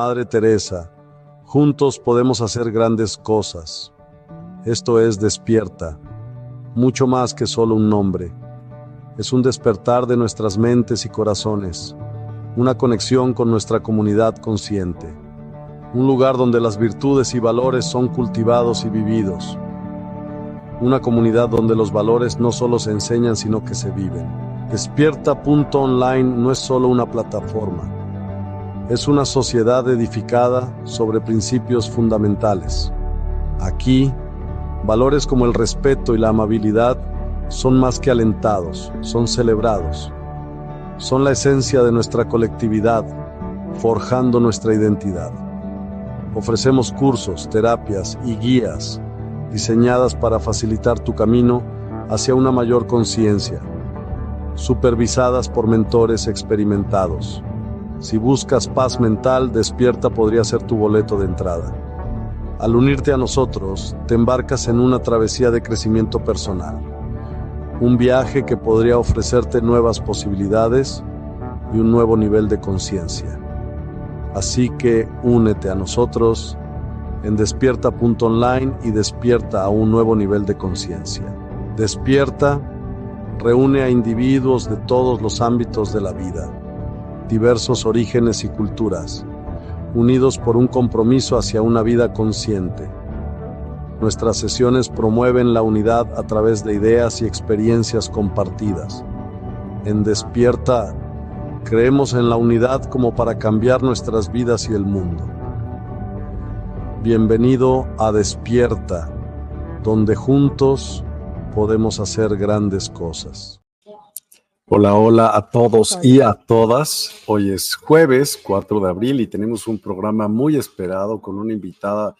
Madre Teresa, juntos podemos hacer grandes cosas. Esto es despierta, mucho más que solo un nombre. Es un despertar de nuestras mentes y corazones, una conexión con nuestra comunidad consciente, un lugar donde las virtudes y valores son cultivados y vividos, una comunidad donde los valores no solo se enseñan sino que se viven. Despierta.online no es solo una plataforma, es una sociedad edificada sobre principios fundamentales. Aquí, valores como el respeto y la amabilidad son más que alentados, son celebrados. Son la esencia de nuestra colectividad, forjando nuestra identidad. Ofrecemos cursos, terapias y guías diseñadas para facilitar tu camino hacia una mayor conciencia, supervisadas por mentores experimentados. Si buscas paz mental, despierta podría ser tu boleto de entrada. Al unirte a nosotros, te embarcas en una travesía de crecimiento personal, un viaje que podría ofrecerte nuevas posibilidades y un nuevo nivel de conciencia. Así que únete a nosotros en despierta.online y despierta a un nuevo nivel de conciencia. Despierta reúne a individuos de todos los ámbitos de la vida diversos orígenes y culturas, unidos por un compromiso hacia una vida consciente. Nuestras sesiones promueven la unidad a través de ideas y experiencias compartidas. En Despierta, creemos en la unidad como para cambiar nuestras vidas y el mundo. Bienvenido a Despierta, donde juntos podemos hacer grandes cosas. Hola, hola a todos y a todas. Hoy es jueves 4 de abril y tenemos un programa muy esperado con una invitada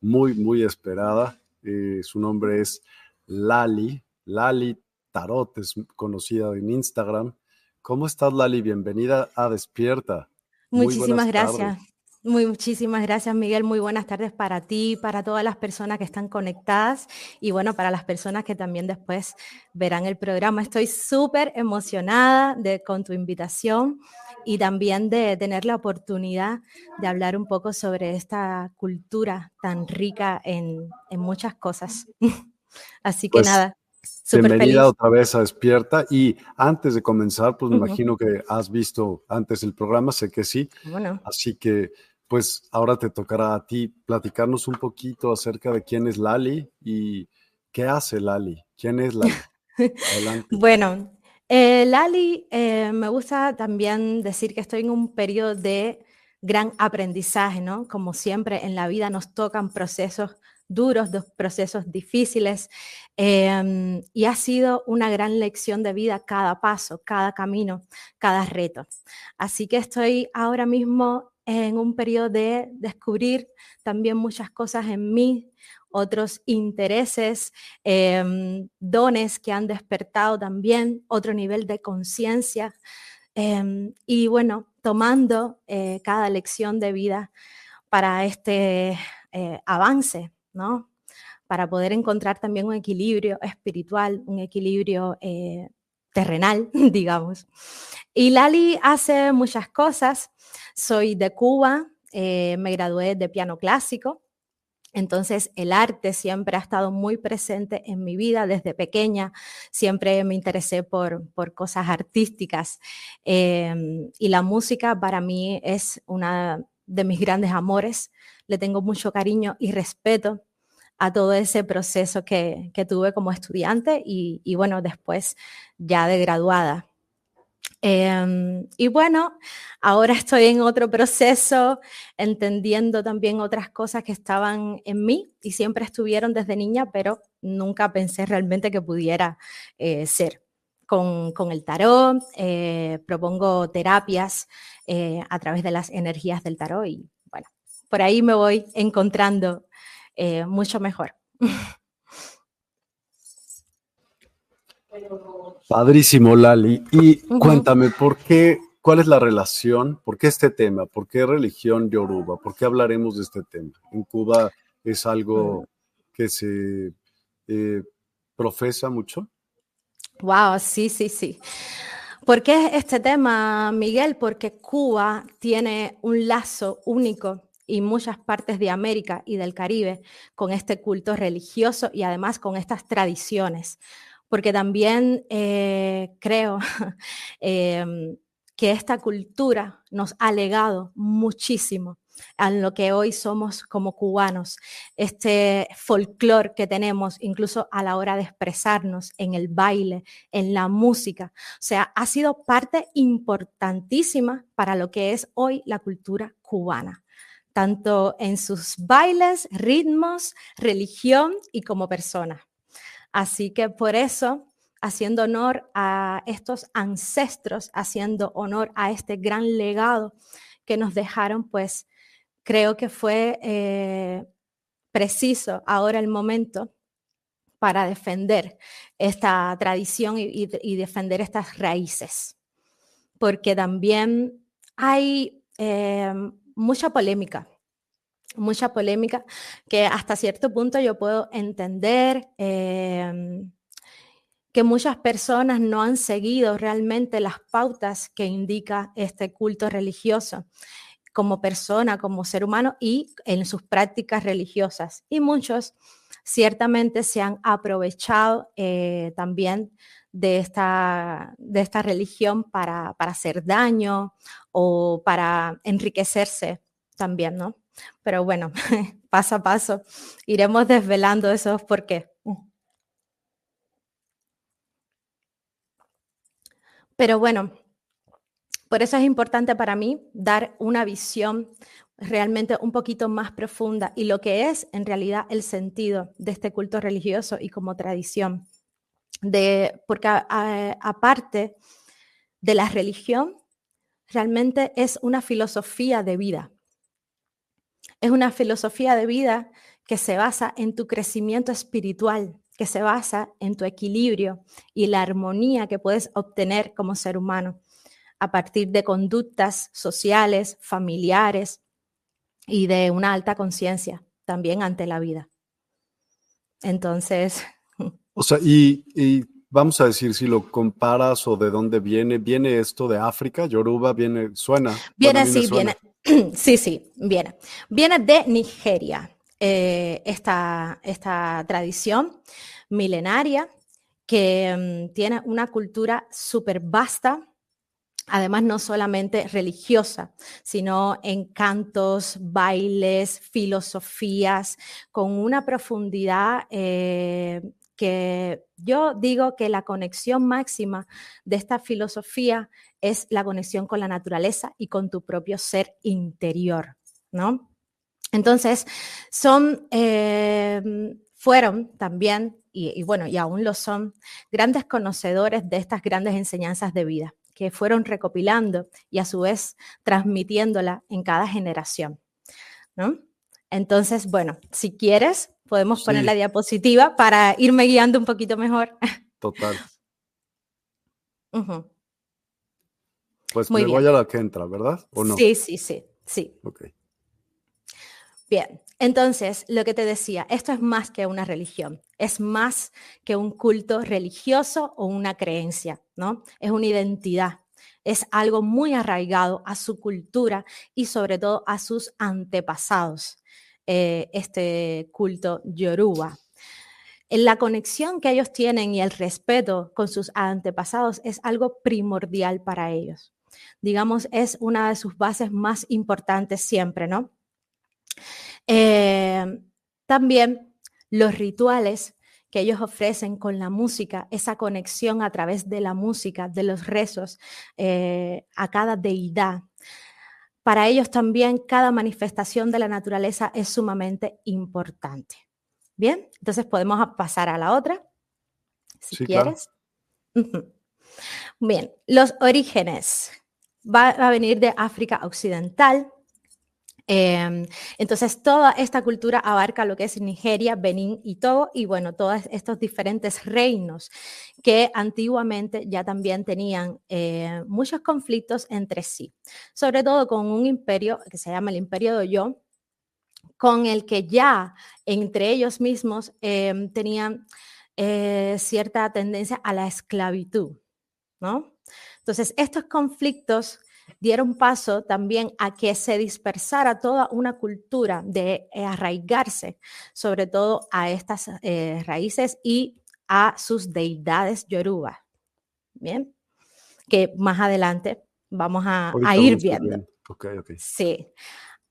muy, muy esperada. Eh, su nombre es Lali, Lali Tarot, es conocida en Instagram. ¿Cómo estás, Lali? Bienvenida a Despierta. Muchísimas gracias. Muy, muchísimas gracias, Miguel. Muy buenas tardes para ti, para todas las personas que están conectadas y bueno, para las personas que también después verán el programa. Estoy súper emocionada de, con tu invitación y también de tener la oportunidad de hablar un poco sobre esta cultura tan rica en, muchas cosas. Así que pues, nada. Super bienvenida feliz. otra vez a Despierta y antes de comenzar, pues me imagino que has visto antes el programa, sé que sí. Así que pues ahora te tocará a ti platicarnos un poquito acerca de quién es Lali y qué hace Lali. ¿Quién es Lali? bueno, eh, Lali, eh, me gusta también decir que estoy en un periodo de gran aprendizaje, ¿no? Como siempre en la vida nos tocan procesos duros, dos procesos difíciles, em, y ha sido una gran lección de vida cada paso, cada camino, cada reto. Así que estoy ahora mismo en un periodo de descubrir también muchas cosas en mí, otros intereses, em, dones que han despertado también, otro nivel de conciencia. Em, y bueno, tomando eh, cada lección de vida para este eh, avance, ¿no? Para poder encontrar también un equilibrio espiritual, un equilibrio eh, terrenal, digamos. Y Lali hace muchas cosas. Soy de Cuba, eh, me gradué de piano clásico. Entonces el arte siempre ha estado muy presente en mi vida desde pequeña, siempre me interesé por, cosas artísticas em, y la música para mí es una de mis grandes amores, le tengo mucho cariño y respeto a todo ese proceso que, tuve como estudiante y bueno, después ya de graduada. Em, y bueno, ahora estoy en otro proceso, entendiendo también otras cosas que estaban en mí y siempre estuvieron desde niña, pero nunca pensé realmente que pudiera eh, ser. Con, el tarot, eh, propongo terapias eh, a través de las energías del tarot y bueno, por ahí me voy encontrando mucho mejor. Padrísimo, Lali. Y cuéntame, ¿por qué, cuál es la relación, por qué este tema, por qué religión yoruba, por qué hablaremos de este tema? En Cuba es algo que se eh, profesa mucho. Wow, sí, sí, sí. ¿Por qué este tema, Miguel? Porque Cuba tiene un lazo único y muchas partes de América y del Caribe con este culto religioso y además con estas tradiciones porque también eh, creo em, que esta cultura nos ha legado muchísimo a lo que hoy somos como cubanos, este folclore que tenemos incluso a la hora de expresarnos en el baile, en la música. O sea, ha sido parte importantísima para lo que es hoy la cultura cubana tanto en sus bailes, ritmos, religión y como persona. Así que por eso, haciendo honor a estos ancestros, haciendo honor a este gran legado que nos dejaron, pues creo que fue eh, preciso ahora el momento para defender esta tradición y, defender estas raíces, porque también hay eh, mucha polémica mucha polémica que hasta cierto punto yo puedo entender em, que muchas personas no han seguido realmente las pautas que indica este culto religioso como persona, como ser humano y en sus prácticas religiosas. Y muchos ciertamente se han aprovechado eh, también de esta, de esta religión para, para hacer daño o para enriquecerse también, ¿no? Pero bueno, paso a paso iremos desvelando esos por qué. Pero bueno, por eso es importante para mí dar una visión realmente un poquito más profunda y lo que es en realidad el sentido de este culto religioso y como tradición. porque aparte de la religión, realmente es una filosofía de vida. Es una filosofía de vida que se basa en tu crecimiento espiritual, que se basa en tu equilibrio y la armonía que puedes obtener como ser humano a partir de conductas sociales, familiares y de una alta conciencia también ante la vida. Entonces... O sea, y, vamos a decir, si lo comparas o de dónde viene, ¿viene esto de África, Yoruba? ¿Viene, suena? Viene, así sí, viene, sí, sí, viene, Viene de Nigeria. Eh, esta, tradición milenaria que mm, tiene una cultura súper vasta, además no solamente religiosa, sino en cantos, bailes, filosofías, con una profundidad eh, que yo digo que la conexión máxima de esta filosofía es la conexión con la naturaleza y con tu propio ser interior, ¿no? Entonces, son, eh, fueron también, y, bueno, y aún lo son, grandes conocedores de estas grandes enseñanzas de vida que fueron recopilando y a su vez transmitiéndola en cada generación, ¿no? Entonces, bueno, si quieres, Podemos poner la diapositiva para irme guiando un poquito mejor. Total. Pues me voy a la que entra, ¿verdad? Sí, sí, sí, Bien, entonces, lo que te decía, esto es más que una religión, es más que un culto religioso o una creencia, ¿no? Es una identidad, es algo muy arraigado a su cultura y sobre todo a sus antepasados. Eh, este culto yoruba. La conexión que ellos tienen y el respeto con sus antepasados es algo primordial para ellos. Digamos, es una de sus bases más importantes siempre, ¿no? Eh, también los rituales que ellos ofrecen con la música, esa conexión a través de la música, de los rezos eh, a cada deidad para ellos también cada manifestación de la naturaleza es sumamente importante. Bien, entonces podemos pasar a la otra, si quieres. Bien, los orígenes. Va a venir de África Occidental, Em, entonces, toda esta cultura abarca lo que es Nigeria, Benín y todo y bueno, todos estos diferentes reinos que antiguamente ya también tenían eh, muchos conflictos entre sí, sobre todo con un imperio que se llama el Imperio de Yo, con el que ya entre ellos mismos em, tenían eh, cierta tendencia a la esclavitud, ¿no? Entonces, estos conflictos dieron paso también a que se dispersara toda una cultura de eh, arraigarse, sobre todo a estas eh, raíces y a sus deidades yoruba. Bien, que más adelante vamos a, ir viendo. Sí,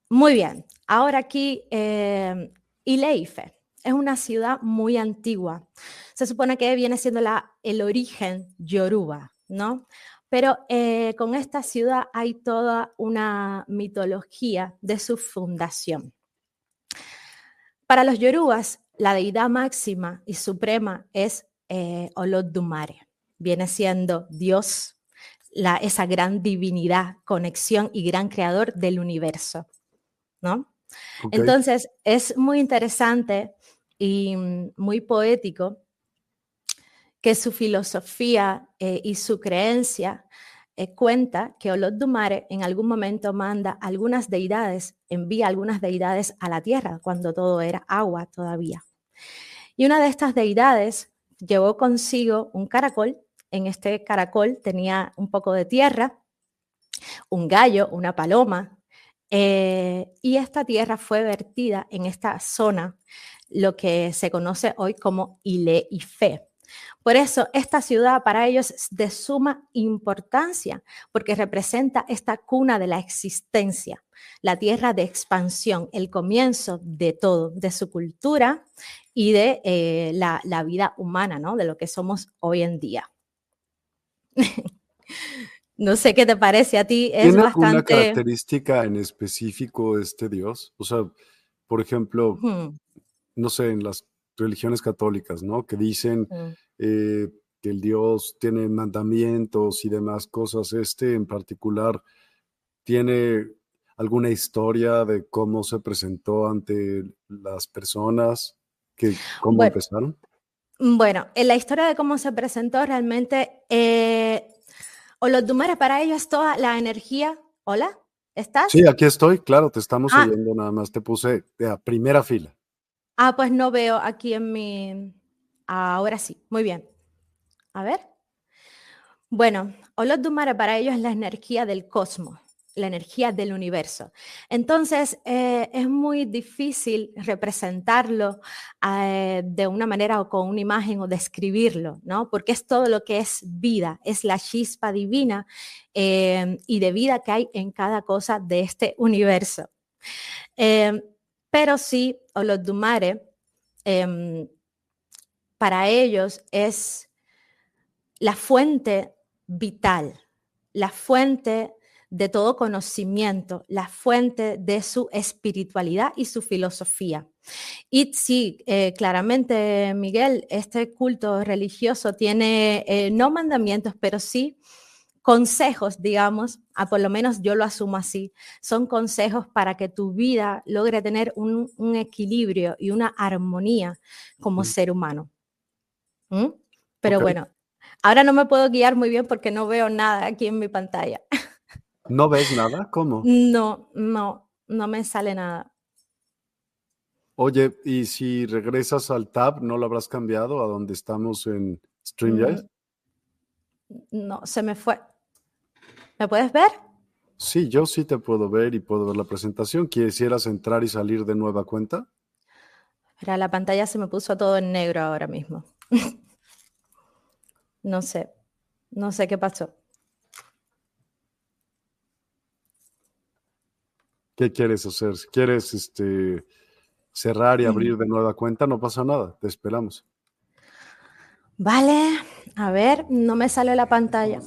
muy bien. Ahora aquí, eh, Ileife es una ciudad muy antigua. Se supone que viene siendo la, el origen yoruba, ¿no? Pero eh, con esta ciudad hay toda una mitología de su fundación. Para los yorubas, la deidad máxima y suprema es eh, Olodumare. Viene siendo Dios, esa gran divinidad, conexión y gran creador del universo. Entonces, es muy interesante y mm, muy poético que su filosofía eh, y su creencia eh, cuenta que Olodumare en algún momento manda algunas deidades, envía algunas deidades a la tierra cuando todo era agua todavía. Y una de estas deidades llevó consigo un caracol. En este caracol tenía un poco de tierra, un gallo, una paloma, eh, y esta tierra fue vertida en esta zona, lo que se conoce hoy como Ile Ife. Por eso esta ciudad para ellos es de suma importancia, porque representa esta cuna de la existencia, la tierra de expansión, el comienzo de todo, de su cultura y de eh, la, vida humana, ¿no? De lo que somos hoy en día. no sé qué te parece a ti. Es ¿Tiene bastante... alguna característica en específico este Dios? O sea, por ejemplo, no sé, en las religiones católicas, ¿no? Que dicen... Mm. Eh, que el Dios tiene mandamientos y demás cosas. Este en particular tiene alguna historia de cómo se presentó ante las personas, que, cómo empezaron. Bueno, en la historia de cómo se presentó realmente, eh, o los para ellos toda la energía. Hola, ¿estás? Sí, aquí estoy, claro, te estamos ah. oyendo nada más, te puse a primera fila. Ah, pues no veo aquí en mi Ahora sí, muy bien. A ver. Bueno, Olot Dumare para ellos es la energía del cosmos, la energía del universo. Entonces, eh, es muy difícil representarlo eh, de una manera o con una imagen o describirlo, ¿no? Porque es todo lo que es vida, es la chispa divina eh, y de vida que hay en cada cosa de este universo. pero sí, Olot Dumare em, para ellos es la fuente vital, la fuente de todo conocimiento, la fuente de su espiritualidad y su filosofía. Y sí, eh, claramente, Miguel, este culto religioso tiene eh, no mandamientos, pero sí consejos, digamos, a por lo menos yo lo asumo así, son consejos para que tu vida logre tener un, equilibrio y una armonía como ser humano. ¿Mm? Pero bueno, ahora no me puedo guiar muy bien porque no veo nada aquí en mi pantalla. ¿No ves nada? ¿Cómo? No, no, no me sale nada. Oye, ¿y si regresas al tab, no lo habrás cambiado a donde estamos en StreamYard? Mm, no, se me fue. ¿Me puedes ver? Sí, yo sí te puedo ver y puedo ver la presentación. ¿Quisieras entrar y salir de nueva cuenta? la pantalla se me puso todo en negro ahora mismo. no sé, no sé qué pasó. ¿Qué quieres hacer? Si quieres este, cerrar y mm. abrir de nueva cuenta, no pasa nada, te esperamos. Vale, a ver, no me sale la pantalla.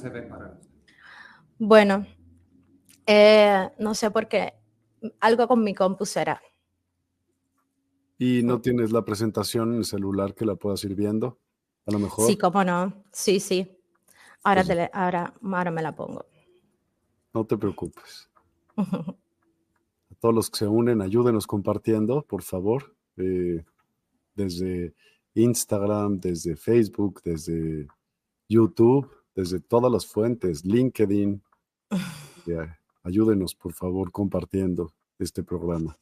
Bueno, eh, no sé por qué. Algo con mi compu y no tienes la presentación en el celular que la puedas ir viendo, a lo mejor. Sí, cómo no. Sí, sí. Ahora, pues te ahora, ahora me la pongo. No te preocupes. a todos los que se unen, ayúdenos compartiendo, por favor. Eh, desde Instagram, desde Facebook, desde YouTube, desde todas las fuentes, LinkedIn. Ayúdenos, por favor, compartiendo este programa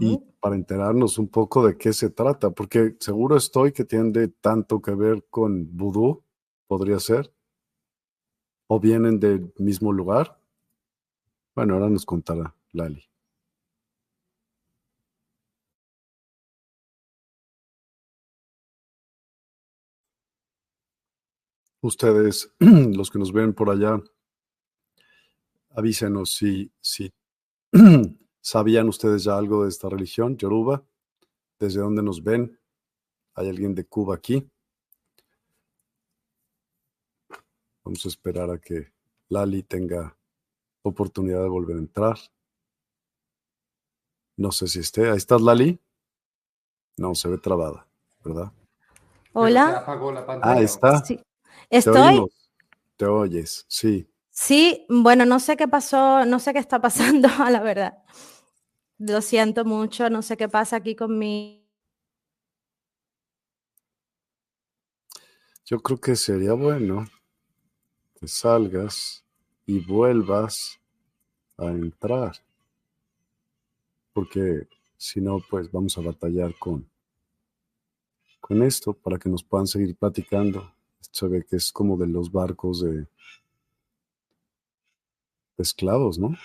y para enterarnos un poco de qué se trata, porque seguro estoy que tiene tanto que ver con vudú, podría ser, o vienen del mismo lugar. Bueno, ahora nos contará Lali. Ustedes, los que nos ven por allá, avísenos si, si ¿Sabían ustedes ya algo de esta religión, Yoruba? ¿Desde dónde nos ven? ¿Hay alguien de Cuba aquí? Vamos a esperar a que Lali tenga oportunidad de volver a entrar. No sé si esté. Ahí estás, Lali. No, se ve trabada, ¿verdad? Hola. Ah, ahí está. Estoy. Te oyes, sí. Sí, bueno, no sé qué pasó, no sé qué está pasando, a la verdad. Lo siento mucho, no sé qué pasa aquí con mi... Yo creo que sería bueno que salgas y vuelvas a entrar. Porque si no, pues vamos a batallar con, con esto para que nos puedan seguir platicando. Se que es como de los barcos de esclavos, ¿no?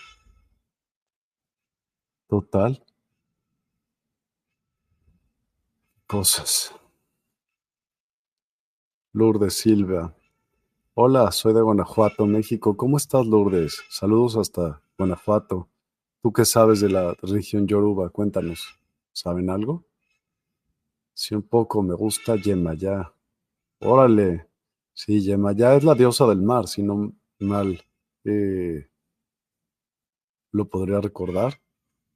Total. Cosas. Lourdes Silva. Hola, soy de Guanajuato, México. ¿Cómo estás, Lourdes? Saludos hasta Guanajuato. ¿Tú qué sabes de la región Yoruba? Cuéntanos. ¿Saben algo? Sí, un poco. Me gusta Yemayá. Órale. Sí, Yemayá es la diosa del mar, si no mal. Eh, lo podría recordar.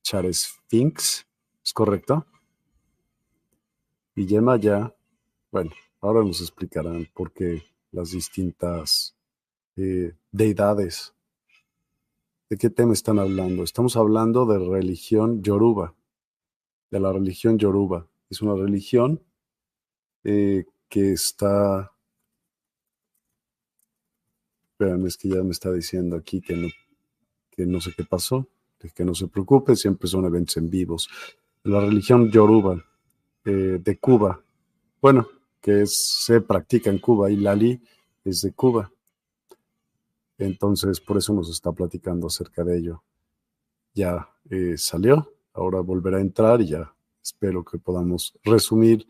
Charles Sphinx, ¿es correcto? y Yema ya, bueno, ahora nos explicarán por qué las distintas eh, deidades. ¿De qué tema están hablando? Estamos hablando de religión yoruba, de la religión yoruba. Es una religión eh, que está... Espérame, es que ya me está diciendo aquí que no no sé qué pasó, que no se preocupe, siempre son eventos en vivos. La religión yoruba eh, de Cuba, bueno, que se practica en Cuba y Lali es de Cuba. Entonces, por eso nos está platicando acerca de ello. Ya eh, salió, ahora volverá a entrar y ya espero que podamos resumir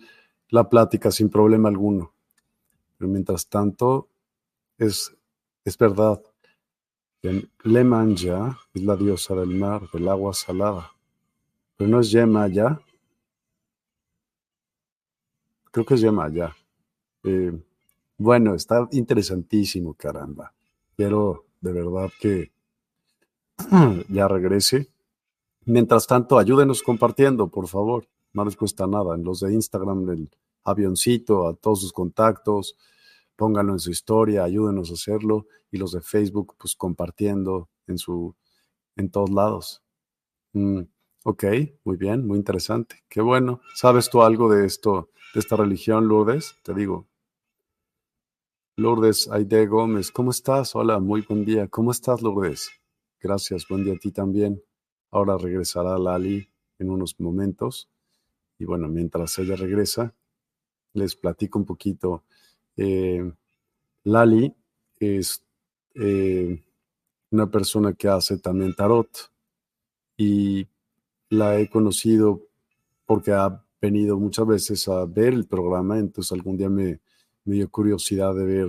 la plática sin problema alguno. Pero mientras tanto, es, es verdad, ya es la diosa del mar, del agua salada. Pero no es Yemaya. Creo que es Yemaya. ya. Eh, bueno, está interesantísimo, caramba. Quiero de verdad que ya regrese. Mientras tanto, ayúdenos compartiendo, por favor. No les cuesta nada. En los de Instagram, del avioncito, a todos sus contactos pónganlo en su historia, ayúdenos a hacerlo y los de Facebook, pues compartiendo en su, en todos lados. Mm, ok, muy bien, muy interesante. Qué bueno. ¿Sabes tú algo de esto, de esta religión, Lourdes? Te digo. Lourdes Aide Gómez, ¿cómo estás? Hola, muy buen día. ¿Cómo estás, Lourdes? Gracias, buen día a ti también. Ahora regresará Lali en unos momentos. Y bueno, mientras ella regresa, les platico un poquito eh, Lali es eh, una persona que hace también tarot y la he conocido porque ha venido muchas veces a ver el programa, entonces algún día me, dio curiosidad de ver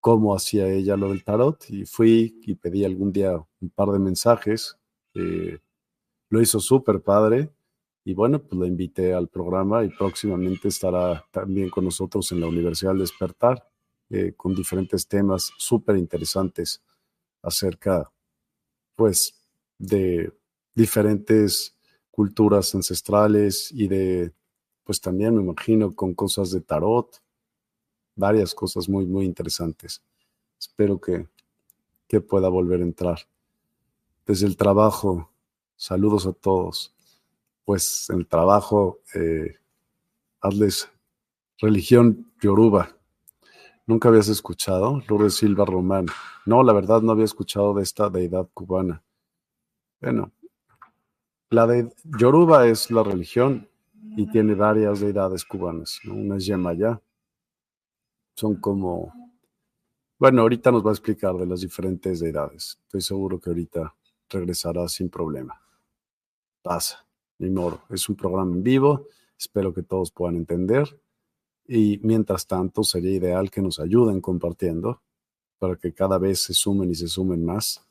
cómo hacía ella lo del tarot y fui y pedí algún día un par de mensajes. Eh, lo hizo súper padre y bueno, pues la invité al programa y próximamente estará también con nosotros en la Universidad del Despertar eh, con diferentes temas súper interesantes acerca, pues, de diferentes culturas ancestrales y de, pues también me imagino, con cosas de tarot, varias cosas muy, muy interesantes. Espero que, que pueda volver a entrar. Desde el trabajo, saludos a todos pues el trabajo, eh, hazles religión yoruba. Nunca habías escuchado, Lourdes Silva Román. No, la verdad no había escuchado de esta deidad cubana. Bueno, la de Yoruba es la religión y tiene varias deidades cubanas. Una es Yemayá. Son como. Bueno, ahorita nos va a explicar de las diferentes deidades. Estoy seguro que ahorita regresará sin problema. Pasa es un programa en vivo, espero que todos puedan entender y mientras tanto sería ideal que nos ayuden compartiendo para que cada vez se sumen y se sumen más.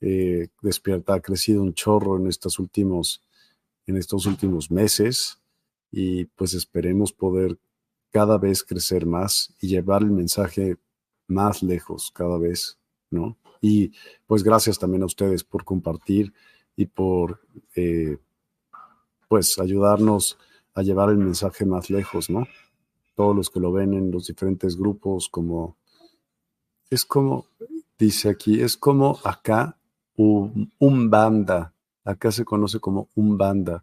Eh, despierta ha crecido un chorro en estos últimos, en estos últimos meses y pues esperemos poder cada vez crecer más y llevar el mensaje más lejos cada vez, ¿no? Y pues gracias también a ustedes por compartir y por eh, pues ayudarnos a llevar el mensaje más lejos, ¿no? Todos los que lo ven en los diferentes grupos, como es como, dice aquí, es como acá un, banda, acá se conoce como un banda.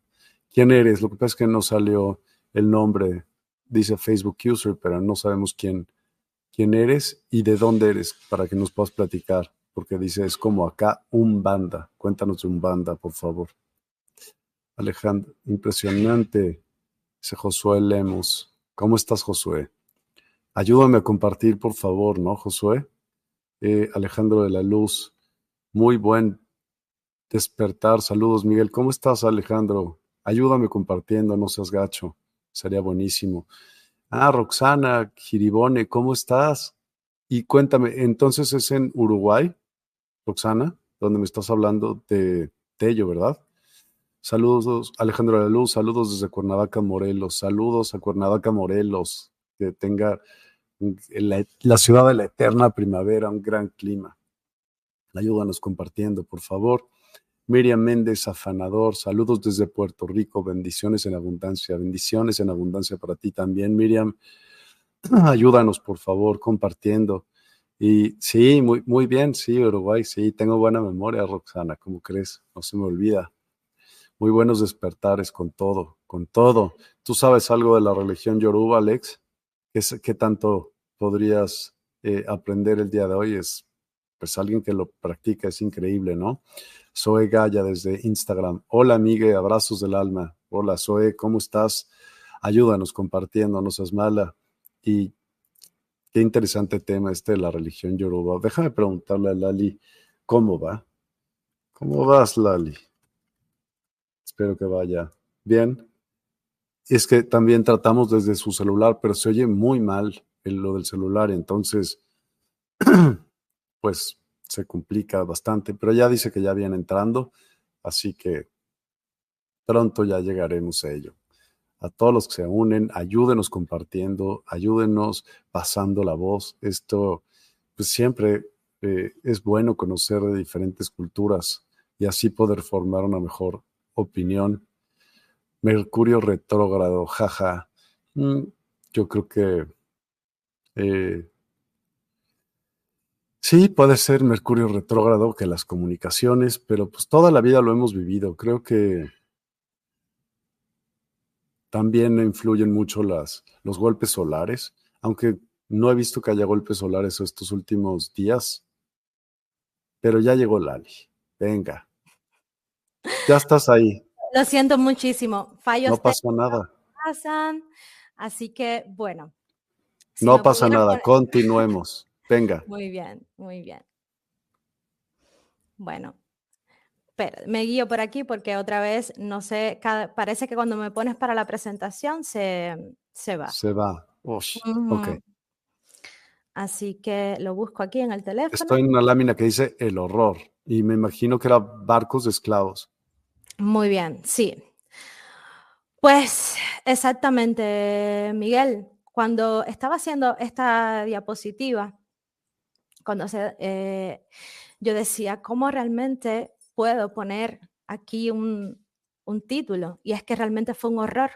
¿Quién eres? Lo que pasa es que no salió el nombre, dice Facebook user, pero no sabemos quién, quién eres y de dónde eres para que nos puedas platicar, porque dice es como acá un banda. Cuéntanos un banda, por favor. Alejandro, impresionante, dice Josué Lemos. ¿Cómo estás, Josué? Ayúdame a compartir, por favor, ¿no, Josué? Eh, Alejandro de la Luz, muy buen despertar. Saludos, Miguel. ¿Cómo estás, Alejandro? Ayúdame compartiendo, no seas gacho. Sería buenísimo. Ah, Roxana Giribone, ¿cómo estás? Y cuéntame, entonces es en Uruguay, Roxana, donde me estás hablando de Tello, ¿verdad? Saludos, Alejandro de la Luz. Saludos desde Cuernavaca, Morelos. Saludos a Cuernavaca, Morelos. Que tenga la, ciudad de la eterna primavera, un gran clima. Ayúdanos compartiendo, por favor. Miriam Méndez, afanador. Saludos desde Puerto Rico. Bendiciones en abundancia. Bendiciones en abundancia para ti también, Miriam. Ayúdanos, por favor, compartiendo. Y sí, muy, muy bien, sí, Uruguay, sí, tengo buena memoria, Roxana, ¿cómo crees? No se me olvida. Muy buenos despertares con todo, con todo. ¿Tú sabes algo de la religión yoruba, Alex? ¿Qué, tanto podrías eh, aprender el día de hoy? Es pues alguien que lo practica, es increíble, ¿no? Zoe Gaya desde Instagram. Hola, amigue, abrazos del alma. Hola, Zoe, ¿cómo estás? Ayúdanos compartiendo, no seas mala. Y qué interesante tema este de la religión yoruba. Déjame preguntarle a Lali, ¿cómo va? ¿Cómo vas, Lali? Espero que vaya bien. Y es que también tratamos desde su celular, pero se oye muy mal lo del celular, entonces, pues se complica bastante, pero ya dice que ya viene entrando, así que pronto ya llegaremos a ello. A todos los que se unen, ayúdenos compartiendo, ayúdenos pasando la voz. Esto, pues siempre eh, es bueno conocer de diferentes culturas y así poder formar una mejor opinión. Mercurio retrógrado, jaja. Mm, yo creo que eh, sí, puede ser Mercurio retrógrado que las comunicaciones, pero pues toda la vida lo hemos vivido. Creo que también influyen mucho las, los golpes solares, aunque no he visto que haya golpes solares estos últimos días, pero ya llegó Lali. Venga. Ya estás ahí. Lo siento muchísimo. Fallos. No pasa nada. Así que, bueno. no pasa nada. Continuemos. Venga. Muy bien, muy bien. Bueno. Pero me guío por aquí porque otra vez, no sé, parece que cuando me pones para la presentación se, se va. Se va. Así que lo busco aquí en el teléfono. Estoy en una lámina que dice el horror y me imagino que era barcos de esclavos. Muy bien, sí. Pues exactamente, Miguel. Cuando estaba haciendo esta diapositiva, cuando eh, yo decía, ¿cómo realmente puedo poner aquí un, título? Y es que realmente fue un horror,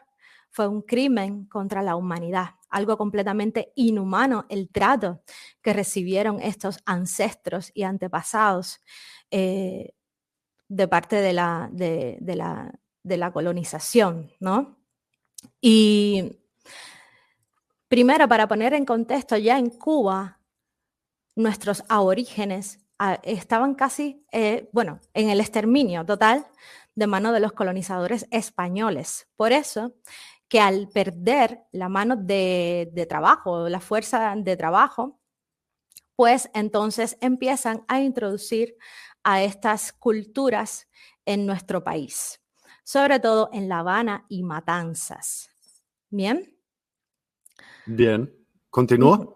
fue un crimen contra la humanidad, algo completamente inhumano el trato que recibieron estos ancestros y antepasados. Eh, de parte de la, de, la, colonización, ¿no? Y primero, para poner en contexto, ya en Cuba, nuestros aborígenes ah, estaban casi, eh, bueno, en el exterminio total de mano de los colonizadores españoles. Por eso que al perder la mano de, de trabajo, la fuerza de trabajo, pues entonces empiezan a introducir a estas culturas en nuestro país, sobre todo en La Habana y Matanzas. Bien. Bien. ¿Continúa?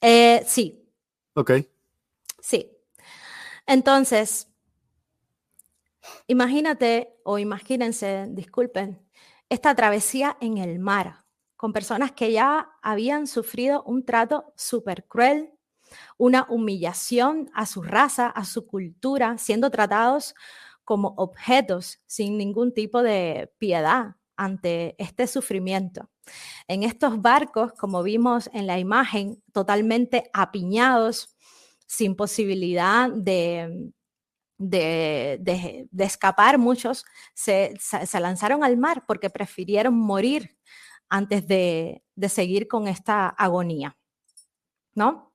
Eh, sí. Ok. Sí. Entonces, imagínate o imagínense, disculpen, esta travesía en el mar con personas que ya habían sufrido un trato súper cruel, una humillación a su raza, a su cultura, siendo tratados como objetos sin ningún tipo de piedad ante este sufrimiento. En estos barcos, como vimos en la imagen, totalmente apiñados, sin posibilidad de, escapar, muchos se, lanzaron al mar porque prefirieron morir antes de, de seguir con esta agonía. ¿No?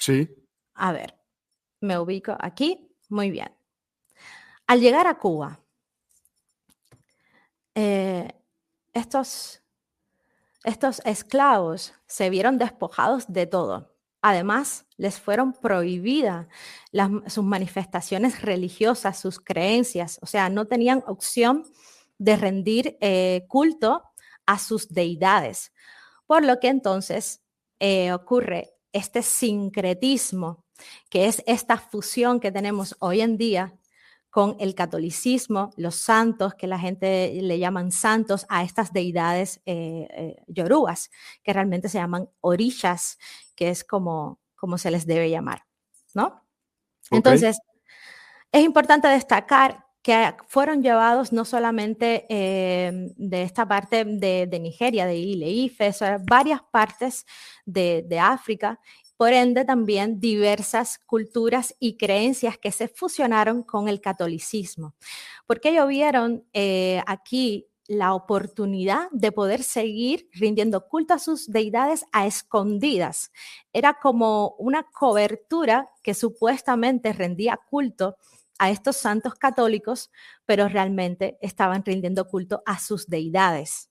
Sí. A ver, me ubico aquí. Muy bien. Al llegar a Cuba, eh, estos, estos esclavos se vieron despojados de todo. Además, les fueron prohibidas sus manifestaciones religiosas, sus creencias, o sea, no tenían opción de rendir eh, culto a sus deidades. Por lo que entonces eh, ocurre este sincretismo, que es esta fusión que tenemos hoy en día con el catolicismo, los santos, que la gente le llaman santos, a estas deidades eh, eh yorubas, que realmente se llaman orishas, que es como, como se les debe llamar, ¿no? Entonces, es importante destacar que fueron llevados no solamente em, de esta parte de, Nigeria, de ile o varias partes de, África, por ende también diversas culturas y creencias que se fusionaron con el catolicismo, porque ellos vieron eh, aquí la oportunidad de poder seguir rindiendo culto a sus deidades a escondidas. Era como una cobertura que supuestamente rendía culto a estos santos católicos, pero realmente estaban rindiendo culto a sus deidades.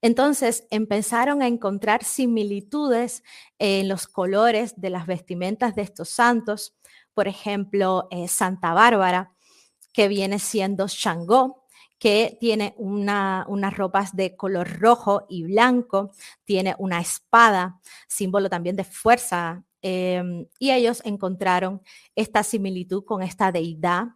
Entonces empezaron a encontrar similitudes en los colores de las vestimentas de estos santos, por ejemplo, eh, Santa Bárbara, que viene siendo Shangó, que tiene unas ropas de color rojo y blanco, tiene una espada, símbolo también de fuerza Em, y ellos encontraron esta similitud con esta deidad,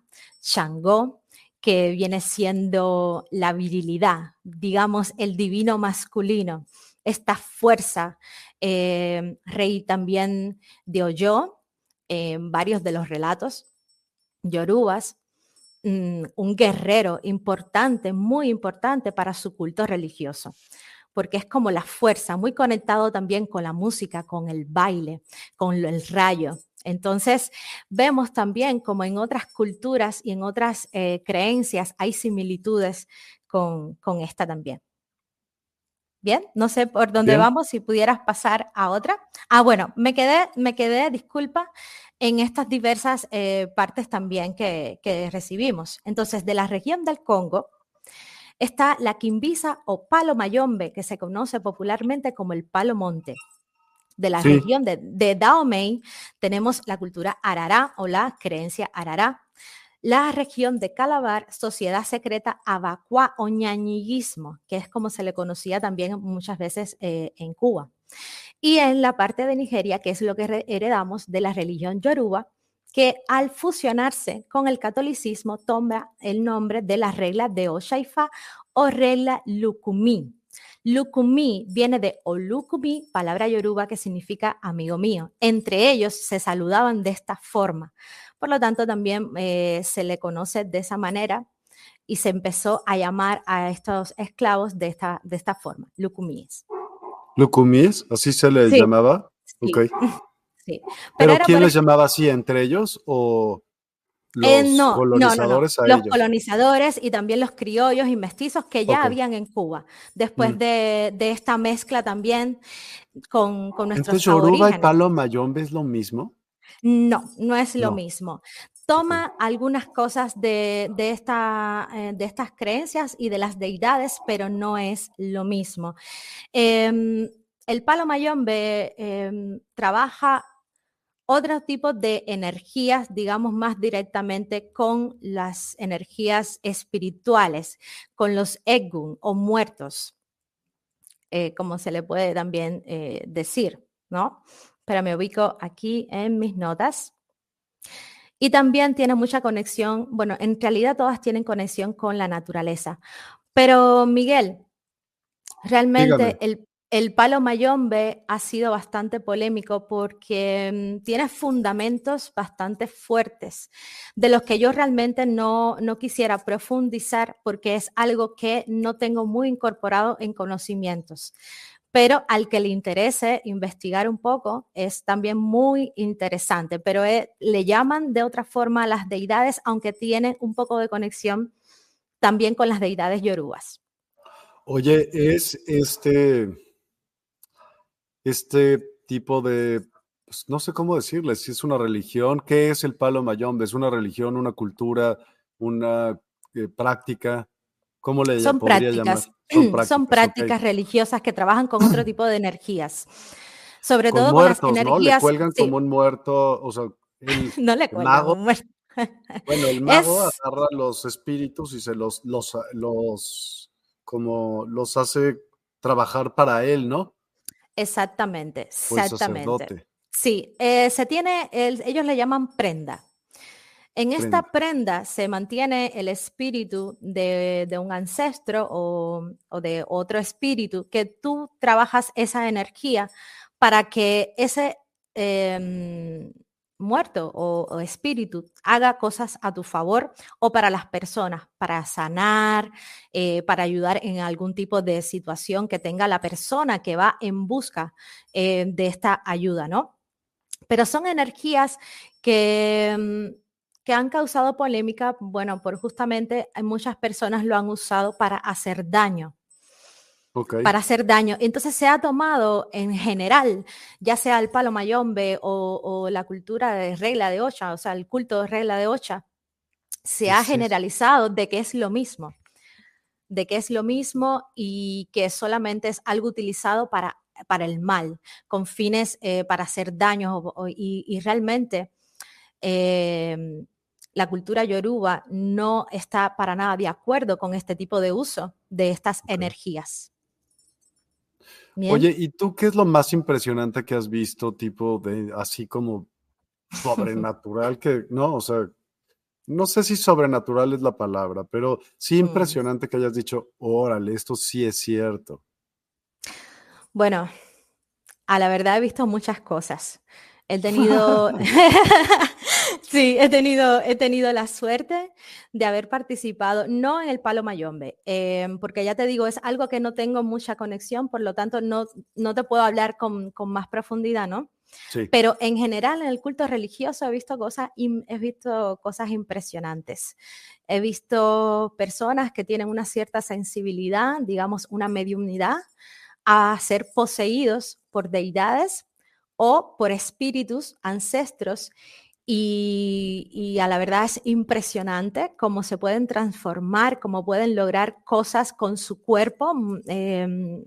Shango que viene siendo la virilidad, digamos, el divino masculino, esta fuerza. Em, rey también de Oyo, en em, varios de los relatos, Yorubas, mm, un guerrero importante, muy importante para su culto religioso porque es como la fuerza, muy conectado también con la música, con el baile, con el rayo. Entonces, vemos también como en otras culturas y en otras eh, creencias hay similitudes con, esta también. Bien, no sé por dónde vamos, si pudieras pasar a otra. Ah, bueno, me quedé, me quedé, disculpa, en estas diversas eh, partes también que recibimos. Entonces, de la región del Congo, está la quimbisa o palo mayombe, que se conoce popularmente como el palo monte. De la región de, de Dahomey tenemos la cultura arará o la creencia arará. La región de Calabar, sociedad secreta abacua o ñañiguismo, que es como se le conocía también muchas veces eh, en Cuba. Y en la parte de Nigeria, que es lo que heredamos de la religión yoruba, que al fusionarse con el catolicismo toma el nombre de la regla de Oshaifa o regla Lukumi. Lukumi viene de Olukumi, palabra yoruba que significa amigo mío. Entre ellos se saludaban de esta forma. Por lo tanto, también eh, se le conoce de esa manera y se empezó a llamar a estos esclavos de esta, de esta forma, Lukumíes. ¿Lukumíes? ¿Así se les llamaba? Okay. Pero, ¿quién les llamaba así entre ellos o eh, los colonizadores Los colonizadores y también los criollos y mestizos que ya habían en Cuba, después mm. de, esta mezcla también con, con nuestros Entonces, Yoruba y Palo Mayombe es lo mismo? No, no es lo mismo toma algunas cosas de, esta, eh, de, estas creencias y de las deidades, pero no es lo mismo. Em, el palo mayombe em, trabaja otros tipos de energías, digamos más directamente con las energías espirituales, con los Egun o muertos, eh, como se le puede también eh, decir, ¿no? Pero me ubico aquí en mis notas. Y también tiene mucha conexión, bueno, en realidad todas tienen conexión con la naturaleza. Pero Miguel, realmente el el palo mayombe ha sido bastante polémico porque mm, tiene fundamentos bastante fuertes, de los que yo realmente no, quisiera profundizar porque es algo que no tengo muy incorporado en conocimientos pero al que le interese investigar un poco es también muy interesante, pero eh, le llaman de otra forma a las deidades, aunque tiene un poco de conexión también con las deidades yorubas. Oye, es este, este tipo de, pues, no sé cómo decirle, si es una religión, ¿qué es el palo mayombe? ¿Es una religión, una cultura, una eh, práctica? ¿Cómo le Son podría llamar? Son prácticas, religiosas que trabajan con otro tipo de energías. Sobre todo muertos, las energías. ¿no? Le cuelgan como un muerto, o sea, el, mago, Bueno, el mago agarra los espíritus y se los, los, como los hace trabajar para él, ¿no? Exactamente, exactamente. sí, eh, se tiene, ellos le llaman prenda. En esta prenda, se mantiene el espíritu de, un ancestro o, de otro espíritu, que tú trabajas esa energía para que ese, em, muerto o, espíritu haga cosas a tu favor o para las personas, para sanar, eh, para ayudar en algún tipo de situación que tenga la persona que va en busca eh, de esta ayuda, ¿no? Pero son energías que, que han causado polémica, bueno, por justamente eh, muchas personas lo han usado para hacer daño para hacer daño. Entonces se ha tomado en general, ya sea el palo mayombe o, la cultura de regla de ocha, o sea, el culto de regla de ocha, se ha generalizado de que es lo mismo, de que es lo mismo y que solamente es algo utilizado para, para el mal, con fines eh, para hacer daño y, realmente... Em, la cultura yoruba no está para nada de acuerdo con este tipo de uso de estas energías. Oye, ¿y tú qué es lo más impresionante que has visto, tipo de así como sobrenatural que, no, o sea, no sé si sobrenatural es la palabra, pero sí mm. impresionante que hayas dicho, órale, esto sí es cierto. Bueno, a la verdad he visto muchas cosas. He tenido, Sí, he tenido, he tenido la suerte de haber participado, no en el Palo Mayombe, em, porque ya te digo, es algo que no tengo mucha conexión, por lo tanto no, no te puedo hablar con, con más profundidad, ¿no? Sí. Pero en general en el culto religioso he visto cosas, he visto cosas impresionantes. He visto personas que tienen una cierta sensibilidad, digamos una mediunidad, a ser poseídos por deidades o por espíritus, ancestros, y, a la verdad es impresionante cómo se pueden transformar, cómo pueden lograr cosas con su cuerpo, mm, em,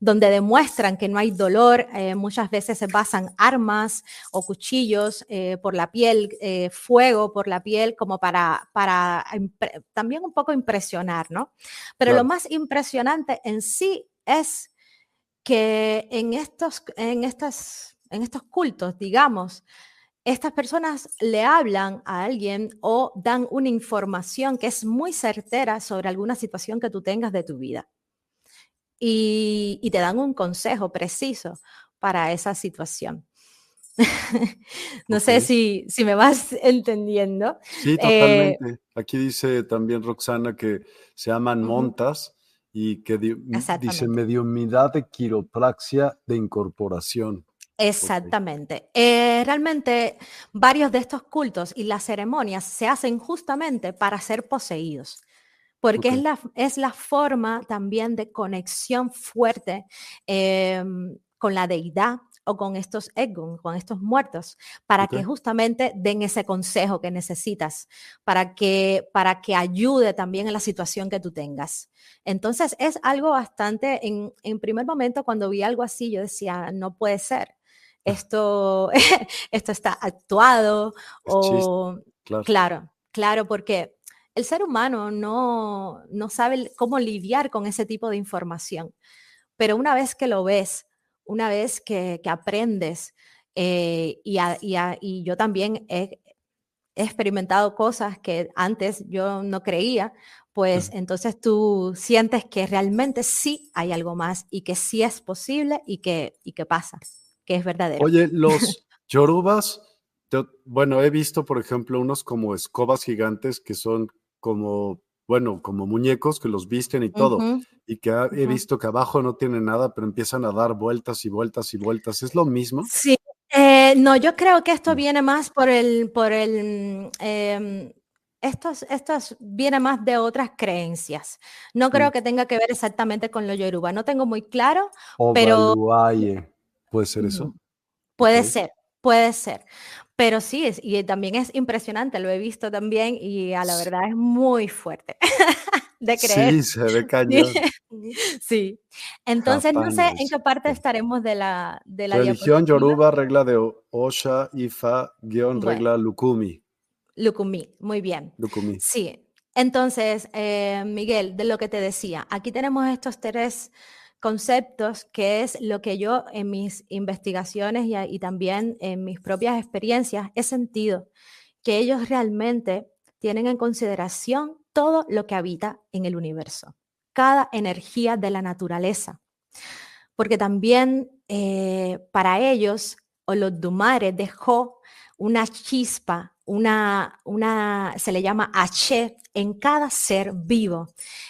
donde demuestran que no hay dolor. Eh, muchas veces se pasan armas o cuchillos eh, por la piel, eh, fuego por la piel, como para, para también un poco impresionar, ¿no? Pero lo más impresionante en sí es que en estos, en estas, en estos cultos, digamos, estas personas le hablan a alguien o dan una información que es muy certera sobre alguna situación que tú tengas de tu vida. Y, te dan un consejo preciso para esa situación. no sé si, me vas entendiendo. Sí, eh, totalmente. Aquí dice también Roxana que se llaman montas y que dice mediumidad de quiropraxia de incorporación. Exactamente. Eh, realmente varios de estos cultos y las ceremonias se hacen justamente para ser poseídos, porque es, la, es la forma también de conexión fuerte em, con la deidad o con estos egon, con estos muertos, para que justamente den ese consejo que necesitas, para que, para que ayude también en la situación que tú tengas. Entonces es algo bastante, en, en primer momento cuando vi algo así, yo decía, no puede ser esto, esto está actuado. o, claro. claro, porque el ser humano no, no sabe cómo lidiar con ese tipo de información. Pero una vez que lo ves, una vez que, aprendes, eh, y, y, yo también he experimentado cosas que antes yo no creía, pues entonces tú sientes que realmente sí hay algo más y que sí es posible y que, y que pasa que es verdadero. Oye, los yorubas, bueno, he visto, por ejemplo, unos como escobas gigantes que son como, bueno, como muñecos que los visten y todo. Y que he visto que abajo no tienen nada, pero empiezan a dar vueltas y vueltas y vueltas. ¿Es lo mismo? Sí. Eh, no, yo creo que esto mm. viene más por el, por el, mm, em, estos, estos viene más de otras creencias. No creo mm. que tenga que ver exactamente con los yoruba. No tengo muy claro, pero... ¿Puede ser eso? Puede ser, puede ser. Pero sí, es, y también es impresionante, lo he visto también y a la verdad es muy fuerte de creer. Sí, se ve cañón. sí. Entonces, no sé en qué parte estaremos de la, de la Religión Yoruba, regla de Osha, Ifa, guión, regla Lukumi. Lukumi, muy bien. Lukumi. Sí. Entonces, eh, Miguel, de lo que te decía, aquí tenemos estos tres conceptos, que es lo que yo en mis investigaciones y, también en mis propias experiencias he sentido, que ellos realmente tienen en consideración todo lo que habita en el universo, cada energía de la naturaleza. Porque también eh, para ellos, Olodumare dejó una chispa una, una, se le llama H en cada ser vivo,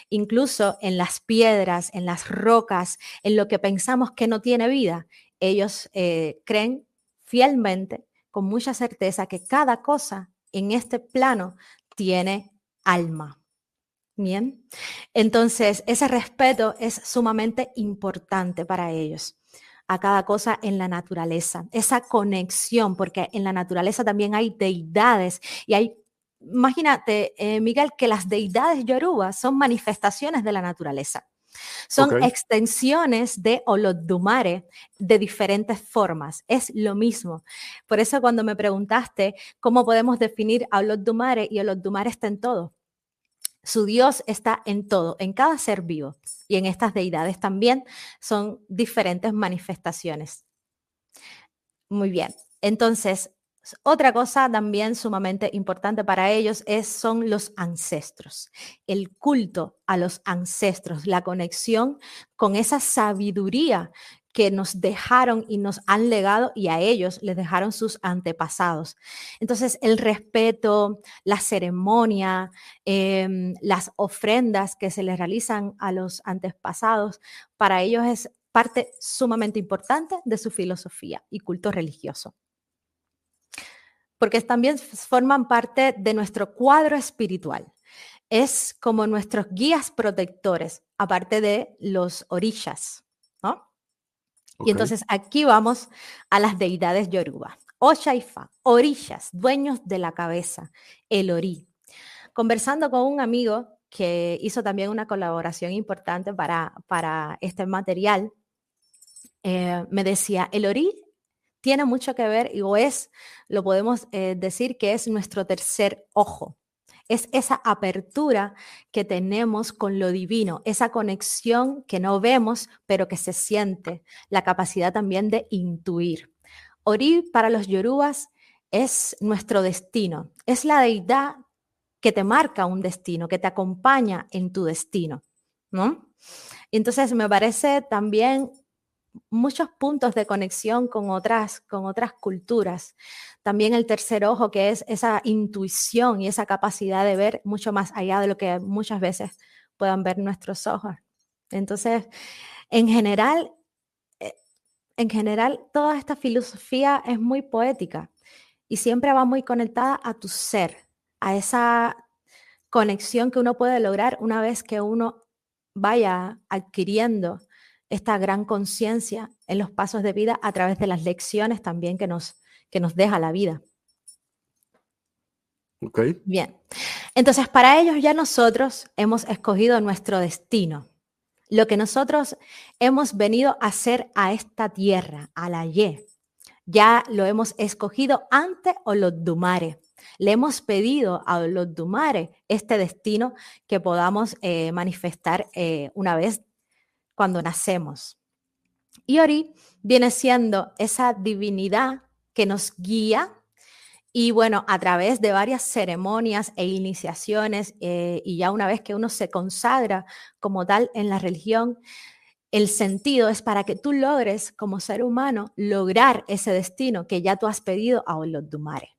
incluso en las piedras, en las rocas, en lo que pensamos que no tiene vida. Ellos eh, creen fielmente, con mucha certeza, que cada cosa en este plano tiene alma. Bien, entonces ese respeto es sumamente importante para ellos a cada cosa en la naturaleza, esa conexión, porque en la naturaleza también hay deidades y hay imagínate, eh, Miguel, que las deidades yorubas son manifestaciones de la naturaleza. Son extensiones de Olodumare de diferentes formas. Es lo mismo. Por eso cuando me preguntaste cómo podemos definir a Olodumare y Olodumare está en todo. Su Dios está en todo, en cada ser vivo. Y en estas deidades también son diferentes manifestaciones. Muy bien. Entonces, otra cosa también sumamente importante para ellos es, son los ancestros, el culto a los ancestros, la conexión con esa sabiduría que nos dejaron y nos han legado y a ellos les dejaron sus antepasados. Entonces, el respeto, la ceremonia, em, las ofrendas que se les realizan a los antepasados, para ellos es parte sumamente importante de su filosofía y culto religioso. Porque también forman parte de nuestro cuadro espiritual es como nuestros guías protectores, aparte de los orillas. Y entonces aquí vamos a las deidades yoruba. fa, orillas, dueños de la cabeza, el orí. Conversando con un amigo que hizo también una colaboración importante para, para este material, eh, me decía, el orí tiene mucho que ver, o es, lo podemos eh, decir que es nuestro tercer ojo. Es esa apertura que tenemos con lo divino, esa conexión que no vemos, pero que se siente, la capacidad también de intuir. Ori para los yorubas es nuestro destino, es la deidad que te marca un destino, que te acompaña en tu destino, ¿no? Entonces me parece también muchos puntos de conexión con otras, con otras culturas. También el tercer ojo, que es esa intuición y esa capacidad de ver mucho más allá de lo que muchas veces puedan ver nuestros ojos. Entonces, en general, eh, en general, toda esta filosofía es muy poética y siempre va muy conectada a tu ser, a esa conexión que uno puede lograr una vez que uno vaya adquiriendo esta gran conciencia en los pasos de vida a través de las lecciones también que nos, que nos deja la vida. Bien. Entonces, para ellos ya nosotros hemos escogido nuestro destino, lo que nosotros hemos venido a hacer a esta tierra, a la Y. Ya lo hemos escogido antes o los Le hemos pedido a los Dumare este destino que podamos eh, manifestar eh, una vez cuando nacemos. Y Ori viene siendo esa divinidad que nos guía y bueno, a través de varias ceremonias e iniciaciones, eh, y ya una vez que uno se consagra como tal en la religión, el sentido es para que tú logres como ser humano lograr ese destino que ya tú has pedido a Olodumare.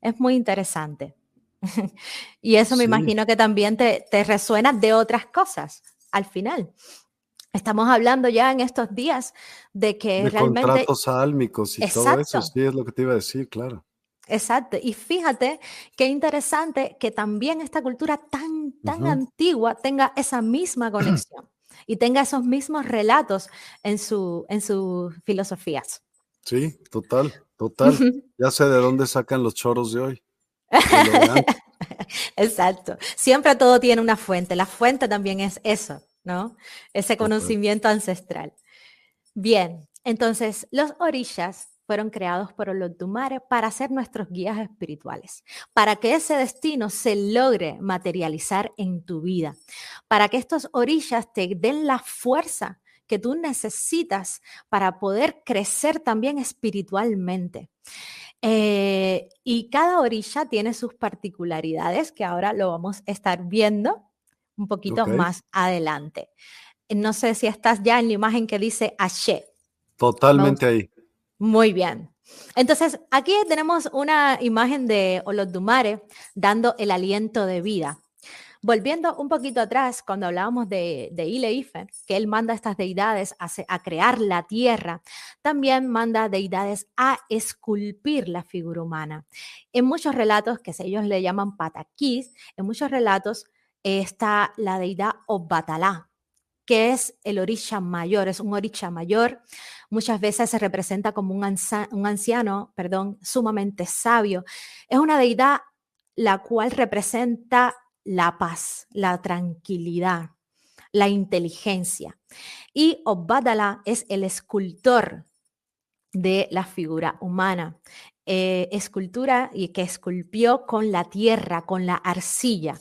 Es muy interesante. y eso me imagino que también te, te resuena de otras cosas al final. Estamos hablando ya en estos días de que de realmente. Contratos álmicos y todo eso, sí, es lo que te iba a decir, claro. Exacto. Y fíjate qué interesante que también esta cultura tan, tan antigua tenga esa misma conexión y tenga esos mismos relatos en, su, en sus filosofías. Sí, total, total. ya sé de dónde sacan los choros de hoy. Exacto. Siempre todo tiene una fuente. La fuente también es eso, ¿no? Ese conocimiento ancestral. Bien, entonces los orillas fueron creados por los para ser nuestros guías espirituales, para que ese destino se logre materializar en tu vida, para que estos orillas te den la fuerza que tú necesitas para poder crecer también espiritualmente. Eh, y cada orilla tiene sus particularidades que ahora lo vamos a estar viendo un poquito más adelante. No sé si estás ya en la imagen que dice Ashe. Totalmente ahí. Muy bien. Entonces, aquí tenemos una imagen de Olodumare dando el aliento de vida. Volviendo un poquito atrás, cuando hablábamos de, de que él manda a estas deidades a, crear la tierra, también manda deidades a esculpir la figura humana. En muchos relatos, que ellos le llaman pataquís, en muchos relatos está la deidad Obatalá, que es el orisha mayor, es un orisha mayor. Muchas veces se representa como un, anciano, perdón, sumamente sabio. Es una deidad la cual representa la paz, la tranquilidad, la inteligencia. Y Obadala es el escultor de la figura humana. Eh, escultura y que esculpió con la tierra, con la arcilla.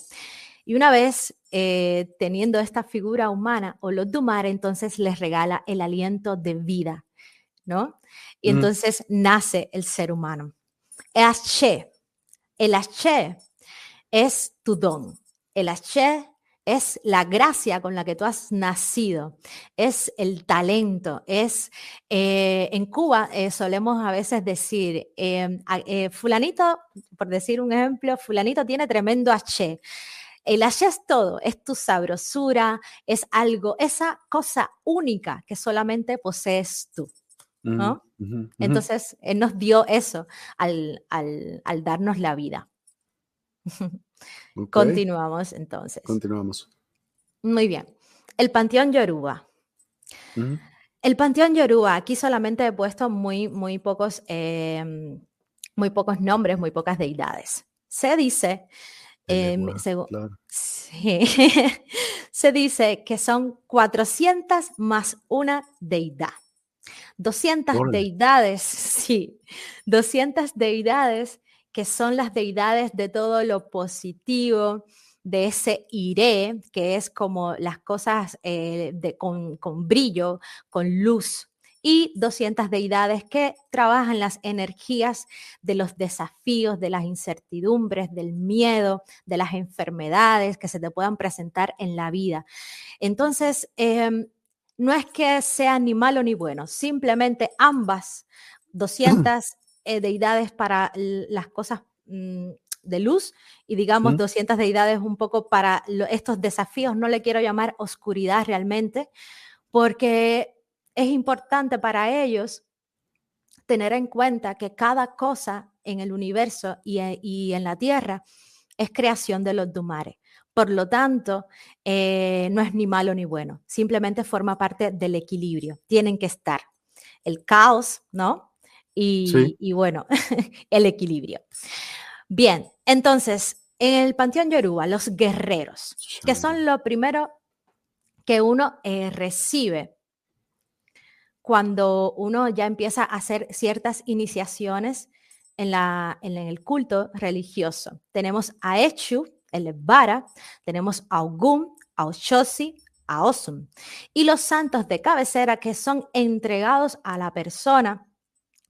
Y una vez eh, teniendo esta figura humana, o Dumar entonces les regala el aliento de vida, ¿no? Y mm. entonces nace el ser humano. El H, el es tu don. El H es la gracia con la que tú has nacido, es el talento, es, eh, en Cuba eh, solemos a veces decir, fulanito, por decir un ejemplo, fulanito tiene tremendo H. El haya es todo, es tu sabrosura, es algo, esa cosa única que solamente posees tú. ¿no? Entonces, Él nos dio eso al, al, darnos la vida. Continuamos entonces. Continuamos. Muy bien. El Panteón Yoruba. El Panteón Yoruba, aquí solamente he puesto muy, muy, pocos, eh, muy pocos nombres, muy pocas deidades. Se dice Em, se, dice que son 400 más una deidad. 200 deidades, sí, 200 deidades que son las deidades de todo lo positivo, de ese iré, que es como las cosas eh, de, con, con, brillo, con luz, y 200 deidades que trabajan las energías de los desafíos, de las incertidumbres, del miedo, de las enfermedades que se te puedan presentar en la vida. Entonces, em, no es que sea ni malo ni bueno, simplemente ambas 200 eh, deidades para las cosas mm, de luz y digamos 200 deidades un poco para estos desafíos, no le quiero llamar oscuridad realmente, porque es importante para ellos tener en cuenta que cada cosa en el universo y, eh, en la tierra es creación de los Dumares. Por lo tanto, eh, no es ni malo ni bueno, simplemente forma parte del equilibrio. Tienen que estar el caos, ¿no? Y, bueno, el equilibrio. Bien, entonces, en el Panteón Yoruba, los guerreros, que son lo primero que uno eh, recibe cuando uno ya empieza a hacer ciertas iniciaciones en, la, en el culto religioso. Tenemos a Echu, el Vara, tenemos a Ogum, a Oshosi, a Osum, y los santos de cabecera que son entregados a la persona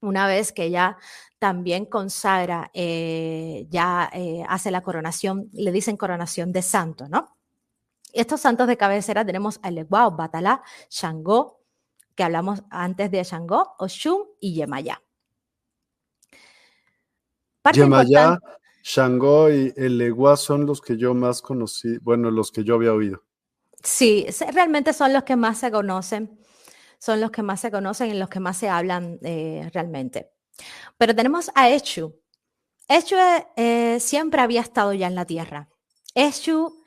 una vez que ya también consagra, eh, ya eh, hace la coronación, le dicen coronación de santo, ¿no? Estos santos de cabecera tenemos a Eleguao, Batalá, Shangó, que hablamos antes de Shango, Oshun y Yemaya. Yemaya, Shango y el son los que yo más conocí, bueno, los que yo había oído. Sí, realmente son los que más se conocen, son los que más se conocen y los que más se hablan eh, realmente. Pero tenemos a Echu. Echu eh, eh, siempre había estado ya en la Tierra. Echu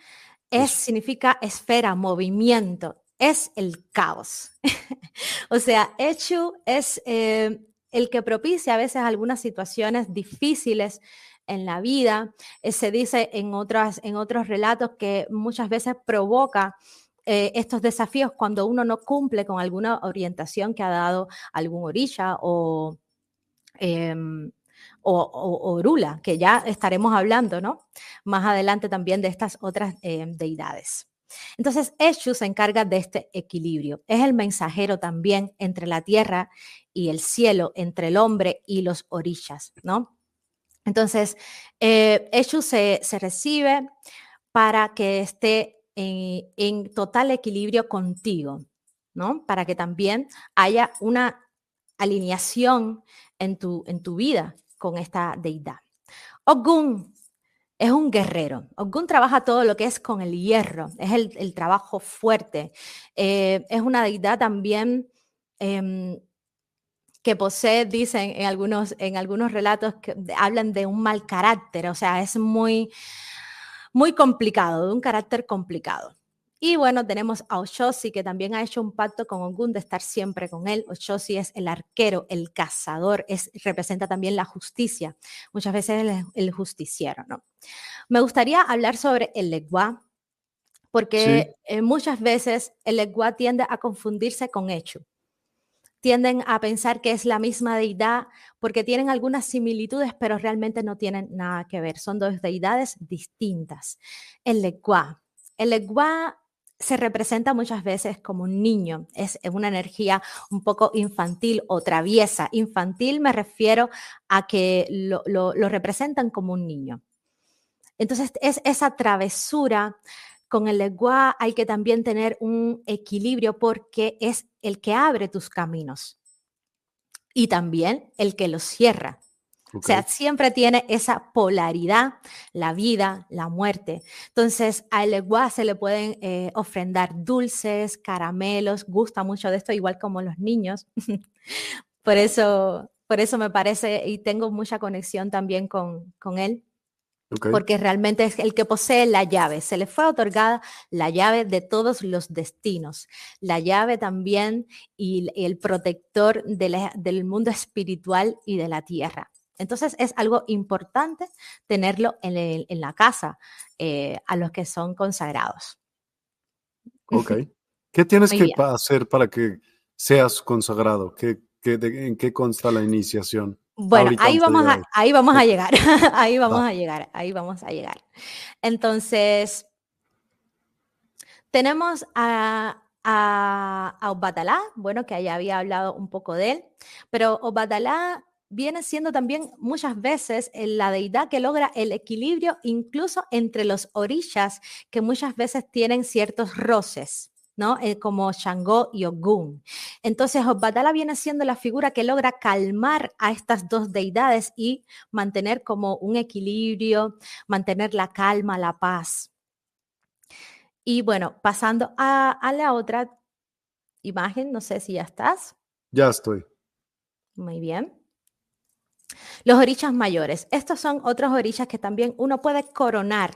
es, significa esfera, movimiento es el caos. o sea, Echu es eh, el que propicia a veces algunas situaciones difíciles en la vida. Eh, se dice en, otras, en otros relatos que muchas veces provoca eh, estos desafíos cuando uno no cumple con alguna orientación que ha dado algún orilla o, em, orula, que ya estaremos hablando, Más adelante también de estas otras deidades. Entonces, Eshu se encarga de este equilibrio. Es el mensajero también entre la tierra y el cielo, entre el hombre y los orillas, ¿no? Entonces, Eshu se, recibe para que esté en, total equilibrio contigo, ¿no? Para que también haya una alineación en tu, en tu vida con esta deidad. Ogun es un guerrero. Ogun trabaja todo lo que es con el hierro, es el, trabajo fuerte. Eh, es una deidad también em, que posee, dicen en algunos, en algunos relatos, que hablan de un mal carácter, o sea, es muy, muy complicado, de un carácter complicado. Y bueno, tenemos a Oshosi, que también ha hecho un pacto con Ogun de estar siempre con él. Oshosi es el arquero, el cazador, es, representa también la justicia. Muchas veces el, el justiciero, ¿no? Me gustaría hablar sobre el legua, porque eh, muchas veces el legua tiende a confundirse con hecho. Tienden a pensar que es la misma deidad porque tienen algunas similitudes, pero realmente no tienen nada que ver. Son dos deidades distintas. El legua. El legua se representa muchas veces como un niño, es una energía un poco infantil o traviesa. Infantil me refiero a que lo, representan como un niño. Entonces es esa travesura con el lengua hay que también tener un equilibrio porque es el que abre tus caminos y también el que los cierra. O sea, siempre tiene esa polaridad, la vida, la muerte. Entonces, al igual se le pueden eh, ofrendar dulces, caramelos, gusta mucho de esto, igual como los niños. por, eso, por eso me parece y tengo mucha conexión también con, él. Porque realmente es el que posee la llave. Se le fue otorgada la llave de todos los destinos, la llave también y el protector del mundo espiritual y de la tierra. Entonces es algo importante tenerlo en, la casa eh, a los que son consagrados. Ok. ¿Qué tienes que hacer para que seas consagrado? ¿Qué, ¿En qué consta la iniciación? Bueno, ahí vamos, a, ahí vamos a llegar, ahí vamos a llegar, ahí vamos a llegar. Entonces, tenemos a, a, bueno, que ya había hablado un poco de él, pero Obadalá viene siendo también muchas veces eh, la deidad que logra el equilibrio incluso entre los orillas que muchas veces tienen ciertos roces. ¿no? Eh, como Shango y Ogun. Entonces, Obadala viene siendo la figura que logra calmar a estas dos deidades y mantener como un equilibrio, mantener la calma, la paz. Y bueno, pasando a la otra imagen, no sé si ya estás. Ya estoy. Muy bien. Los orichas mayores. Estos son otros orichas que también uno puede coronar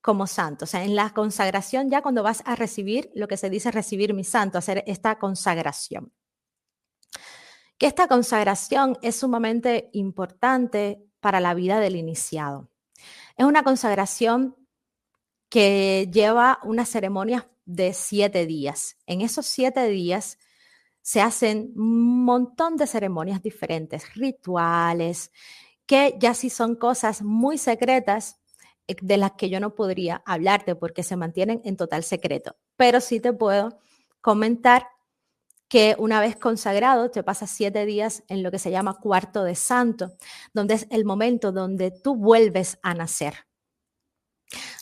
como santo. O sea, en la consagración ya cuando vas a recibir lo que se dice recibir mi santo, hacer esta consagración. Que esta consagración es sumamente importante para la vida del iniciado. Es una consagración que lleva unas ceremonias de siete días. En esos siete días se hacen un montón de ceremonias diferentes, rituales, que ya sí son cosas muy secretas eh, de las que yo no podría hablarte porque se mantienen en total secreto. Pero sí te puedo comentar que una vez consagrado te pasas siete días en lo que se llama cuarto de santo, donde es el momento donde tú vuelves a nacer.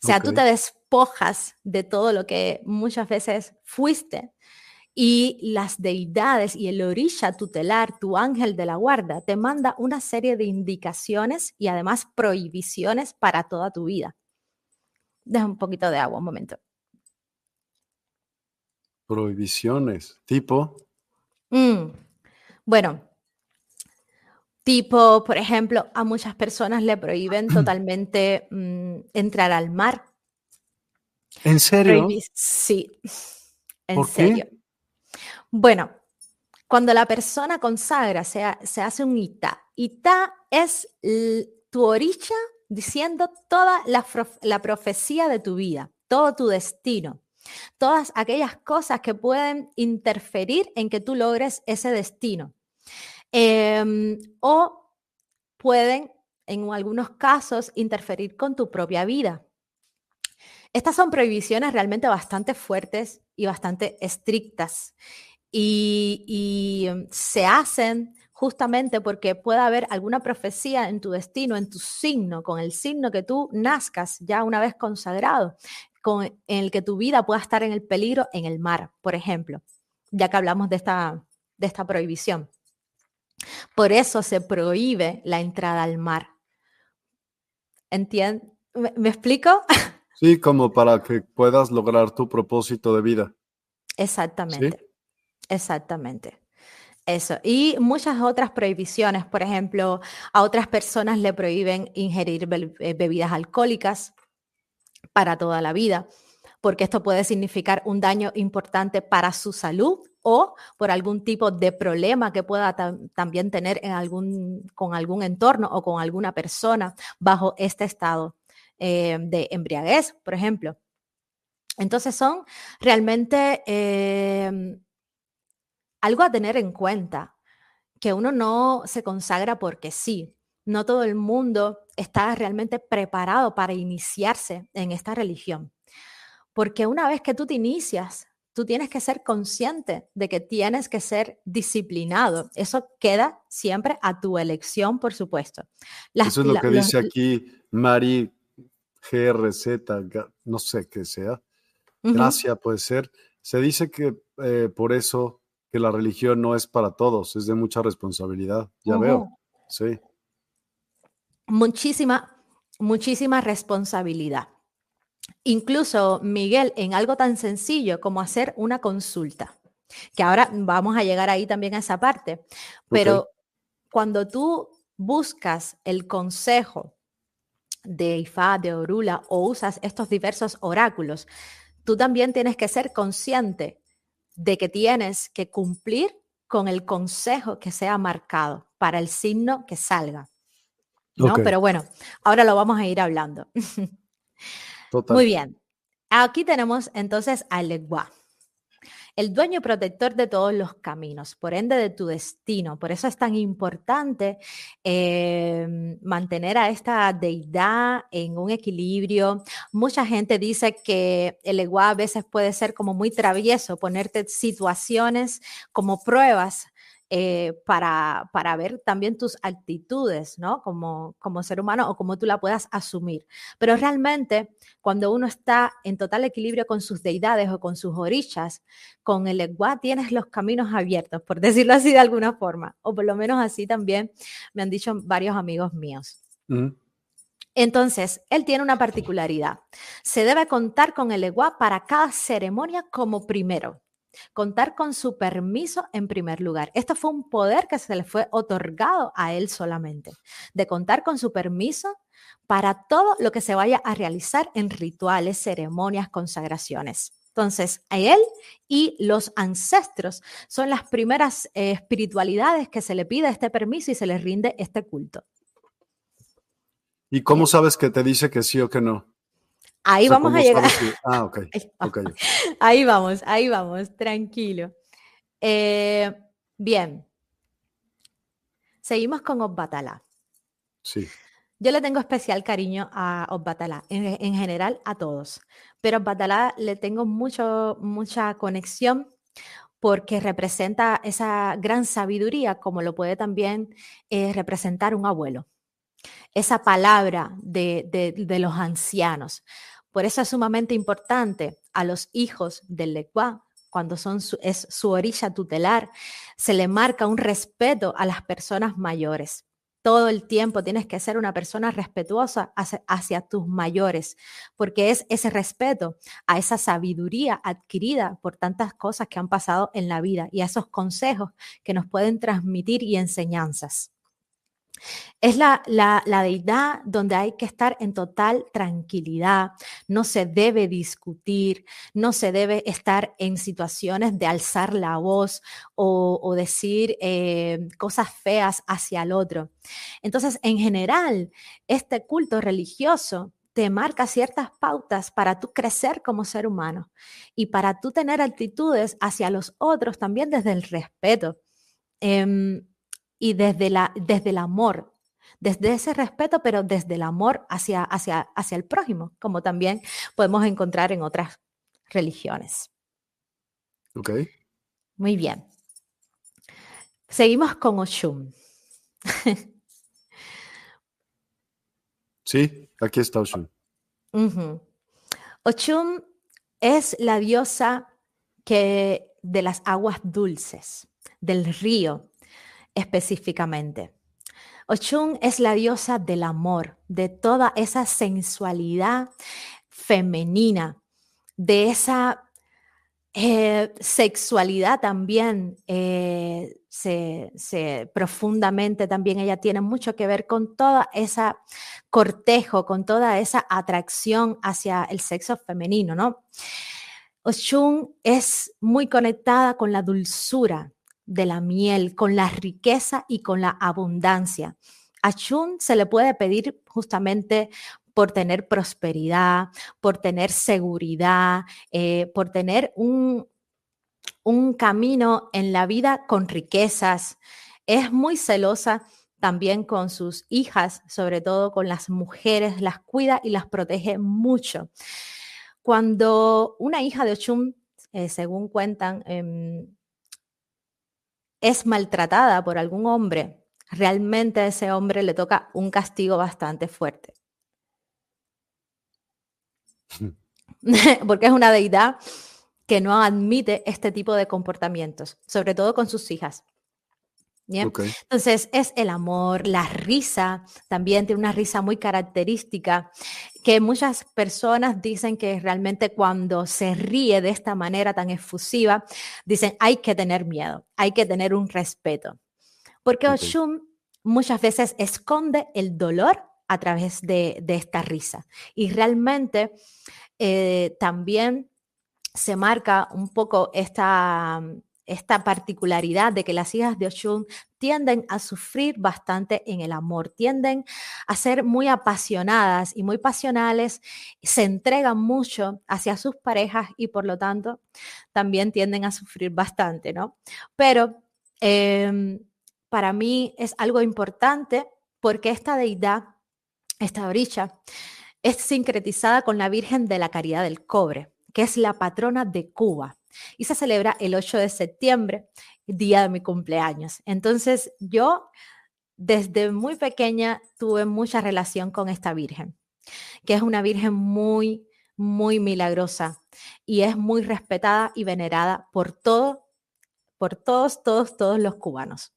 O sea, tú te despojas de todo lo que muchas veces fuiste y las deidades y el orilla tutelar, tu ángel de la guarda, te manda una serie de indicaciones y además prohibiciones para toda tu vida. Deja un poquito de agua, un momento. Prohibiciones, tipo. Mm, bueno, tipo, por ejemplo, a muchas personas le prohíben totalmente mm, entrar al mar. ¿En serio? sí. ¿En serio? Bueno, cuando la persona consagra, se, hace un ita. Ita es tu orilla diciendo toda la, profecía de tu vida, todo tu destino, todas aquellas cosas que pueden interferir en que tú logres ese destino. Em, o pueden, en algunos casos, interferir con tu propia vida. Estas son prohibiciones realmente bastante fuertes y bastante estrictas y, em, se hacen justamente porque pueda haber alguna profecía en tu destino, en tu signo, con el signo que tú nazcas ya una vez consagrado, con, en el que tu vida pueda estar en el peligro en el mar, por ejemplo, ya que hablamos de esta, de esta prohibición. Por eso se prohíbe la entrada al mar. ¿Entiendes? ¿Me, explico? Sí, como para que puedas lograr tu propósito de vida. Exactamente. Exactamente. Eso. Y muchas otras prohibiciones, por ejemplo, a otras personas le prohíben ingerir eh, bebidas alcohólicas para toda la vida, porque esto puede significar un daño importante para su salud o por algún tipo de problema que pueda también tener en algún, con algún entorno o con alguna persona bajo este estado eh, de embriaguez, por ejemplo. Entonces son realmente... Eh, algo a tener en cuenta, que uno no se consagra porque sí. No todo el mundo está realmente preparado para iniciarse en esta religión. Porque una vez que tú te inicias, tú tienes que ser consciente de que tienes que ser disciplinado. Eso queda siempre a tu elección, por supuesto. Eso es lo que dice aquí Mari GRZ, no sé qué sea. Gracias, puede ser. Se dice que eh, por eso que la religión no es para todos, es de mucha responsabilidad, ya veo, sí. Muchísima, muchísima responsabilidad. Incluso, Miguel, en algo tan sencillo como hacer una consulta, que ahora vamos a llegar ahí también a esa parte, pero cuando tú buscas el consejo de Ifá, de Orula o usas estos diversos oráculos, tú también tienes que ser consciente de que tienes que cumplir con el consejo que sea marcado para el signo que salga. ¿no? Pero bueno, ahora lo vamos a ir hablando. Muy bien. Aquí tenemos entonces a Legua el dueño protector de todos los caminos, por ende de tu destino. Por eso es tan importante em, mantener a esta deidad en un equilibrio. Mucha gente dice que el ego a veces puede ser como muy travieso, ponerte situaciones como pruebas eh, para, ver también tus actitudes, ¿no? Como, como ser humano o como tú la puedas asumir. Pero realmente, cuando uno está en total equilibrio con sus deidades o con sus orillas, con el Eguá tienes los caminos abiertos, por decirlo así de alguna forma, o por lo menos así también me han dicho varios amigos míos. Mm. Entonces, él tiene una particularidad. Se debe contar con el Eguá para cada ceremonia como primero contar con su permiso en primer lugar. Esto fue un poder que se le fue otorgado a él solamente, de contar con su permiso para todo lo que se vaya a realizar en rituales, ceremonias, consagraciones. Entonces, a él y los ancestros son las primeras eh, espiritualidades que se le pide este permiso y se le rinde este culto. ¿Y cómo sabes que te dice que sí o que no? Ahí vamos a llegar. Ah, okay. Okay. Ahí vamos, ahí vamos, tranquilo. Eh, bien. Seguimos con Osbatala. Sí. Yo le tengo especial cariño a Osbatala, en, general a todos, pero a le tengo mucho, mucha conexión porque representa esa gran sabiduría como lo puede también eh, representar un abuelo, esa palabra de, de los ancianos. Por eso es sumamente importante a los hijos del Lecuá, cuando son es su orilla tutelar, se le marca un respeto a las personas mayores. Todo el tiempo tienes que ser una persona respetuosa hacia, hacia tus mayores, porque es ese respeto a esa sabiduría adquirida por tantas cosas que han pasado en la vida y a esos consejos que nos pueden transmitir y enseñanzas. Es la, deidad donde hay que estar en total tranquilidad, no se debe discutir, no se debe estar en situaciones de alzar la voz o, decir eh, cosas feas hacia el otro. Entonces, en general, este culto religioso te marca ciertas pautas para tú crecer como ser humano y para tú tener actitudes hacia los otros también desde el respeto. Em, y desde, la, desde el amor, desde ese respeto, pero desde el amor hacia, hacia, el prójimo, como también podemos encontrar en otras religiones. Ok. Muy bien. Seguimos con Oshun. sí, aquí está Oshun. Oshun es la diosa que, de las aguas dulces, del río, específicamente. Ochun es la diosa del amor, de toda esa sensualidad femenina, de esa eh, sexualidad también, eh, se, profundamente también ella tiene mucho que ver con toda esa cortejo, con toda esa atracción hacia el sexo femenino, ¿no? Ochun es muy conectada con la dulzura, de la miel, con la riqueza y con la abundancia. A Chun se le puede pedir justamente por tener prosperidad, por tener seguridad, eh, por tener un, un camino en la vida con riquezas. Es muy celosa también con sus hijas, sobre todo con las mujeres, las cuida y las protege mucho. Cuando una hija de Chun, eh, según cuentan, em, es maltratada por algún hombre, realmente a ese hombre le toca un castigo bastante fuerte. Porque es una deidad que no admite este tipo de comportamientos, sobre todo con sus hijas. Entonces es el amor, la risa, también tiene una risa muy característica que muchas personas dicen que realmente cuando se ríe de esta manera tan efusiva, dicen hay que tener miedo, hay que tener un respeto, porque muchas veces esconde el dolor a través de, esta risa y realmente eh, también se marca un poco esta esta particularidad de que las hijas de Oshun tienden a sufrir bastante en el amor, tienden a ser muy apasionadas y muy pasionales, se entregan mucho hacia sus parejas y por lo tanto también tienden a sufrir bastante, ¿no? Pero em, para mí es algo importante porque esta deidad, esta orilla, es sincretizada con la Virgen de la Caridad del Cobre, que es la patrona de Cuba y se celebra el 8 de septiembre, día de mi cumpleaños. Entonces yo desde muy pequeña tuve mucha relación con esta Virgen, que es una Virgen muy, muy milagrosa y es muy respetada y venerada por todo, por todos, todos, todos los cubanos.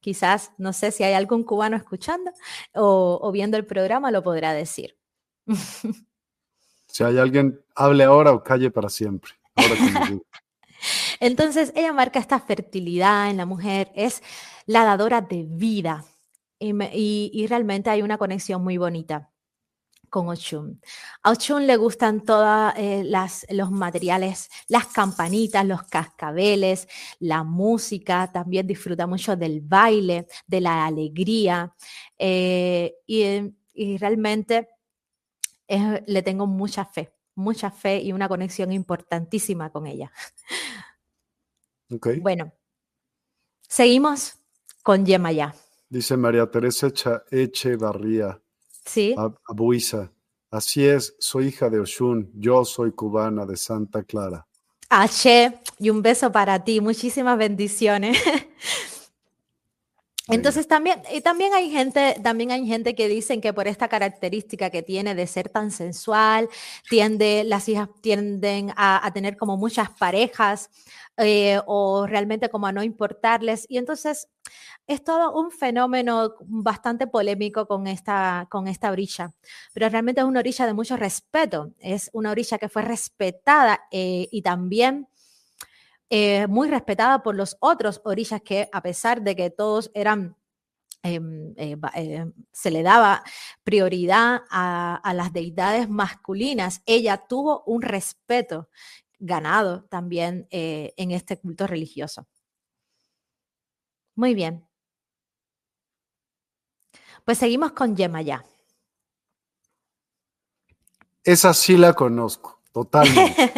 Quizás, no sé si hay algún cubano escuchando o viendo el programa, lo podrá decir. Si hay alguien, hable ahora o calle para siempre. Entonces, ella marca esta fertilidad en la mujer, es la dadora de vida y, realmente hay una conexión muy bonita con Ochun. A Ochun le gustan todos eh, los materiales, las campanitas, los cascabeles, la música, también disfruta mucho del baile, de la alegría eh, y, realmente le tengo mucha fe mucha fe y una conexión importantísima con ella. Bueno, seguimos con Yemaya Dice María Teresa Echevarría. Sí. Abuisa. Así es, soy hija de Oshun, yo soy cubana de Santa Clara. Ache, y un beso para ti, muchísimas bendiciones. Entonces también, y también hay gente, también hay gente que dicen que por esta característica que tiene de ser tan sensual, tiende, las hijas tienden a, tener como muchas parejas eh, o realmente como a no importarles. Y entonces es todo un fenómeno bastante polémico con esta, con esta orilla, pero realmente es una orilla de mucho respeto, es una orilla que fue respetada eh, y también eh, muy respetada por los otros orillas que a pesar de que todos eran em, eh, eh, se le daba prioridad a, las deidades masculinas, ella tuvo un respeto ganado también en este culto religioso. Muy bien. Pues seguimos con ya Esa sí la conozco, totalmente.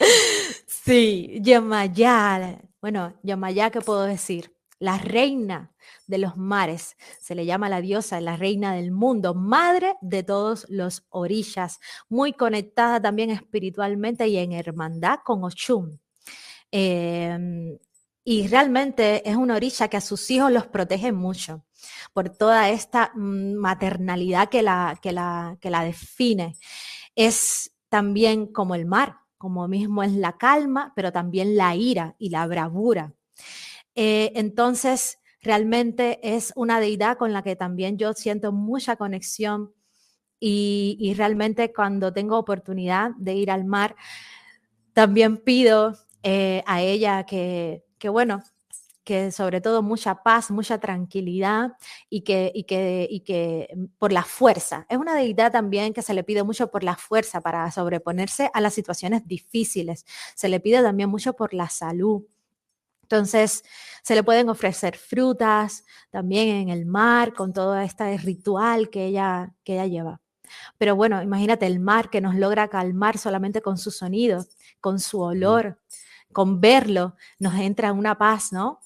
Sí, Yemayá, Bueno, Yamayá, ¿qué puedo decir? La reina de los mares. Se le llama la diosa, la reina del mundo, madre de todos los orillas, muy conectada también espiritualmente y en hermandad con Ochum. Em, y realmente es una orilla que a sus hijos los protege mucho por toda esta mm, maternalidad que la, que la, que la define. Es también como el mar, como mismo es la calma, pero también la ira y la bravura. Eh, entonces, realmente es una deidad con la que también yo siento mucha conexión y, realmente cuando tengo oportunidad de ir al mar, también pido eh, a ella que, que, bueno, que sobre todo mucha paz, mucha tranquilidad y que, y que, y que mm, por la fuerza. Es una deidad también que se le pide mucho por la fuerza para sobreponerse a las situaciones difíciles. Se le pide también mucho por la salud. Entonces, se le pueden ofrecer frutas también en el mar con todo este ritual que ella, que ella lleva. Pero bueno, imagínate el mar que nos logra calmar solamente con su sonido, con su olor, con verlo, nos entra una paz, ¿no?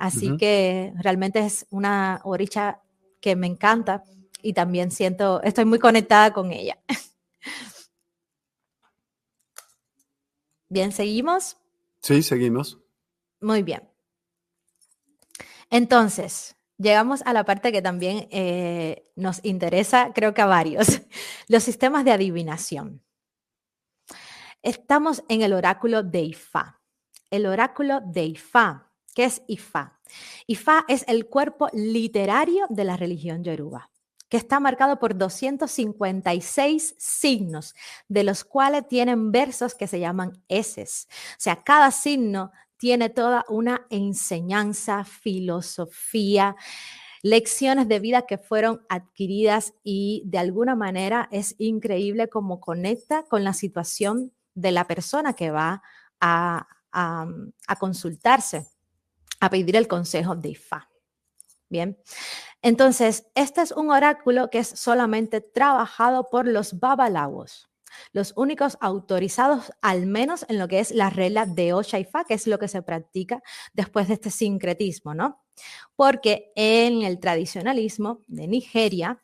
Así que realmente es una oricha que me encanta y también siento, estoy muy conectada con ella. bien, ¿seguimos? Sí, seguimos. Muy bien. Entonces, llegamos a la parte que también eh, nos interesa, creo que a varios, los sistemas de adivinación. Estamos en el oráculo de IFA, El oráculo de IFA. ¿Qué es Ifa. Ifa es el cuerpo literario de la religión yoruba, que está marcado por 256 signos, de los cuales tienen versos que se llaman eses. O sea, cada signo tiene toda una enseñanza, filosofía, lecciones de vida que fueron adquiridas y de alguna manera es increíble cómo conecta con la situación de la persona que va a, a consultarse a pedir el consejo de Ifá. Bien, entonces, este es un oráculo que es solamente trabajado por los babalawos, los únicos autorizados, al menos en lo que es la regla de Osha Ifá, que es lo que se practica después de este sincretismo, ¿no? Porque en el tradicionalismo de Nigeria,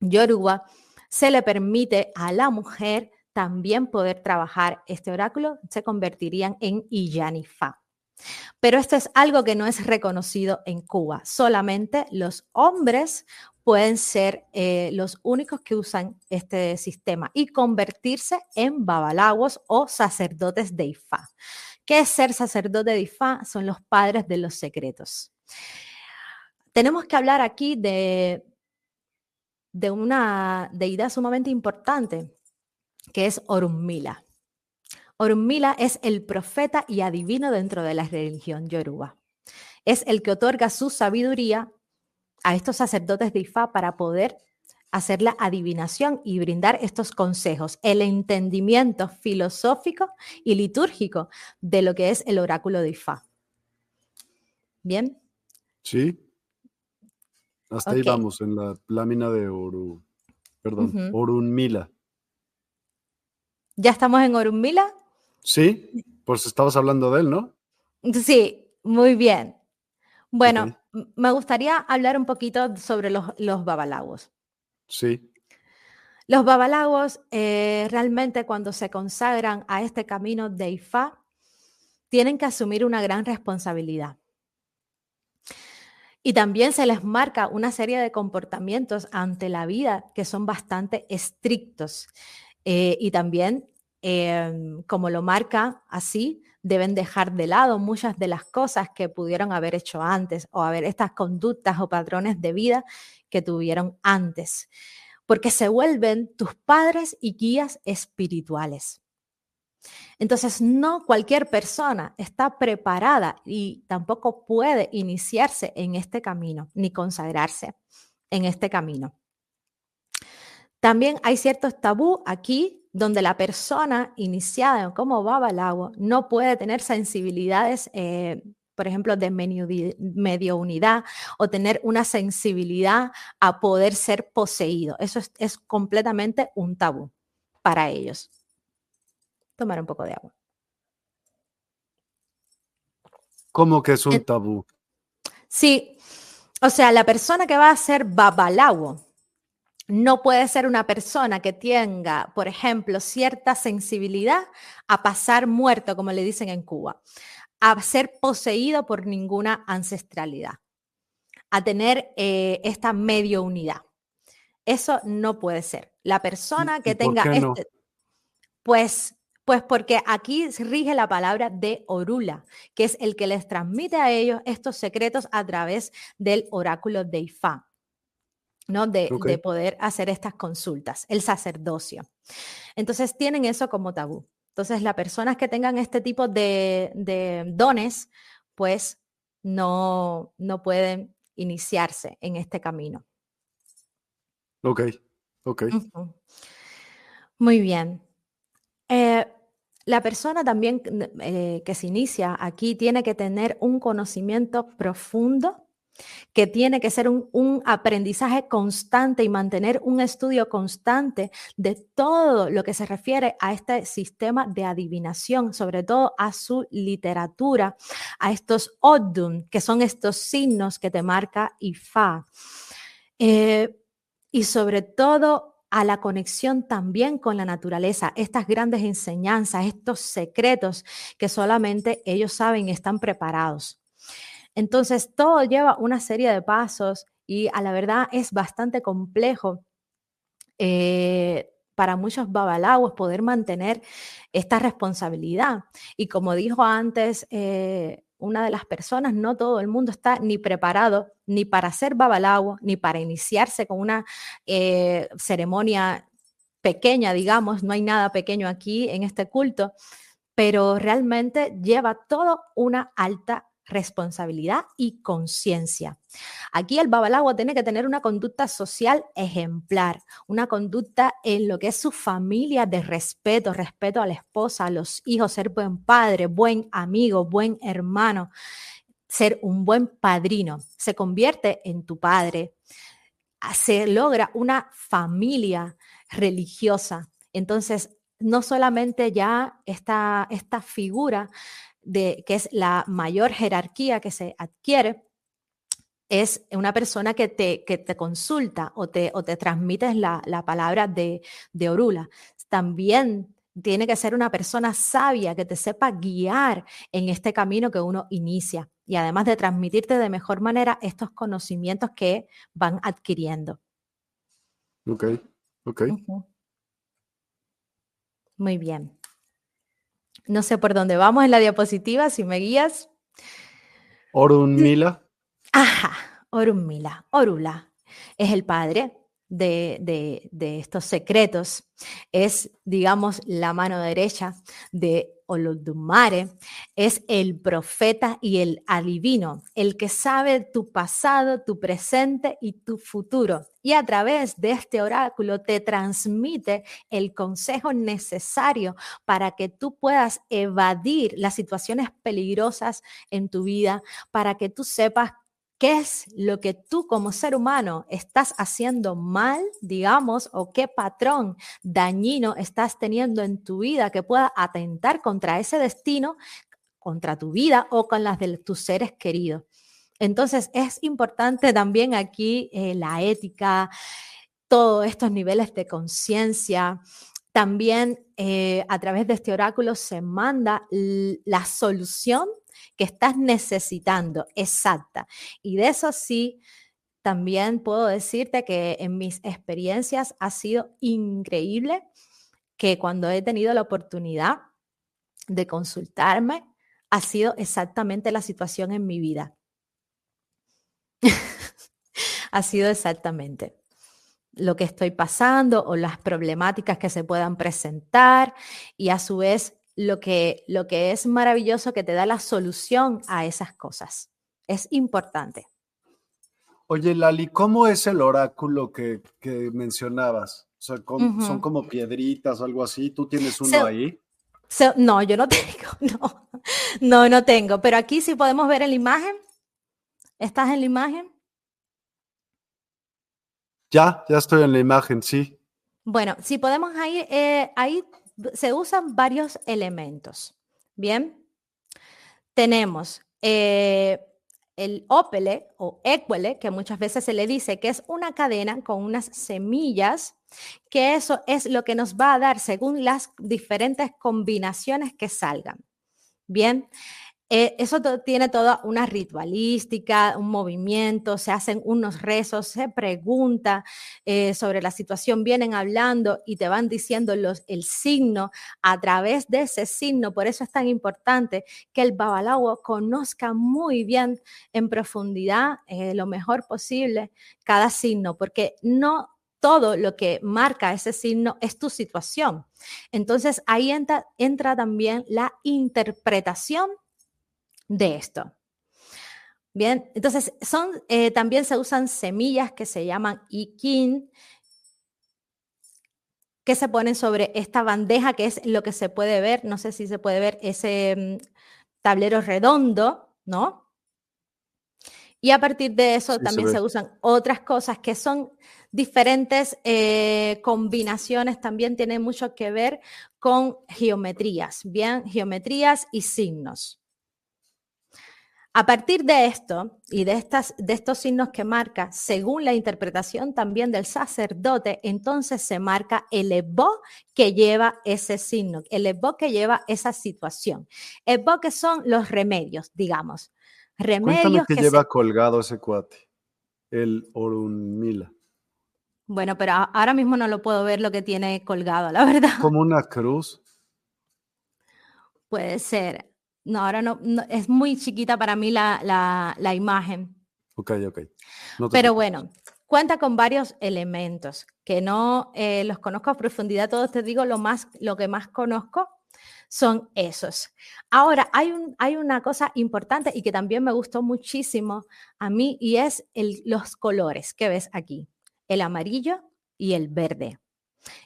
Yoruba, se le permite a la mujer también poder trabajar este oráculo, se convertirían en Iyanifa. Pero esto es algo que no es reconocido en Cuba. Solamente los hombres pueden ser eh, los únicos que usan este sistema y convertirse en babalawos o sacerdotes de Ifá. ¿Qué es ser sacerdote de Ifá? Son los padres de los secretos. Tenemos que hablar aquí de, de una deidad sumamente importante, que es Orunmila. Orunmila es el profeta y adivino dentro de la religión yoruba. Es el que otorga su sabiduría a estos sacerdotes de Ifá para poder hacer la adivinación y brindar estos consejos, el entendimiento filosófico y litúrgico de lo que es el oráculo de Ifá. ¿Bien? Sí. Hasta ahí vamos, en la lámina de Oru, perdón, Orunmila. ¿Ya estamos en Orunmila? Sí, pues estabas hablando de él, ¿no? Sí, muy bien. Bueno, me gustaría hablar un poquito sobre los, los babalagos. Sí. Los babalagos eh, realmente cuando se consagran a este camino de Ifá, tienen que asumir una gran responsabilidad. Y también se les marca una serie de comportamientos ante la vida que son bastante estrictos eh, y también Em, como lo marca así, deben dejar de lado muchas de las cosas que pudieron haber hecho antes o haber estas conductas o patrones de vida que tuvieron antes, porque se vuelven tus padres y guías espirituales. Entonces, no cualquier persona está preparada y tampoco puede iniciarse en este camino, ni consagrarse en este camino. También hay ciertos tabú aquí donde la persona iniciada como baba agua no puede tener sensibilidades, eh, por ejemplo, de medio unidad o tener una sensibilidad a poder ser poseído. Eso es, completamente un tabú para ellos. Tomar un poco de agua. ¿Cómo que es un tabú? Sí, o sea, la persona que va a ser babalawo, no puede ser una persona que tenga, por ejemplo, cierta sensibilidad a pasar muerto, como le dicen en Cuba, a ser poseído por ninguna ancestralidad, a tener eh, esta medio unidad. Eso no puede ser. La persona que tenga este, pues pues porque aquí rige la palabra de Orula, que es el que les transmite a ellos estos secretos a través del oráculo de Ifá. ¿no? De, poder hacer estas consultas, el sacerdocio. Entonces tienen eso como tabú. Entonces las personas que tengan este tipo de, dones, pues no, no pueden iniciarse en este camino. Ok, ok. Muy bien. Eh, la persona también eh, que se inicia aquí tiene que tener un conocimiento profundo que tiene que ser un, aprendizaje constante y mantener un estudio constante de todo lo que se refiere a este sistema de adivinación, sobre todo a su literatura, a estos odun que son estos signos que te marca IFA. Eh, y sobre todo a la conexión también con la naturaleza, estas grandes enseñanzas, estos secretos que solamente ellos saben y están preparados. Entonces, todo lleva una serie de pasos y a la verdad es bastante complejo. Eh, para muchos babalawos poder mantener esta responsabilidad. Y como dijo antes eh, una de las personas, no todo el mundo está ni preparado ni para ser babalawo, ni para iniciarse con una eh, ceremonia pequeña, digamos, no hay nada pequeño aquí en este culto, pero realmente lleva todo una alta responsabilidad y conciencia. Aquí el babalagua tiene que tener una conducta social ejemplar, una conducta en lo que es su familia de respeto, respeto a la esposa, a los hijos, ser buen padre, buen amigo, buen hermano, ser un buen padrino. Se convierte en tu padre. Se logra una familia religiosa. Entonces, no solamente ya esta, esta figura de, que es la mayor jerarquía que se adquiere, es una persona que te, consulta o te, o te la, palabra de, Orula. También tiene que ser una persona sabia que te sepa guiar en este camino que uno inicia y además de transmitirte de mejor manera estos conocimientos que van adquiriendo. Ok, ok. Muy bien. No sé por dónde vamos en la diapositiva, si me guías. Orunmila. Ajá, Orunmila, Orula. Es el padre de, de, de estos secretos. Es, digamos, la mano derecha de Olodumare es el profeta y el adivino, el que sabe tu pasado, tu presente y tu futuro. Y a través de este oráculo te transmite el consejo necesario para que tú puedas evadir las situaciones peligrosas en tu vida, para que tú sepas qué es lo que tú como ser humano estás haciendo mal, digamos, o qué patrón dañino estás teniendo en tu vida que pueda atentar contra ese destino, contra tu vida o con las de tus seres queridos. Entonces es importante también aquí eh, la ética, todos estos niveles de conciencia, también eh, a través de este oráculo se manda la solución que estás necesitando, exacta. Y de eso sí, también puedo decirte que en mis experiencias ha sido increíble que cuando he tenido la oportunidad de consultarme, ha sido exactamente la situación en mi vida. ha sido exactamente lo que estoy pasando o las problemáticas que se puedan presentar y a su vez lo que, lo que es maravilloso que te da la solución a esas cosas. Es importante. Oye, Lali, ¿cómo es el oráculo que, mencionabas? son como piedritas algo así. ¿Tú tienes uno ahí? no, yo no tengo, no. No, tengo. Pero aquí sí podemos ver en la imagen. ¿Estás en la imagen? Ya, ya estoy en la imagen, sí. Bueno, si podemos ahí, eh, ahí se usan varios elementos. Bien, tenemos eh, el ópele o écuele, que muchas veces se le dice que es una cadena con unas semillas, que eso es lo que nos va a dar según las diferentes combinaciones que salgan. Bien, eh, eso tiene toda una ritualística, un movimiento, se hacen unos rezos, se pregunta eh, sobre la situación, vienen hablando y te van diciendo el signo a través de ese signo. Por eso es tan importante que el babalawo conozca muy bien en profundidad, eh, lo mejor posible, cada signo, porque no todo lo que marca ese signo es tu situación. Entonces ahí entra, también la interpretación de esto. Bien, entonces son, eh, también se usan semillas que se llaman ikin, que se ponen sobre esta bandeja, que es lo que se puede ver, no sé si se puede ver ese mm, tablero redondo, ¿no? Y a partir de eso también se, usan otras cosas que son diferentes eh, combinaciones, también tienen mucho que ver con geometrías, bien, geometrías y signos. A partir de esto y de, estas, de estos signos que marca, según la interpretación también del sacerdote, entonces se marca el ebo que lleva ese signo, el ebo que lleva esa situación. Ebo que son los remedios, digamos. Remedios que, lleva colgado ese cuate, el orunmila. Bueno, pero ahora mismo no lo puedo ver lo que tiene colgado, la verdad. Como una cruz. Puede ser no, ahora no, es muy chiquita para mí la, imagen. Ok, ok. Pero bueno, cuenta con varios elementos que no eh, los conozco a profundidad, todos te digo lo, más, lo que más conozco son esos. Ahora, hay, un, hay una cosa importante y que también me gustó muchísimo a mí y es el, los colores que ves aquí, el amarillo y el verde.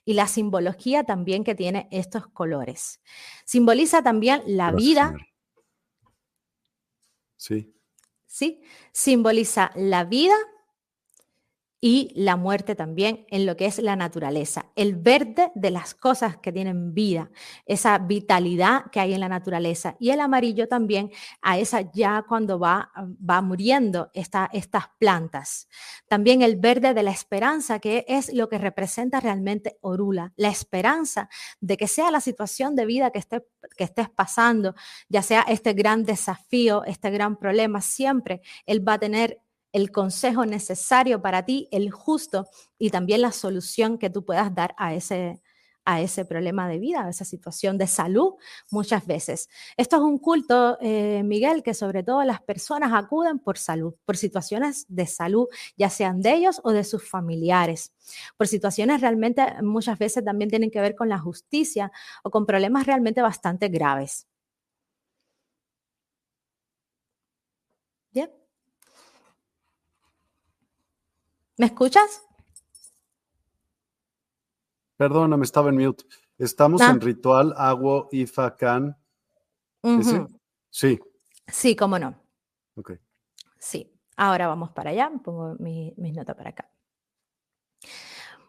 Y la simbología también que tiene estos colores. Simboliza también la vida, Sí. Sí, simboliza la vida, y la muerte también en lo que es la naturaleza, el verde de las cosas que tienen vida, esa vitalidad que hay en la naturaleza y el amarillo también a esa ya cuando va, va muriendo está estas plantas. También el verde de la esperanza, que es lo que representa realmente Orula, la esperanza de que sea la situación de vida que, esté, que estés pasando, ya sea este gran desafío, este gran problema, siempre él va a tener el consejo necesario para ti, el justo y también la solución que tú puedas dar a ese a ese problema de vida, a esa situación de salud muchas veces. Esto es un culto, eh, Miguel, que sobre todo las personas acuden por salud, por situaciones de salud, ya sean de ellos o de sus familiares, por situaciones realmente muchas veces también tienen que ver con la justicia o con problemas realmente bastante graves. Bien. ¿Me escuchas? me estaba en mute. Estamos ah. en ritual Agua Ifa Can. Sí. Sí, cómo no. Ok. Sí. Ahora vamos para allá. Pongo mis notas para acá.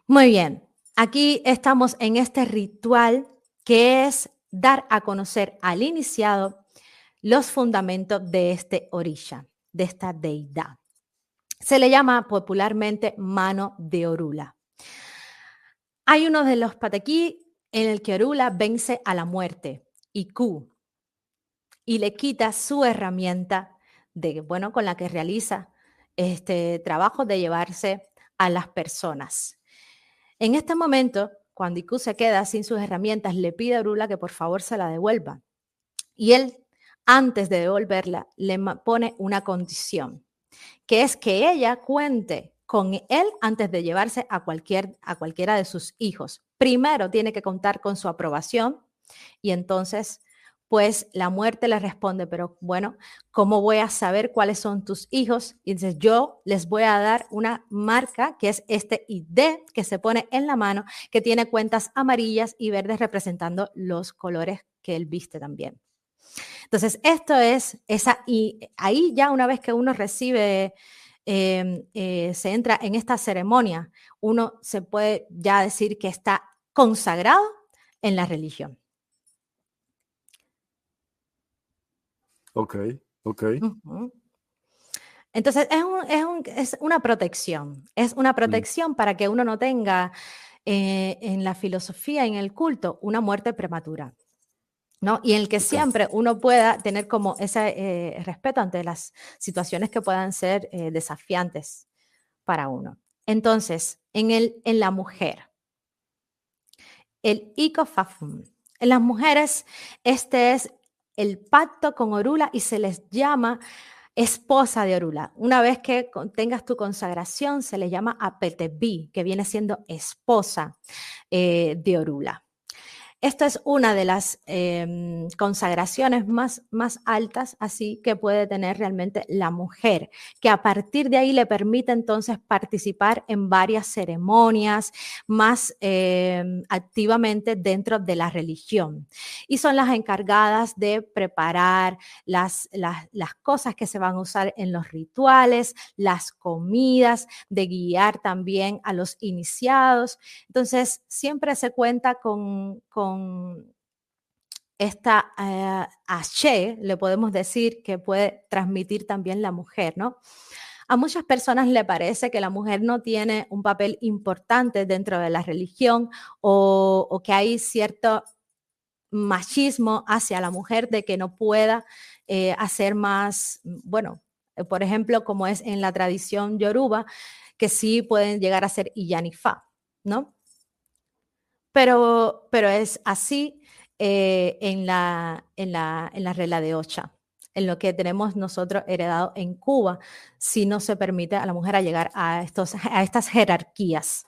Muy bien. Aquí estamos en este ritual que es dar a conocer al iniciado los fundamentos de este orilla, de esta deidad se le llama popularmente mano de Orula. Hay uno de los pataquí en el que Orula vence a la muerte, ku y le quita su herramienta de, bueno, con la que realiza este trabajo de llevarse a las personas. En este momento, cuando Iku se queda sin sus herramientas, le pide a Orula que por favor se la devuelva. Y él, antes de devolverla, le pone una condición que es que ella cuente con él antes de llevarse a, cualquiera de sus hijos. Primero tiene que contar con su aprobación y entonces pues la muerte le responde, pero bueno, ¿cómo voy a saber cuáles son tus hijos? Y dices, yo les voy a dar una marca que es este ID que se pone en la mano, que tiene cuentas amarillas y verdes representando los colores que él viste también. Entonces, esto es, esa, y ahí ya una vez que uno recibe, em, eh, se entra en esta ceremonia, uno se puede ya decir que está consagrado en la religión. Ok, ok. Entonces, es, una protección, es una protección para que uno no tenga eh, en la filosofía, en el culto, una muerte prematura. ¿no? Y en el que siempre uno pueda tener como ese eh, respeto ante las situaciones que puedan ser eh, desafiantes para uno. Entonces, en, el, en la mujer, el icofafum. En las mujeres, este es el pacto con Orula y se les llama esposa de Orula. Una vez que tengas tu consagración, se le llama apetebi que viene siendo esposa eh, de Orula. Esta es una de las em, consagraciones más, más altas, así que puede tener realmente la mujer, que a partir de ahí le permite entonces participar en varias ceremonias más em, activamente dentro de la religión. Y son las encargadas de preparar las, las, cosas que se van a usar en los rituales, las comidas, de guiar también a los iniciados. Entonces, siempre se cuenta con esta eh, le podemos decir, que puede transmitir también la mujer, ¿no? A muchas personas le parece que la mujer no tiene un papel importante dentro de la religión o, que hay cierto machismo hacia la mujer de que no pueda eh, hacer más, bueno, eh, por ejemplo, como es en la tradición yoruba, que sí pueden llegar a ser iyanifa, ¿no? Pero, es así eh, en, la, en, la, regla de Ocha en lo que tenemos nosotros heredado en Cuba, si no se permite a la mujer a llegar a, estos, a estas jerarquías.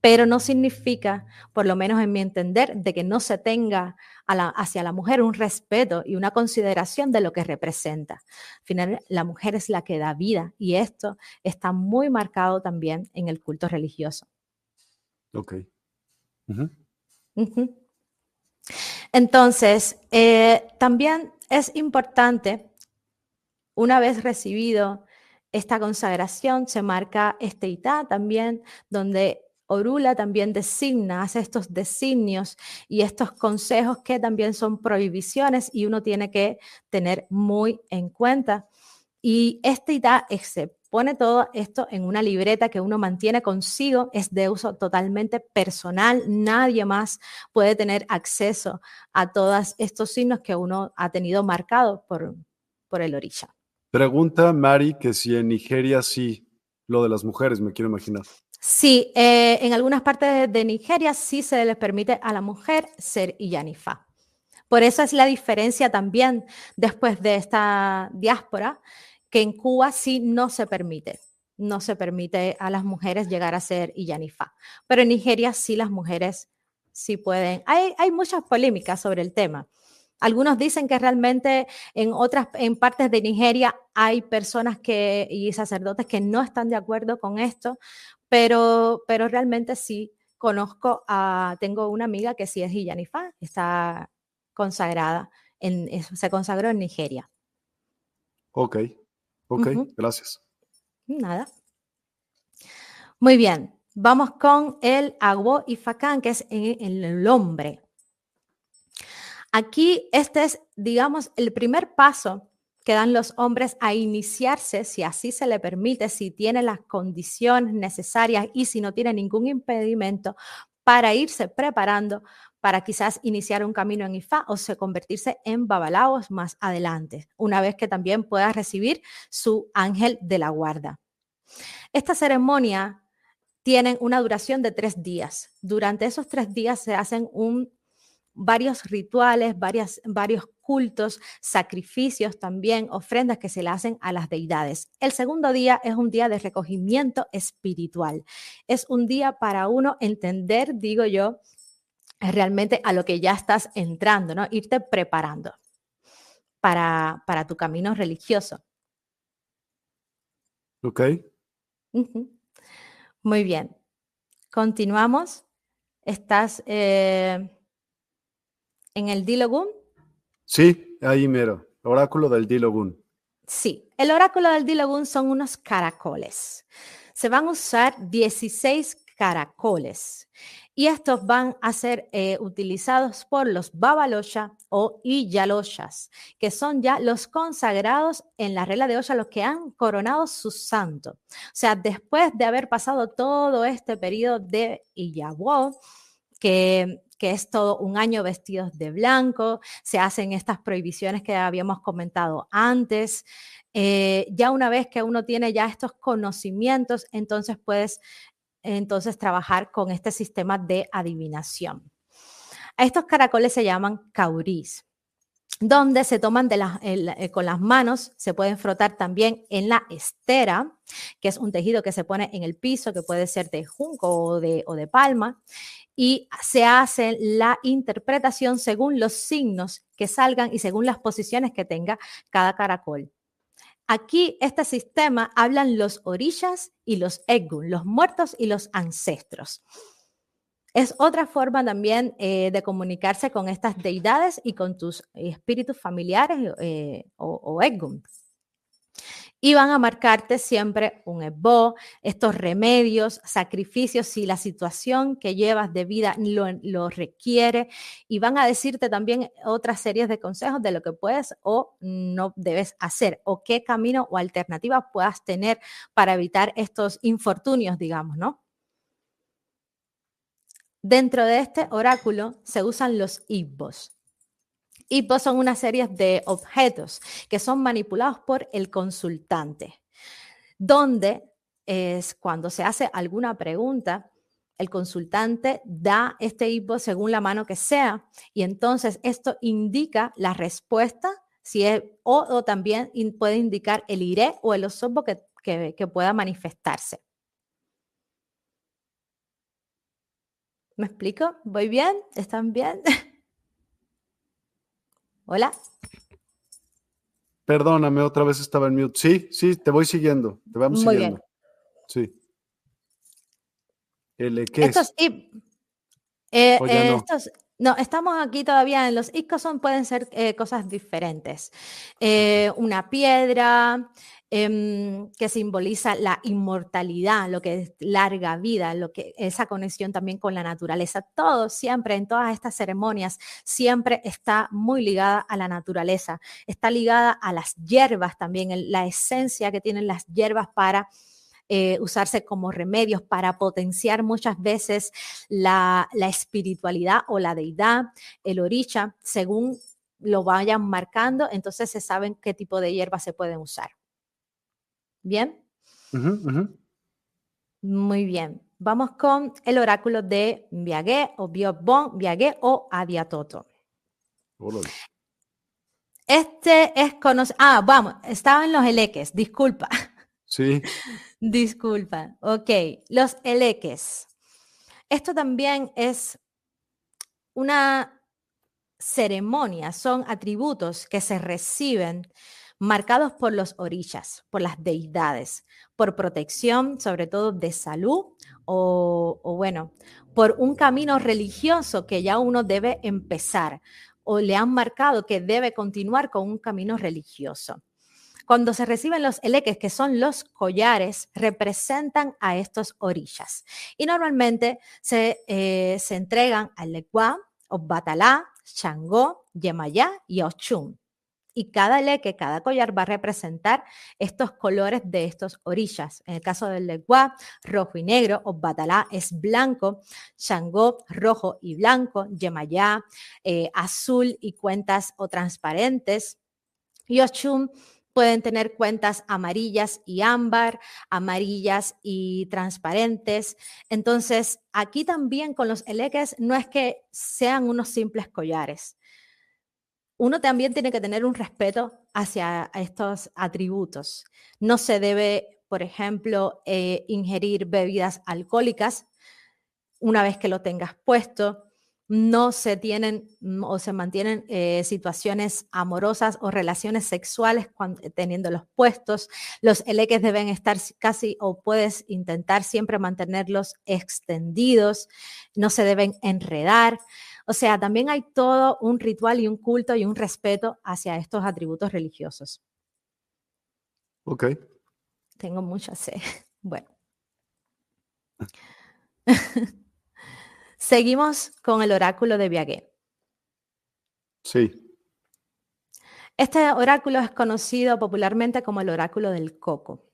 Pero no significa, por lo menos en mi entender, de que no se tenga hacia la mujer un respeto y una consideración de lo que representa. Al final, la mujer es la que da vida y esto está muy marcado también en el culto religioso. Ok. Entonces, eh, también es importante, una vez recibido esta consagración, se marca este itá también, donde Orula también designa, hace estos designios y estos consejos que también son prohibiciones y uno tiene que tener muy en cuenta. Y este itá, excepto pone todo esto en una libreta que uno mantiene consigo, es de uso totalmente personal, nadie más puede tener acceso a todos estos signos que uno ha tenido marcados por, por el orilla. Pregunta Mari que si en Nigeria sí, lo de las mujeres, me quiero imaginar. Sí, eh, en algunas partes de Nigeria sí se les permite a la mujer ser yanifa Por eso es la diferencia también después de esta diáspora que en Cuba sí no se permite. No se permite a las mujeres llegar a ser Iyanifa. Pero en Nigeria sí las mujeres sí pueden. Hay, hay muchas polémicas sobre el tema. Algunos dicen que realmente en otras en partes de Nigeria hay personas que y sacerdotes que no están de acuerdo con esto, pero pero realmente sí conozco a tengo una amiga que sí es yanifa está consagrada en se consagró en Nigeria. Ok, Ok, gracias. Nada. Muy bien, vamos con el agua y facán, que es en el hombre. Aquí este es, digamos, el primer paso que dan los hombres a iniciarse, si así se le permite, si tiene las condiciones necesarias y si no tiene ningún impedimento para irse preparando para quizás iniciar un camino en IFA o se convertirse en babalaos más adelante, una vez que también pueda recibir su ángel de la guarda. Esta ceremonia tiene una duración de tres días. Durante esos tres días se hacen un, varios rituales, varias, varios cultos, sacrificios también, ofrendas que se le hacen a las deidades. El segundo día es un día de recogimiento espiritual. Es un día para uno entender, digo yo, realmente a lo que ya estás entrando, ¿no? Irte preparando para, para tu camino religioso. Ok. Muy bien. Continuamos. Estás eh, en el Dilogun. Sí, ahí mero. Oráculo del Dilogun. Sí, el oráculo del Dilogun son unos caracoles. Se van a usar 16 caracoles. Y estos van a ser eh, utilizados por los babalocha o Iyaloyas que son ya los consagrados en la regla de Osha, los que han coronado su santo. O sea, después de haber pasado todo este periodo de Iyabó, que que es todo un año vestidos de blanco, se hacen estas prohibiciones que habíamos comentado antes. Eh, ya una vez que uno tiene ya estos conocimientos, entonces puedes entonces trabajar con este sistema de adivinación. estos caracoles se llaman caurís, donde se toman eh, con las manos, se pueden frotar también en la estera, que es un tejido que se pone en el piso, que puede ser de junco o de palma, y se hace la interpretación según los signos que salgan y según las posiciones que tenga cada caracol. Aquí este sistema hablan los orillas y los Egun, los muertos y los ancestros. Es otra forma también eh, de comunicarse con estas deidades y con tus espíritus familiares eh, o, o y van a marcarte siempre un esbo, estos remedios, sacrificios, si la situación que llevas de vida lo, requiere, y van a decirte también otras series de consejos de lo que puedes o no debes hacer, o qué camino o alternativas puedas tener para evitar estos infortunios, digamos, ¿no? Dentro de este oráculo se usan los ibos. Y pues son una serie de objetos que son manipulados por el consultante, donde es cuando se hace alguna pregunta, el consultante da este hipo según la mano que sea y entonces esto indica la respuesta si es, o, también puede indicar el iré o el osobo que, que pueda manifestarse. ¿Me explico? ¿Voy bien? ¿Están bien? Hola. Perdóname, otra vez estaba en mute. Sí, sí, te voy siguiendo. Te vamos siguiendo. Sí. El, ¿qué estos, eh, eh, no? Estos, no, estamos aquí todavía en los Icoson, pueden ser eh, cosas diferentes. una piedra, Em, que simboliza la inmortalidad, lo que es larga vida, lo que esa conexión también con la naturaleza. Todo siempre en todas estas ceremonias siempre está muy ligada a la naturaleza, está ligada a las hierbas también, la esencia que tienen las hierbas para eh, usarse como remedios para potenciar muchas veces la, la, espiritualidad o la deidad, el oricha, según lo vayan marcando, entonces se saben qué tipo de hierbas se pueden usar. ¿Bien? Muy bien. Vamos con el oráculo de Biagé o Bon Biagé o Adiatoto. Este es conocido. Ah, vamos, estaba en los eleques, disculpa. Sí. disculpa. Ok, los eleques. Esto también es una ceremonia, son atributos que se reciben marcados por los orillas, por las deidades, por protección, sobre todo de salud, o, bueno, por un camino religioso que ya uno debe empezar, o le han marcado que debe continuar con un camino religioso. Cuando se reciben los eleques, que son los collares, representan a estos orillas. Y normalmente se, eh, se entregan al Lecuá, Obatalá, Changó, Yemayá y Ochum y cada leque, cada collar va a representar estos colores de estos orillas. En el caso del leguá, rojo y negro, o Batalá es blanco, Shangó, rojo y blanco, Yemayá, eh, azul y cuentas o transparentes, y ochum pueden tener cuentas amarillas y ámbar, amarillas y transparentes. Entonces, aquí también con los eleques no es que sean unos simples collares uno también tiene que tener un respeto hacia estos atributos. No se debe, por ejemplo, eh, ingerir bebidas alcohólicas una vez que lo tengas puesto. No se tienen mm, o se mantienen eh, situaciones amorosas o relaciones sexuales eh, teniendo los puestos. Los eleques deben estar casi o puedes intentar siempre mantenerlos extendidos. No se deben enredar. O sea, también hay todo un ritual y un culto y un respeto hacia estos atributos religiosos. Ok. Tengo mucha sed. Bueno. Seguimos con el oráculo de Viagué. Sí. Este oráculo es conocido popularmente como el oráculo del coco.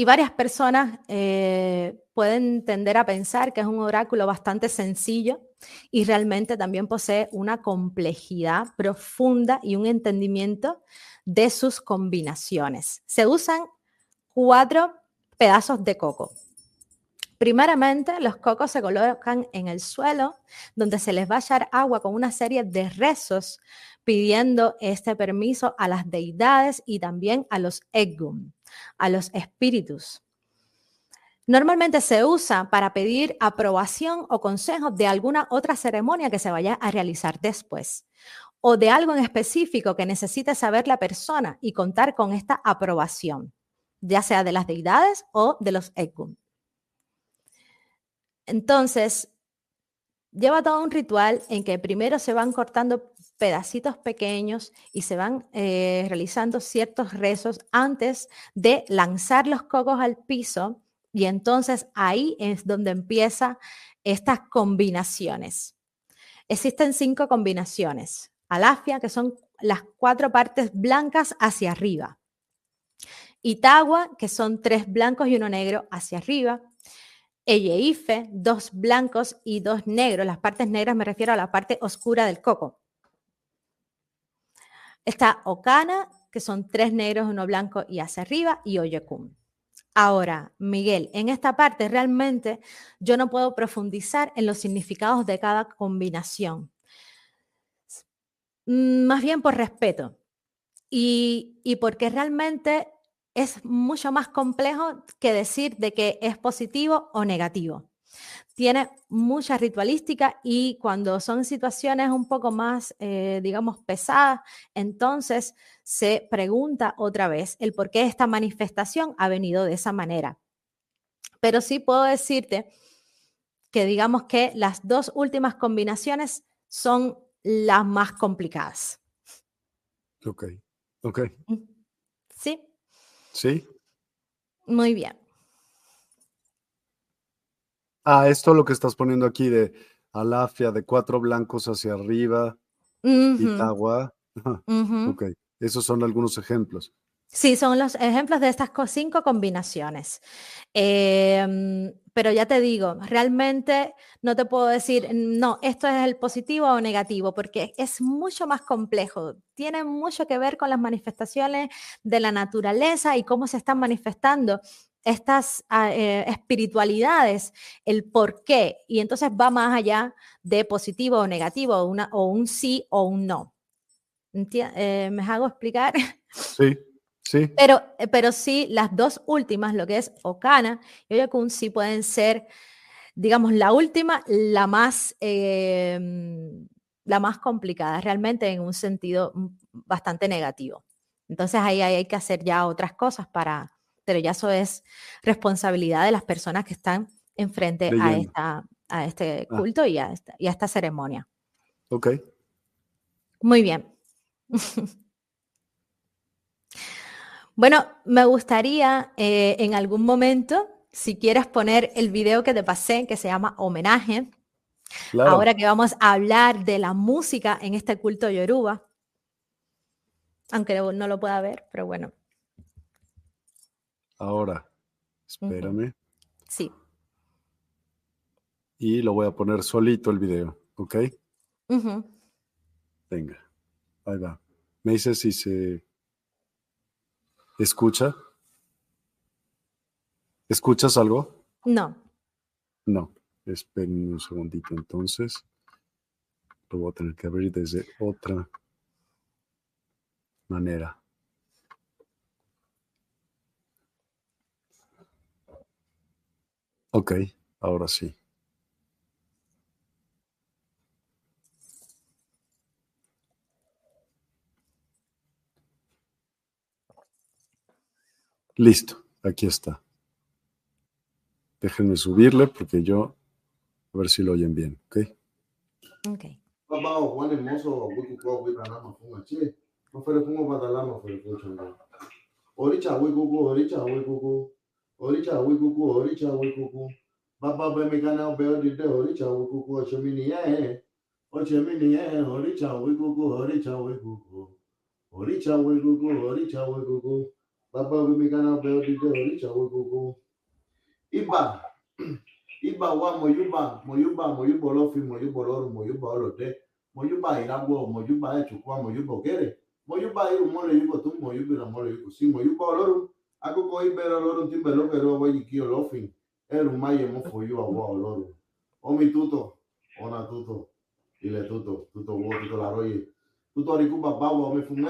Y varias personas eh, pueden tender a pensar que es un oráculo bastante sencillo y realmente también posee una complejidad profunda y un entendimiento de sus combinaciones. Se usan cuatro pedazos de coco. Primeramente, los cocos se colocan en el suelo, donde se les va a echar agua con una serie de rezos pidiendo este permiso a las deidades y también a los Egum a los espíritus. Normalmente se usa para pedir aprobación o consejo de alguna otra ceremonia que se vaya a realizar después o de algo en específico que necesite saber la persona y contar con esta aprobación, ya sea de las deidades o de los Ekun. Entonces, lleva todo un ritual en que primero se van cortando pedacitos pequeños y se van eh, realizando ciertos rezos antes de lanzar los cocos al piso y entonces ahí es donde empiezan estas combinaciones. Existen cinco combinaciones. Alafia, que son las cuatro partes blancas hacia arriba. Itagua, que son tres blancos y uno negro hacia arriba. Eyeife, dos blancos y dos negros. Las partes negras me refiero a la parte oscura del coco. Está Okana, que son tres negros, uno blanco y hacia arriba, y Oyekun. Ahora, Miguel, en esta parte realmente yo no puedo profundizar en los significados de cada combinación. Mm, más bien por respeto y, y porque realmente es mucho más complejo que decir de que es positivo o negativo tiene mucha ritualística y cuando son situaciones un poco más, eh, digamos, pesadas, entonces se pregunta otra vez el por qué esta manifestación ha venido de esa manera. Pero sí puedo decirte que digamos que las dos últimas combinaciones son las más complicadas. Ok, ok. ¿Sí? Sí. Muy bien. Ah, esto lo que estás poniendo aquí de Alafia, de cuatro blancos hacia arriba, y agua. Ok, esos son algunos ejemplos. Sí, son los ejemplos de estas cinco combinaciones. Em, pero ya te digo, realmente no te puedo decir, no, esto es el positivo o negativo, porque es mucho más complejo. Tiene mucho que ver con las manifestaciones de la naturaleza y cómo se están manifestando estas ah, eh, espiritualidades, el por qué, y entonces va más allá de positivo o negativo, una, o un sí o un no. Eh, ¿Me hago explicar? Sí, sí. Pero, pero sí, las dos últimas, lo que es Okana y Oyakun, sí pueden ser, digamos, la última, la más, em, la más complicada, realmente en un sentido bastante negativo. Entonces ahí hay que hacer ya otras cosas para, pero ya eso es responsabilidad de las personas que están enfrente a, esta, a este ah. culto y, a esta, y esta ceremonia. Ok. Muy bien. bueno, me gustaría eh, en algún momento, si quieres poner el video que te pasé, que se llama Homenaje, ahora que vamos a hablar de la música en este culto yoruba, aunque no lo pueda ver, pero bueno. Ahora, espérame. Sí. Y lo voy a poner solito el video, ¿ok? Venga, ahí va. Me dice si se escucha. ¿Escuchas algo? No. No. Esperen un segundito entonces. Lo voy a tener que abrir desde otra manera. Ok, ahora sí. Listo, aquí está. Déjenme subirle porque yo, a ver si lo oyen bien, ¿ok? Ok. Oricha, Ọnịcha awekuku Ọnịcha awekuku baba bụ Emeka na ọba ọdịde Ọnịcha awekuku ọchọmini ya ehe ọchọmini ya ehe Ọnịcha awekuku Ọnịcha awekuku Ọnịcha awekuku Ọnịcha awekuku baba bụ Emeka na ọba ọdịde Ọnịcha awekuku ịba ịba wa moyuba moyuba moyuba ọlọfi moyuba ọlọrụ moyuba ọlọde moyuba ịragwọ moyuba echukwa moyuba ogere moyuba ịrụ mọrọ yugo tụ moyuba na mọrọ yugo si moyuba ọlọrụ pero ibere oloro ndị mbere obere onwe yi ki olofin eruma ye mo fo yo awa oloro mi tuto ona tuto y le tuto tuto wo tuto la roye tuto ri kuba o me fun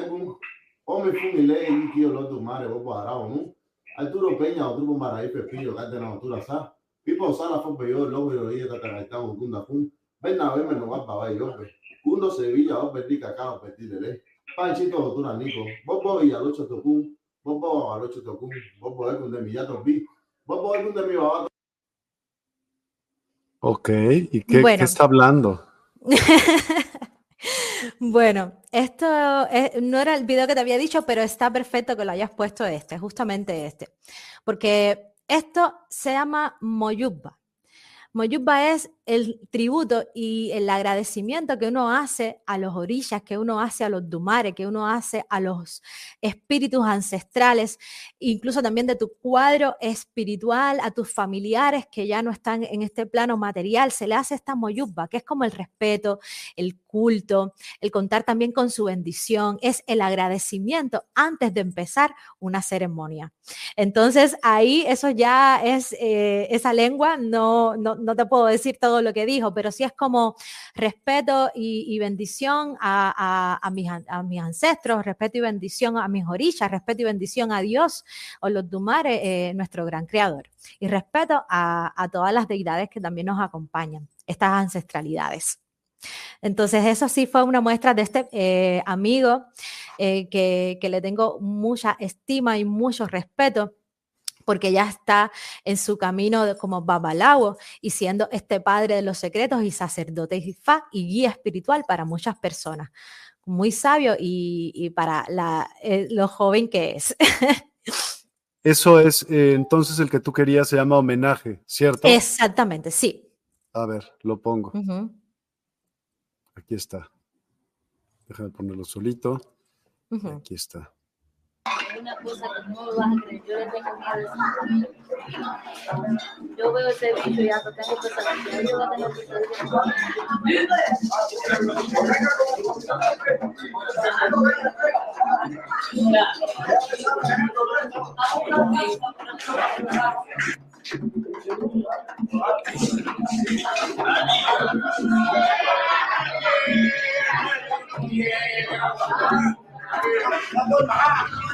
O me y ile lo ki olodo mare bobo ara onu Arturo Peña o Odrubo Maraí Pepillo Gatena Otura Sa Pipo Sala fo peyo lobo yo ye tatagaita ogunda kun ver me no va para va yo Uno Sevilla o Petit Cacao de ley. Panchito Otura Nico Bobo Villalocho Tocún Ok, ¿y qué, está hablando? Bueno, esto eh, no era el video que te había dicho, pero está perfecto que lo hayas puesto este, justamente este, porque esto se llama Moyuba. Moyuba es el tributo y el agradecimiento que uno hace a los orillas, que uno hace a los dumares, que uno hace a los espíritus ancestrales, incluso también de tu cuadro espiritual, a tus familiares que ya no están en este plano material, se le hace esta moyuba, que es como el respeto, el culto, el contar también con su bendición, es el agradecimiento antes de empezar una ceremonia. Entonces ahí eso ya es eh, esa lengua, no, no, no te puedo decir todo lo que dijo, pero sí es como respeto y, bendición a, a, mis, ancestros, respeto y bendición a mis orillas, respeto y bendición a Dios, o los Dumares, eh, nuestro gran creador. Y respeto a todas las deidades que también nos acompañan, estas ancestralidades. Entonces, eso sí fue una muestra de este eh, amigo eh, que, que, le tengo mucha estima y mucho respeto porque ya está en su camino como babalao y siendo este padre de los secretos y sacerdote y guía espiritual para muchas personas. Muy sabio y, para la, eh, lo joven que es. Eso es, eh, entonces el que tú querías se llama homenaje, ¿cierto? Exactamente, sí. A ver, lo pongo. Aquí está. Déjame ponerlo solito. Aquí está una cosa que no lo vas a Yo le tengo Yo veo ese y tengo Yo voy a tener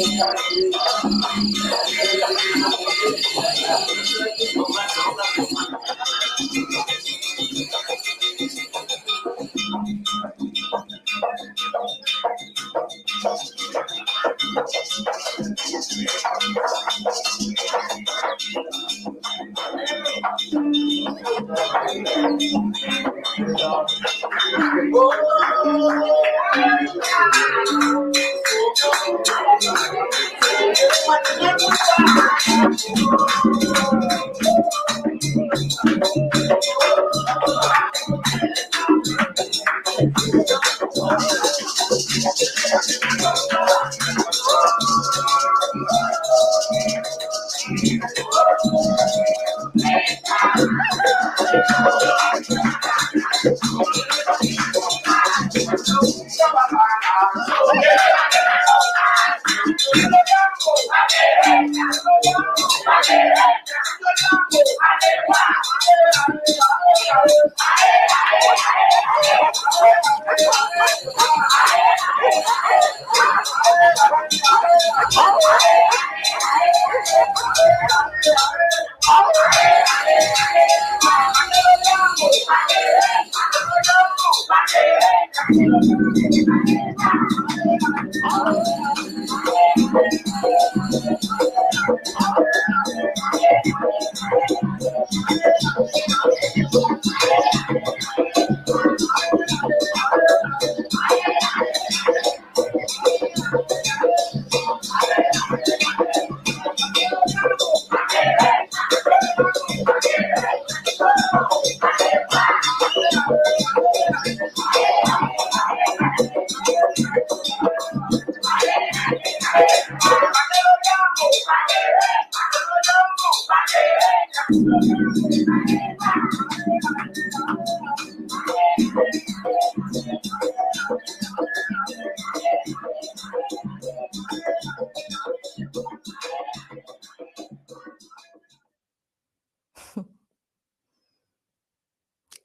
Então,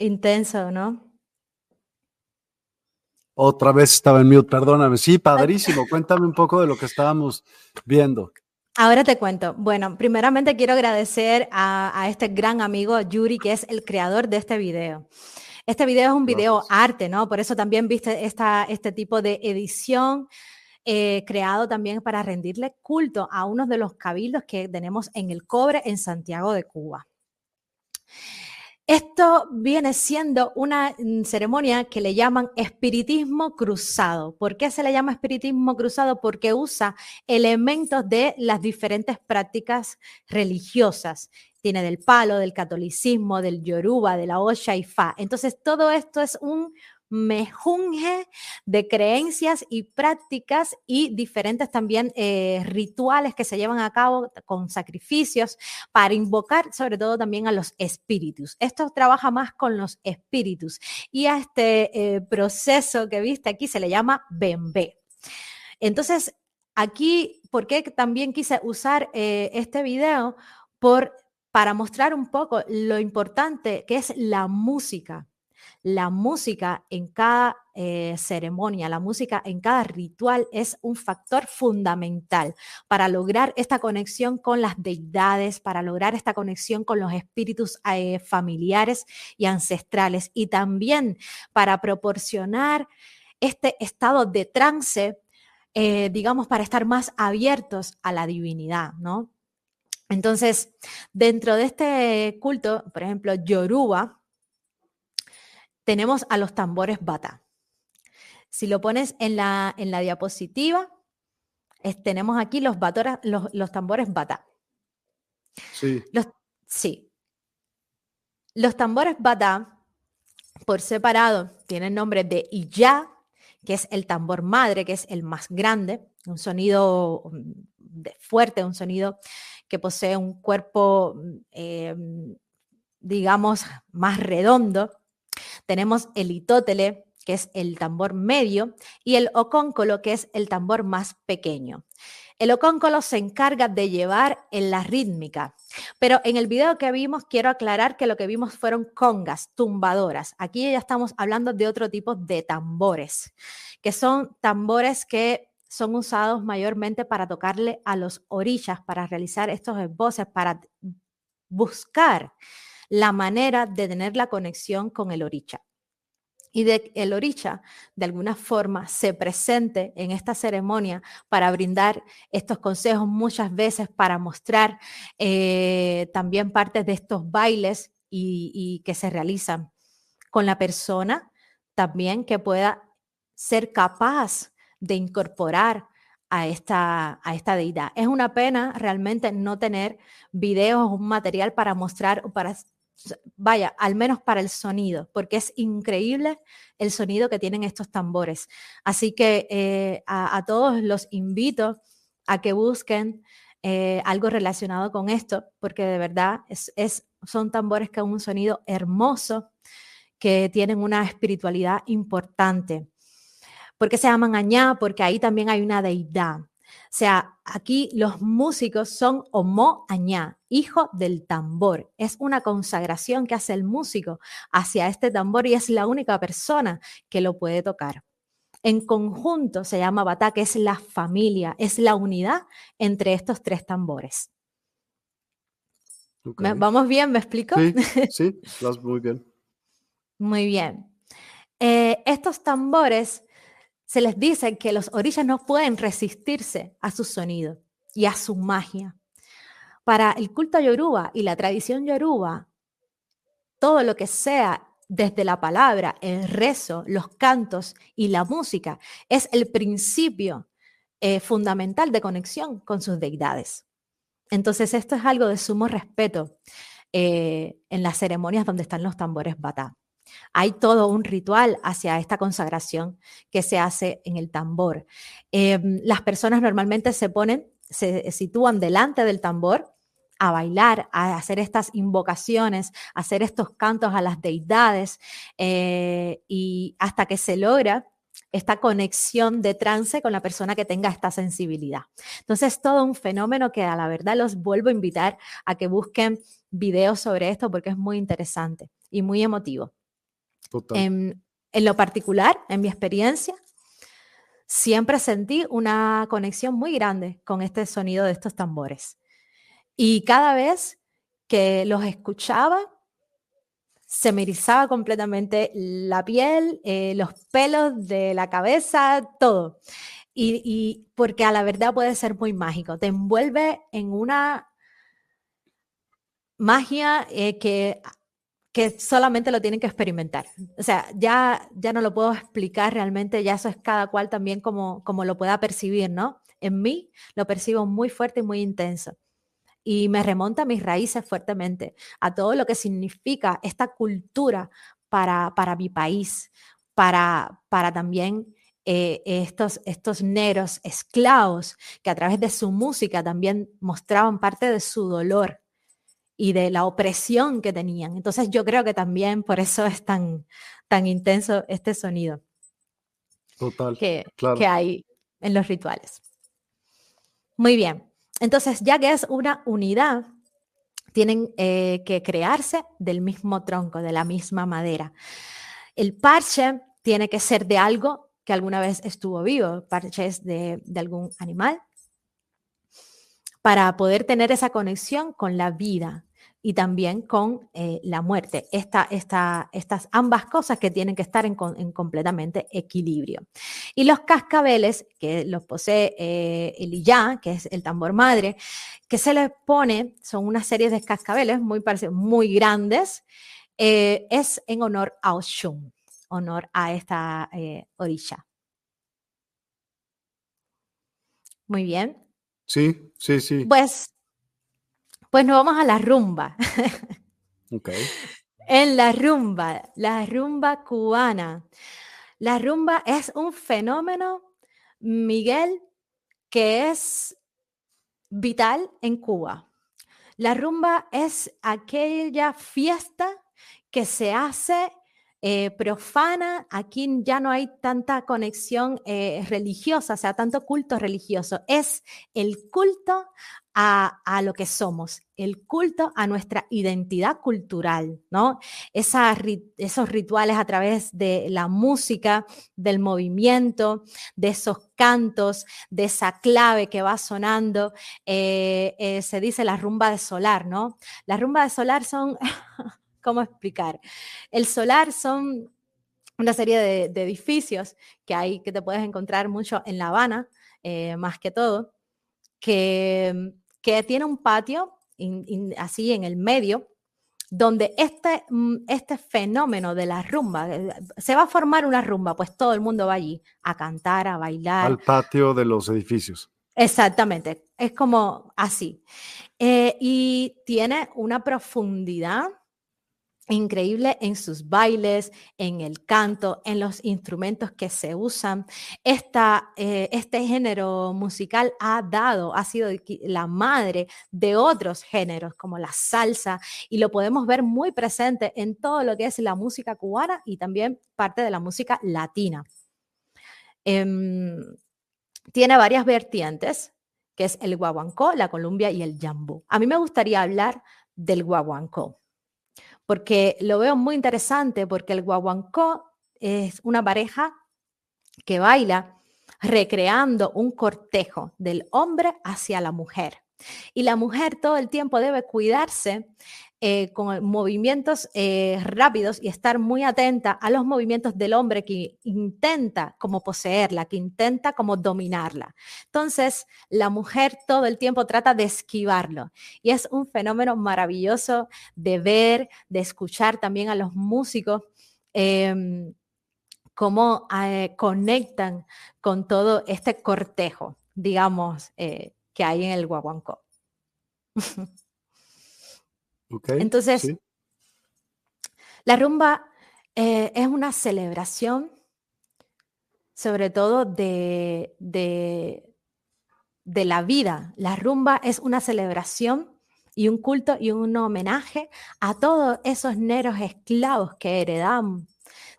intenso, ¿no? Otra vez estaba en mute, perdóname. Sí, padrísimo. Cuéntame un poco de lo que estábamos viendo. Ahora te cuento. Bueno, primeramente quiero agradecer a, este gran amigo Yuri, que es el creador de este video. Este video es un video arte, ¿no? Por eso también viste esta, este tipo de edición. Eh, creado también para rendirle culto a uno de los cabildos que tenemos en el cobre en Santiago de Cuba. Esto viene siendo una mm, ceremonia que le llaman espiritismo cruzado. ¿Por qué se le llama espiritismo cruzado? Porque usa elementos de las diferentes prácticas religiosas. Tiene del palo, del catolicismo, del yoruba, de la osha y fa. Entonces, todo esto es un mejunje de creencias y prácticas y diferentes también eh, rituales que se llevan a cabo con sacrificios para invocar sobre todo también a los espíritus. Esto trabaja más con los espíritus y a este eh, proceso que viste aquí se le llama Bembe. Entonces, aquí, ¿por qué también quise usar eh, este video? Por, para mostrar un poco lo importante que es la música la música en cada eh, ceremonia, la música en cada ritual es un factor fundamental para lograr esta conexión con las deidades, para lograr esta conexión con los espíritus eh, familiares y ancestrales y también para proporcionar este estado de trance, eh, digamos, para estar más abiertos a la divinidad, ¿no? Entonces, dentro de este culto, por ejemplo, Yoruba, tenemos a los tambores bata. Si lo pones en la, en la diapositiva, tenemos aquí los, los, tambores bata. Sí. Los, sí. Los tambores bata, por separado, tienen nombre de Iyá, que es el tambor madre, que es el más grande, un sonido mm, fuerte, un sonido que posee un cuerpo, mm, eh, digamos, más redondo tenemos el itótele, que es el tambor medio, y el ocóncolo, que es el tambor más pequeño. El ocóncolo se encarga de llevar en la rítmica, pero en el video que vimos quiero aclarar que lo que vimos fueron congas, tumbadoras. Aquí ya estamos hablando de otro tipo de tambores, que son tambores que son usados mayormente para tocarle a los orillas, para realizar estos esboces, para buscar la manera de tener la conexión con el oricha y de el oricha de alguna forma se presente en esta ceremonia para brindar estos consejos muchas veces, para mostrar eh, también partes de estos bailes y, que se realizan con la persona, también que pueda ser capaz de incorporar a esta, a esta deidad. Es una pena realmente no tener videos o un material para mostrar para vaya, al menos para el sonido, porque es increíble el sonido que tienen estos tambores. Así que eh, a, todos los invito a que busquen eh, algo relacionado con esto, porque de verdad es, son tambores con un sonido hermoso, que tienen una espiritualidad importante. ¿Por qué se llaman añá? Porque ahí también hay una deidad. O sea, aquí los músicos son Omo Añá, hijo del tambor. Es una consagración que hace el músico hacia este tambor y es la única persona que lo puede tocar. En conjunto se llama Batá, que es la familia, es la unidad entre estos tres tambores. ¿Vamos bien? ¿Me explico? Sí, sí, muy bien. Muy bien. Eh, estos tambores se les dice que los orillas no pueden resistirse a su sonido y a su magia. Para el culto yoruba y la tradición yoruba, todo lo que sea desde la palabra, el rezo, los cantos y la música es el principio eh, fundamental de conexión con sus deidades. Entonces esto es algo de sumo respeto eh, en las ceremonias donde están los tambores bata. Hay todo un ritual hacia esta consagración que se hace en el tambor. Em, las personas normalmente se ponen, se sitúan delante del tambor a bailar, a hacer estas invocaciones, a hacer estos cantos a las deidades eh, y hasta que se logra esta conexión de trance con la persona que tenga esta sensibilidad. Entonces, todo un fenómeno que a la verdad los vuelvo a invitar a que busquen videos sobre esto porque es muy interesante y muy emotivo. En, lo particular, en mi experiencia, siempre sentí una conexión muy grande con este sonido de estos tambores. Y cada vez que los escuchaba, se me erizaba completamente la piel, eh, los pelos de la cabeza, todo. Y, porque a la verdad puede ser muy mágico, te envuelve en una magia eh, que que solamente lo tienen que experimentar. O sea, ya, ya no lo puedo explicar realmente, ya eso es cada cual también como, como lo pueda percibir, ¿no? En mí lo percibo muy fuerte y muy intenso. Y me remonta a mis raíces fuertemente, a todo lo que significa esta cultura para, para mi país, para, para también eh, estos, estos negros esclavos que a través de su música también mostraban parte de su dolor y de la opresión que tenían. Entonces yo creo que también por eso es tan, tan intenso este sonido Total, que, que hay en los rituales. Muy bien, entonces ya que es una unidad, tienen eh, que crearse del mismo tronco, de la misma madera. El parche tiene que ser de algo que alguna vez estuvo vivo, parches de, de algún animal, para poder tener esa conexión con la vida y también con eh, la muerte. estas ambas cosas que tienen que estar en, completamente equilibrio. Y los cascabeles, que los posee eh, el Iyá, que es el tambor madre, que se les pone, son una serie de cascabeles muy, grandes, eh, es en honor a Oshun, honor a esta orilla. Muy bien. Sí, sí, sí. Pues, pues nos vamos a la rumba. En la rumba, la rumba cubana. La rumba es un fenómeno, Miguel, que es vital en Cuba. La rumba es aquella fiesta que se hace profana eh, profana, aquí ya no hay tanta conexión eh, religiosa, o sea, tanto culto religioso. Es el culto a, lo que somos, el culto a nuestra identidad cultural, ¿no? esos rituales a través de la música, del movimiento, de esos cantos, de esa clave que va sonando, eh, se dice la rumba de solar, ¿no? La rumba de solar son... cómo explicar. El solar son una serie de, edificios que hay, que te puedes encontrar mucho en La Habana, eh, más que todo, que, que tiene un patio así en el medio, donde este, mm, este fenómeno de la rumba, eh, se va a formar una rumba, pues todo el mundo va allí a cantar, a bailar. Al patio de los edificios. Exactamente, es como así. Eh, y tiene una profundidad increíble en sus bailes, en el canto, en los instrumentos que se usan. Esta, eh, este género musical ha dado, ha sido la madre de otros géneros como la salsa y lo podemos ver muy presente en todo lo que es la música cubana y también parte de la música latina. Em, tiene varias vertientes, que es el guaguancó, la columbia y el jambú. A mí me gustaría hablar del guaguancó porque lo veo muy interesante, porque el guaguancó es una pareja que baila recreando un cortejo del hombre hacia la mujer. Y la mujer todo el tiempo debe cuidarse eh, con movimientos eh, rápidos y estar muy atenta a los movimientos del hombre que intenta como poseerla, que intenta como dominarla. Entonces, la mujer todo el tiempo trata de esquivarlo y es un fenómeno maravilloso de ver, de escuchar también a los músicos. Em, eh, cómo conectan con todo este cortejo, digamos, eh, que hay en el guaguancó. Entonces, la rumba eh, es una celebración, sobre todo de, la vida. La rumba es una celebración y un culto y un homenaje a todos esos negros esclavos que heredamos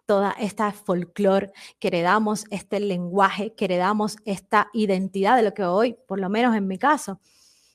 toda esta folclore, que heredamos este lenguaje, que heredamos esta identidad de lo que hoy, por lo menos en mi caso,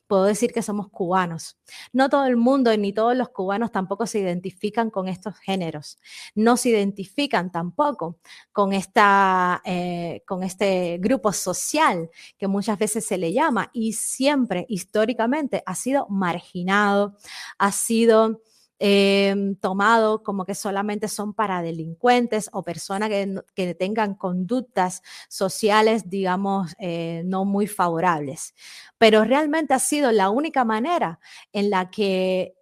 puedo decir que somos cubanos. No todo el mundo ni todos los cubanos tampoco se identifican con estos géneros, no se identifican tampoco con, esta, eh, con este grupo social que muchas veces se le llama y siempre históricamente ha sido marginado, ha sido... Em, tomado como que solamente son para delincuentes o personas que, tengan conductas sociales, digamos, eh, no muy favorables. Pero realmente ha sido la única manera en la que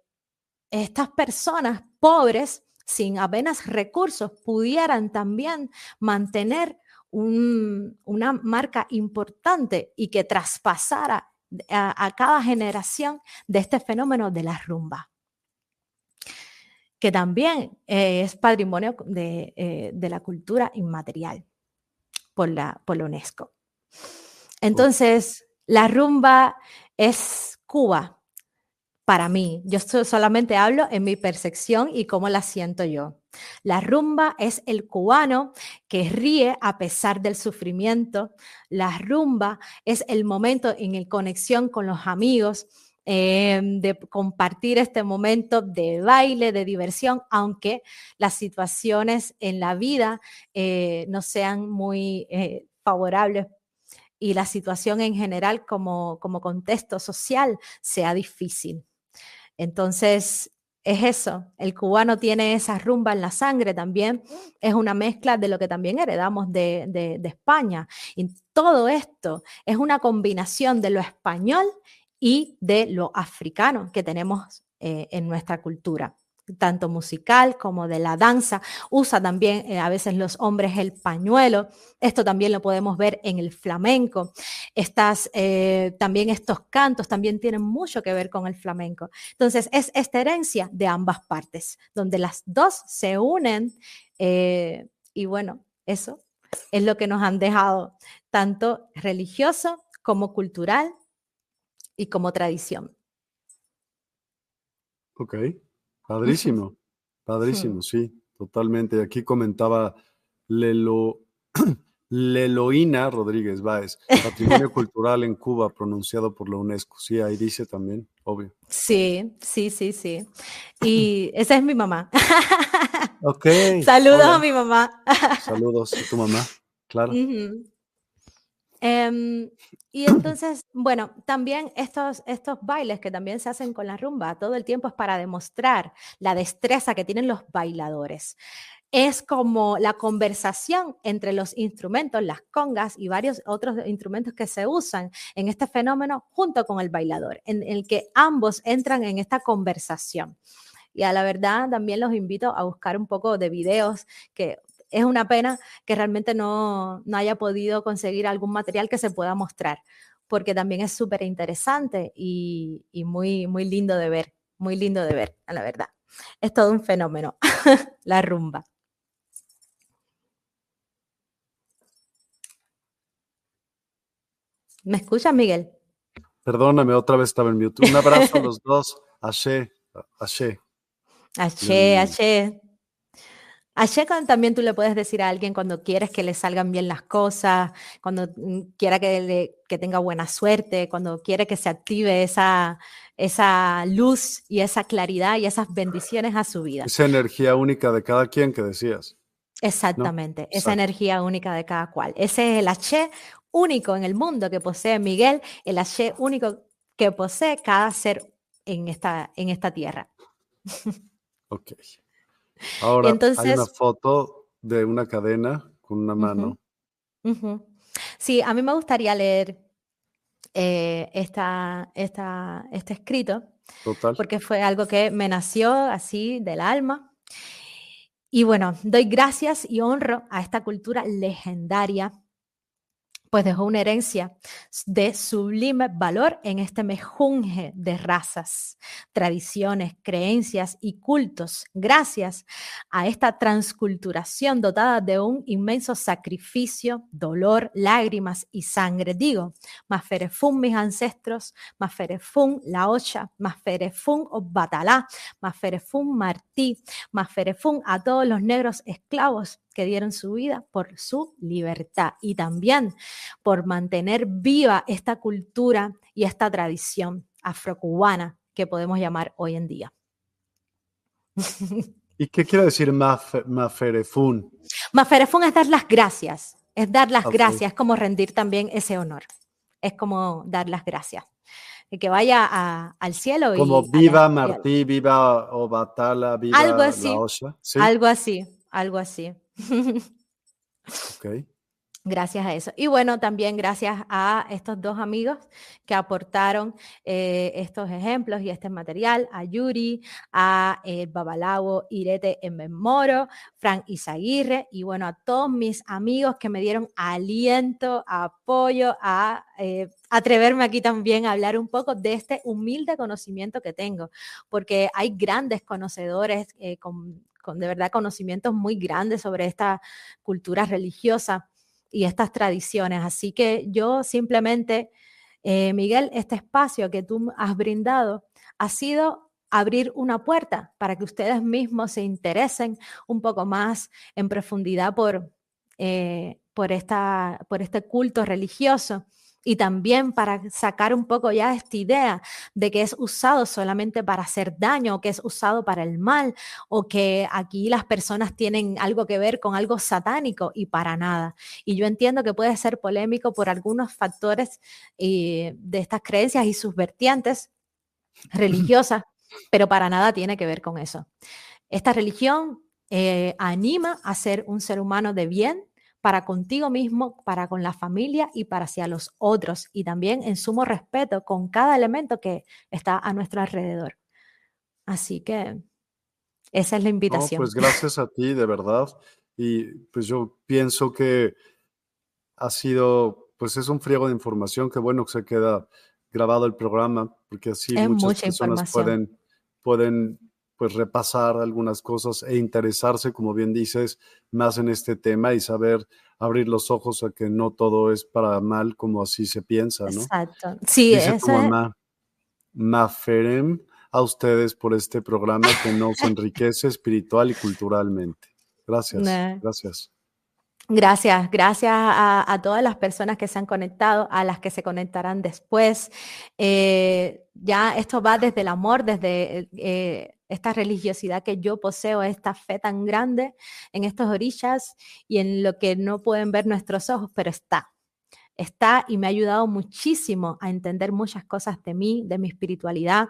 estas personas pobres, sin apenas recursos, pudieran también mantener una marca importante y que traspasara eh, a, a, cada generación de este fenómeno de la rumba que también eh, es patrimonio eh, de, la cultura inmaterial por la, por la UNESCO. Entonces, la rumba es Cuba para mí. Yo solamente hablo en mi percepción y cómo la siento yo. La rumba es el cubano que ríe a pesar del sufrimiento. La rumba es el momento en el conexión con los amigos. Em, de compartir este momento de baile, de diversión, aunque las situaciones en la vida eh, no sean muy eh, favorables y la situación en general como, contexto social sea difícil. Entonces, es eso, el cubano tiene esa rumba en la sangre también, es una mezcla de lo que también heredamos de, España. Y todo esto es una combinación de lo español y de lo africano que tenemos eh, en nuestra cultura tanto musical como de la danza. Usa también eh, a veces los hombres el pañuelo. Esto también lo podemos ver en el flamenco. Estas, eh, también estos cantos también tienen mucho que ver con el flamenco. Entonces es esta herencia de ambas partes, donde las dos se unen y bueno, eso es lo que nos han dejado, tanto religioso como cultural y como tradición. Ok, padrísimo, padrísimo, sí, totalmente. Aquí comentaba Lelo, Leloína Rodríguez Báez, Patrimonio Cultural en Cuba, pronunciado por la UNESCO. Sí, ahí dice también, obvio. Sí, sí, sí, sí. Y esa es mi mamá. Ok. Saludos a mi mamá. Saludos a tu mamá, claro. Em, y entonces, bueno, también estos, estos bailes que también se hacen con la rumba todo el tiempo es para demostrar la destreza que tienen los bailadores. Es como la conversación entre los instrumentos, las congas y varios otros instrumentos que se usan en este fenómeno junto con el bailador, en el que ambos entran en esta conversación. Y a la verdad también los invito a buscar un poco de videos que es una pena que realmente no, haya podido conseguir algún material que se pueda mostrar, porque también es súper interesante y, muy, muy lindo de ver, muy lindo de ver, la verdad. Es todo un fenómeno, la rumba. ¿Me escuchas, Miguel? Perdóname, otra vez estaba en mute. Un abrazo a los dos. Ashe, ashe. Ashe, ashe. A también tú le puedes decir a alguien cuando quieres que le salgan bien las cosas, cuando mm, quiera que, tenga buena suerte, cuando quiere que se active esa, esa luz y esa claridad y esas bendiciones a su vida. Esa energía única de cada quien que decías. Exactamente, esa energía única de cada cual. Ese es el H único en el mundo que posee Miguel, el H único que posee cada ser en esta, en esta tierra. Ok. Ahora, hay una foto de una cadena con una mano. Sí, a mí me gustaría leer eh, esta, este escrito, porque fue algo que me nació así del alma. Y bueno, doy gracias y honro a esta cultura legendaria pues dejó una herencia de sublime valor en este mejunje de razas, tradiciones, creencias y cultos, gracias a esta transculturación dotada de un inmenso sacrificio, dolor, lágrimas y sangre. Digo, Maferefun mis ancestros, Maferefun la Ocha, Maferefun Obatalá, Maferefun Martí, Maferefun a todos los negros esclavos que dieron su vida por su libertad y también por mantener viva esta cultura y esta tradición afrocubana que podemos llamar hoy en día. ¿Y qué quiere decir maferefun? Maferefun es dar las gracias, es dar las gracias, es como rendir también ese honor, es como dar las gracias. que vaya al cielo. Como viva Martí, viva Obatala, viva algo Algo así, algo así. Gracias a eso. Y bueno, también gracias a estos dos amigos que aportaron eh, estos ejemplos y este material, a Yuri, a eh, Babalao Irete Memoro Frank Izaguirre y bueno, a todos mis amigos que me dieron aliento, apoyo, a eh, atreverme aquí también a hablar un poco de este humilde conocimiento que tengo, porque hay grandes conocedores eh, con con de verdad conocimientos muy grandes sobre esta cultura religiosa y estas tradiciones. Así que yo simplemente, eh, Miguel, este espacio que tú has brindado ha sido abrir una puerta para que ustedes mismos se interesen un poco más en profundidad por eh, este culto religioso y también para sacar un poco ya esta idea de que es usado solamente para hacer daño, o que es usado para el mal, o que aquí las personas tienen algo que ver con algo satánico y para nada. Y yo entiendo que puede ser polémico por algunos factores eh, de estas creencias y sus vertientes religiosas, pero para nada tiene que ver con eso. Esta religión eh, anima a ser un ser humano de bien, para contigo mismo, para con la familia y para hacia los otros. Y también en sumo respeto con cada elemento que está a nuestro alrededor. Así que esa es la invitación. pues gracias a ti, de verdad. Y pues yo pienso que ha sido, pues es un friego de información, que bueno que se queda grabado el programa, porque así muchas personas pueden, pueden pues repasar algunas cosas e interesarse, como bien dices, más en este tema y saber abrir los ojos a que no todo es para mal como así se piensa, ¿no? Exacto. Sí, Dice tu mamá, Maferem, a ustedes por este programa que nos enriquece espiritual y culturalmente. Gracias, gracias. Gracias, gracias a, todas las personas que se han conectado, a las que se conectarán después. Eh, ya esto va desde el amor, desde eh, esta religiosidad que yo poseo, esta fe tan grande en estas orillas y en lo que no pueden ver nuestros ojos, pero está. Está y me ha ayudado muchísimo a entender muchas cosas de mí, de mi espiritualidad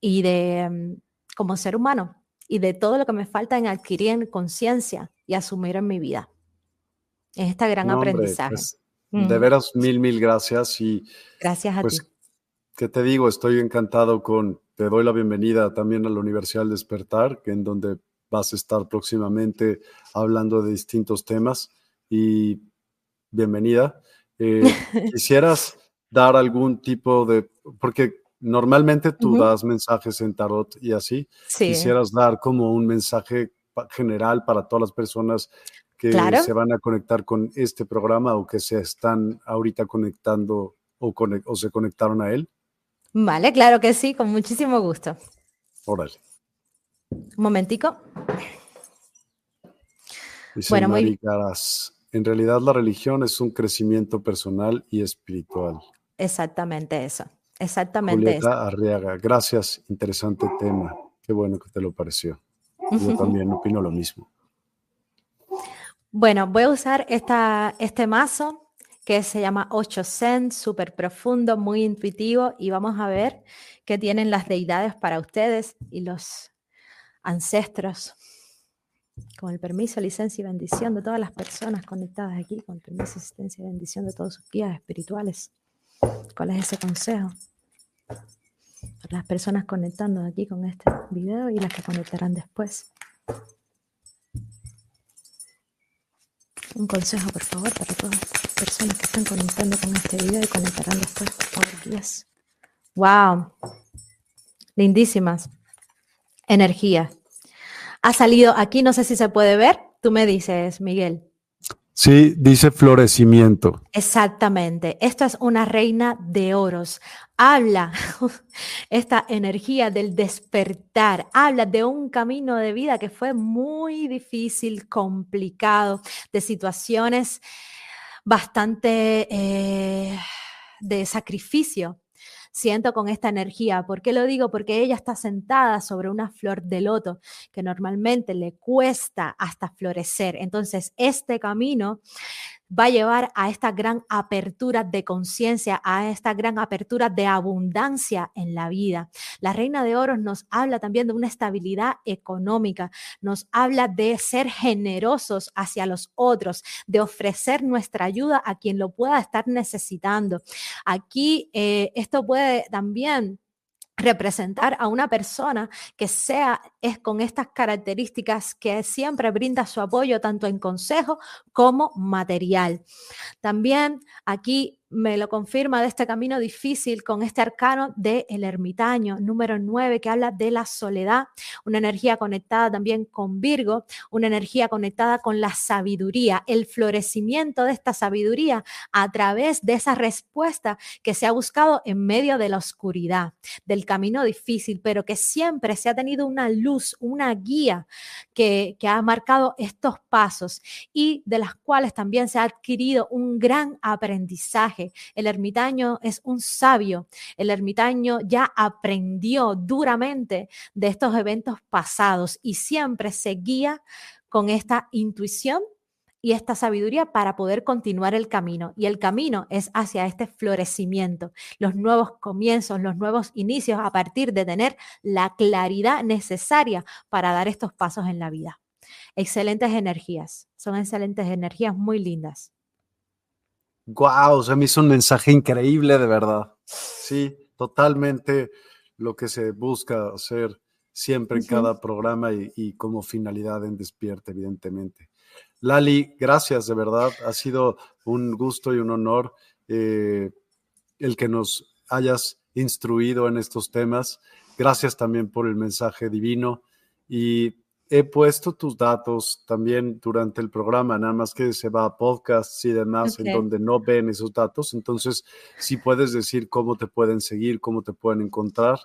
y de mm, como ser humano y de todo lo que me falta en adquirir conciencia y asumir en mi vida. Es este gran aprendizaje. Pues, de veras, mil, mil gracias y... Gracias a pues, ti. ¿Qué te digo? Estoy encantado con te doy la bienvenida también a la Universidad del Despertar, que en donde vas a estar próximamente hablando de distintos temas. Y bienvenida. Eh, ¿Quisieras dar algún tipo de, porque normalmente tú das mensajes en tarot y así, sí. quisieras dar como un mensaje general para todas las personas que se van a conectar con este programa o que se están ahorita conectando o se conectaron a él? Vale, claro que sí, con muchísimo gusto. Órale. Un momentico. Dice bueno, muy... en realidad la religión es un crecimiento personal y espiritual. Exactamente eso, exactamente Julieta eso. Arriaga, gracias, interesante tema. Qué bueno que te lo pareció. Yo también opino lo mismo. Bueno, voy a usar esta, este mazo que se llama 8 Zen, súper profundo, muy intuitivo, y vamos a ver qué tienen las deidades para ustedes y los ancestros. Con el permiso, licencia y bendición de todas las personas conectadas aquí, con el permiso, y bendición de todos sus guías espirituales. ¿Cuál es ese consejo? las personas conectando aquí con este video y las que conectarán después. un consejo, por favor, para todas las personas que están conectando con este video y conectarán después energías. ¡Wow! Lindísimas. Energía. Ha salido aquí, no sé si se puede ver. Tú me dices, Miguel. Sí, dice florecimiento. Exactamente. Esta es una reina de oros. Habla esta energía del despertar. Habla de un camino de vida que fue muy difícil, complicado, de situaciones bastante eh, de sacrificio siento con esta energía. ¿Por qué lo digo? Porque ella está sentada sobre una flor de loto que normalmente le cuesta hasta florecer. Entonces, este camino va a llevar a esta gran apertura de conciencia, a esta gran apertura de abundancia en la vida. La reina de oros nos habla también de una estabilidad económica, nos habla de ser generosos hacia los otros, de ofrecer nuestra ayuda a quien lo pueda estar necesitando. Aquí eh, esto puede también representar a una persona que sea es con estas características que siempre brinda su apoyo tanto en consejo como material. También aquí me lo confirma de este camino difícil con este arcano de El Ermitaño, número 9, que habla de la soledad, una energía conectada también con Virgo, una energía conectada con la sabiduría, el florecimiento de esta sabiduría a través de esa respuesta que se ha buscado en medio de la oscuridad, del camino difícil, pero que siempre se ha tenido una luz, una guía que ha marcado estos pasos y de las cuales también se ha adquirido un gran aprendizaje el ermitaño es un sabio. El ermitaño ya aprendió duramente de estos eventos pasados y siempre se guía con esta intuición y esta sabiduría para poder continuar el camino. Y el camino es hacia este florecimiento, los nuevos comienzos, los nuevos inicios a partir de tener la claridad necesaria para dar estos pasos en la vida. Excelentes energías, son excelentes energías muy lindas. Wow, se me hizo un mensaje increíble de verdad. Sí, totalmente lo que se busca hacer siempre en cada programa y, como finalidad en Despierta, evidentemente. Lali, gracias de verdad. Ha sido un gusto y un honor eh, el que nos hayas instruido en estos temas. Gracias también por el mensaje divino y he puesto tus datos también durante el programa, nada más que se va a podcasts y demás en donde no ven esos datos. Entonces, si puedes decir cómo te pueden seguir, cómo te pueden encontrar.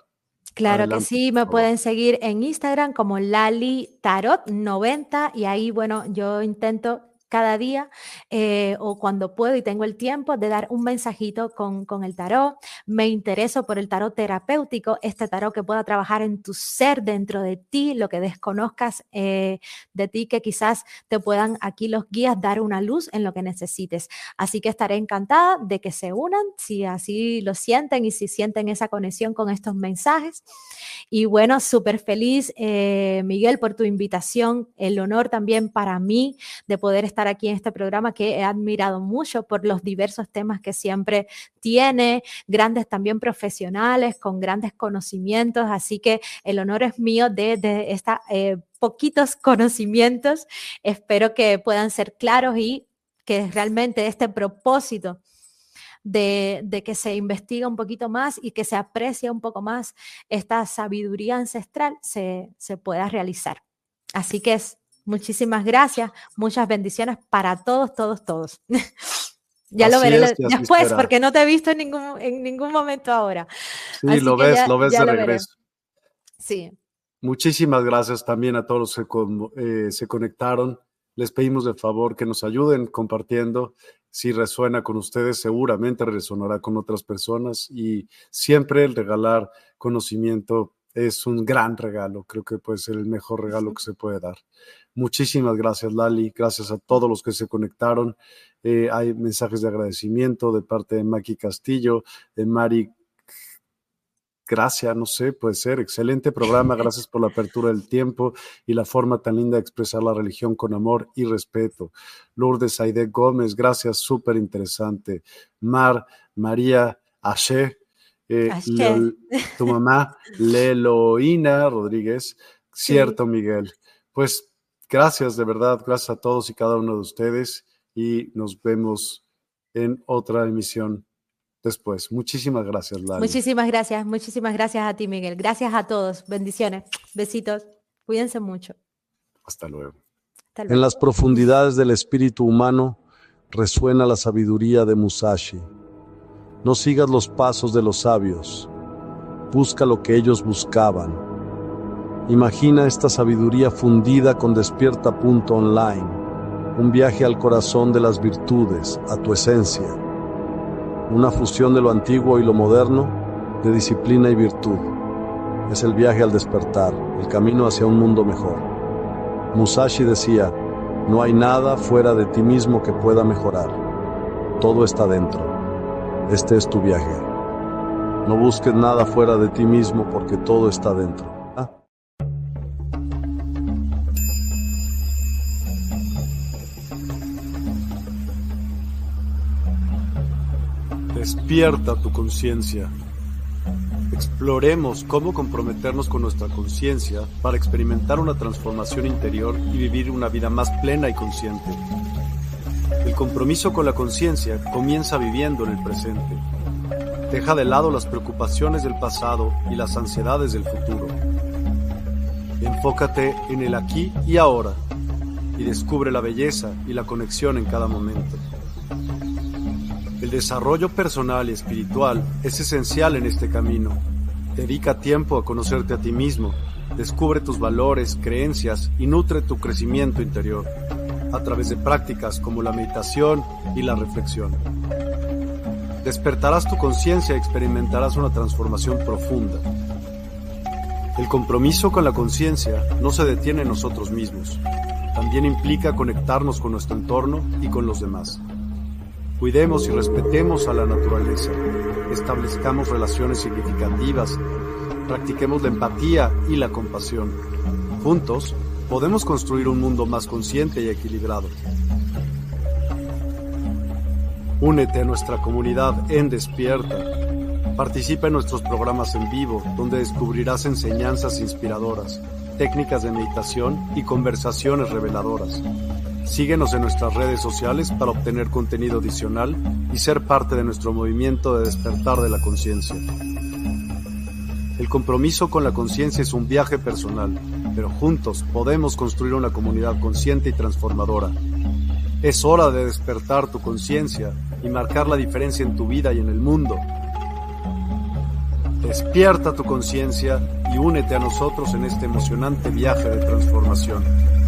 Claro que sí, me pueden seguir en Instagram como Lali Tarot 90 y ahí, bueno, yo intento cada día eh, o cuando puedo y tengo el tiempo de dar un mensajito con, con el tarot. Me intereso por el tarot terapéutico, este tarot que pueda trabajar en tu ser, dentro de ti, lo que desconozcas eh, de ti, que quizás te puedan aquí los guías dar una luz en lo que necesites. Así que estaré encantada de que se unan, si así lo sienten y si sienten esa conexión con estos mensajes. Y bueno, súper feliz, eh, Miguel, por tu invitación. El honor también para mí de poder estar aquí en este programa que he admirado mucho por los diversos temas que siempre tiene, grandes también profesionales con grandes conocimientos, así que el honor es mío de, de esta... Eh, poquitos conocimientos, espero que puedan ser claros y que realmente este propósito de, de, que se investiga un poquito más y que se aprecie un poco más esta sabiduría ancestral se, se pueda realizar. Así que es Muchísimas gracias, muchas bendiciones para todos, todos, todos. ya lo veré después, porque no te he visto en ningún, en ningún momento ahora. Sí, lo ves, lo ves de regreso. Sí. Muchísimas gracias también a todos los que eh, se conectaron. Les pedimos el favor que nos ayuden compartiendo. Si resuena con ustedes, seguramente resonará con otras personas y siempre el regalar conocimiento es un gran regalo, creo que puede ser el mejor regalo que se puede dar. Muchísimas gracias Lali, gracias a todos los que se conectaron. Eh, hay mensajes de agradecimiento de parte de Maki Castillo, de Mari Gracias, no sé, puede ser. Excelente programa. Gracias por la apertura del tiempo y la forma tan linda de expresar la religión con amor y respeto. Lourdes Aide Gómez, gracias, súper interesante. Mar, María, Ashe, eh, tu mamá, Leloína Rodríguez. Cierto, Miguel. Pues gracias de verdad, gracias a todos y cada uno de ustedes y nos vemos en otra emisión después. Muchísimas gracias, Muchísimas gracias, muchísimas gracias a ti, Miguel. Gracias a todos. Bendiciones, besitos. Cuídense mucho. Hasta luego. En las profundidades del espíritu humano resuena la sabiduría de Musashi no sigas los pasos de los sabios. Busca lo que ellos buscaban. Imagina esta sabiduría fundida con despierta.online, un viaje al corazón de las virtudes, a tu esencia. Una fusión de lo antiguo y lo moderno, de disciplina y virtud. Es el viaje al despertar, el camino hacia un mundo mejor. Musashi decía, no hay nada fuera de ti mismo que pueda mejorar. Todo está dentro. Este es tu viaje. No busques nada fuera de ti mismo porque todo está dentro. Despierta tu conciencia. Exploremos cómo comprometernos con nuestra conciencia para experimentar una transformación interior y vivir una vida más plena y consciente. El compromiso con la conciencia comienza viviendo en el presente. Deja de lado las preocupaciones del pasado y las ansiedades del futuro. Enfócate en el aquí y ahora y descubre la belleza y la conexión en cada momento. El desarrollo personal y espiritual es esencial en este camino. Dedica tiempo a conocerte a ti mismo, descubre tus valores, creencias y nutre tu crecimiento interior a través de prácticas como la meditación y la reflexión. Despertarás tu conciencia y experimentarás una transformación profunda. El compromiso con la conciencia no se detiene en nosotros mismos, también implica conectarnos con nuestro entorno y con los demás. Cuidemos y respetemos a la naturaleza, establezcamos relaciones significativas, practiquemos la empatía y la compasión. Juntos, podemos construir un mundo más consciente y equilibrado. Únete a nuestra comunidad en Despierta. Participa en nuestros programas en vivo, donde descubrirás enseñanzas inspiradoras, técnicas de meditación y conversaciones reveladoras. Síguenos en nuestras redes sociales para obtener contenido adicional y ser parte de nuestro movimiento de despertar de la conciencia. El compromiso con la conciencia es un viaje personal pero juntos podemos construir una comunidad consciente y transformadora. Es hora de despertar tu conciencia y marcar la diferencia en tu vida y en el mundo. Despierta tu conciencia y únete a nosotros en este emocionante viaje de transformación.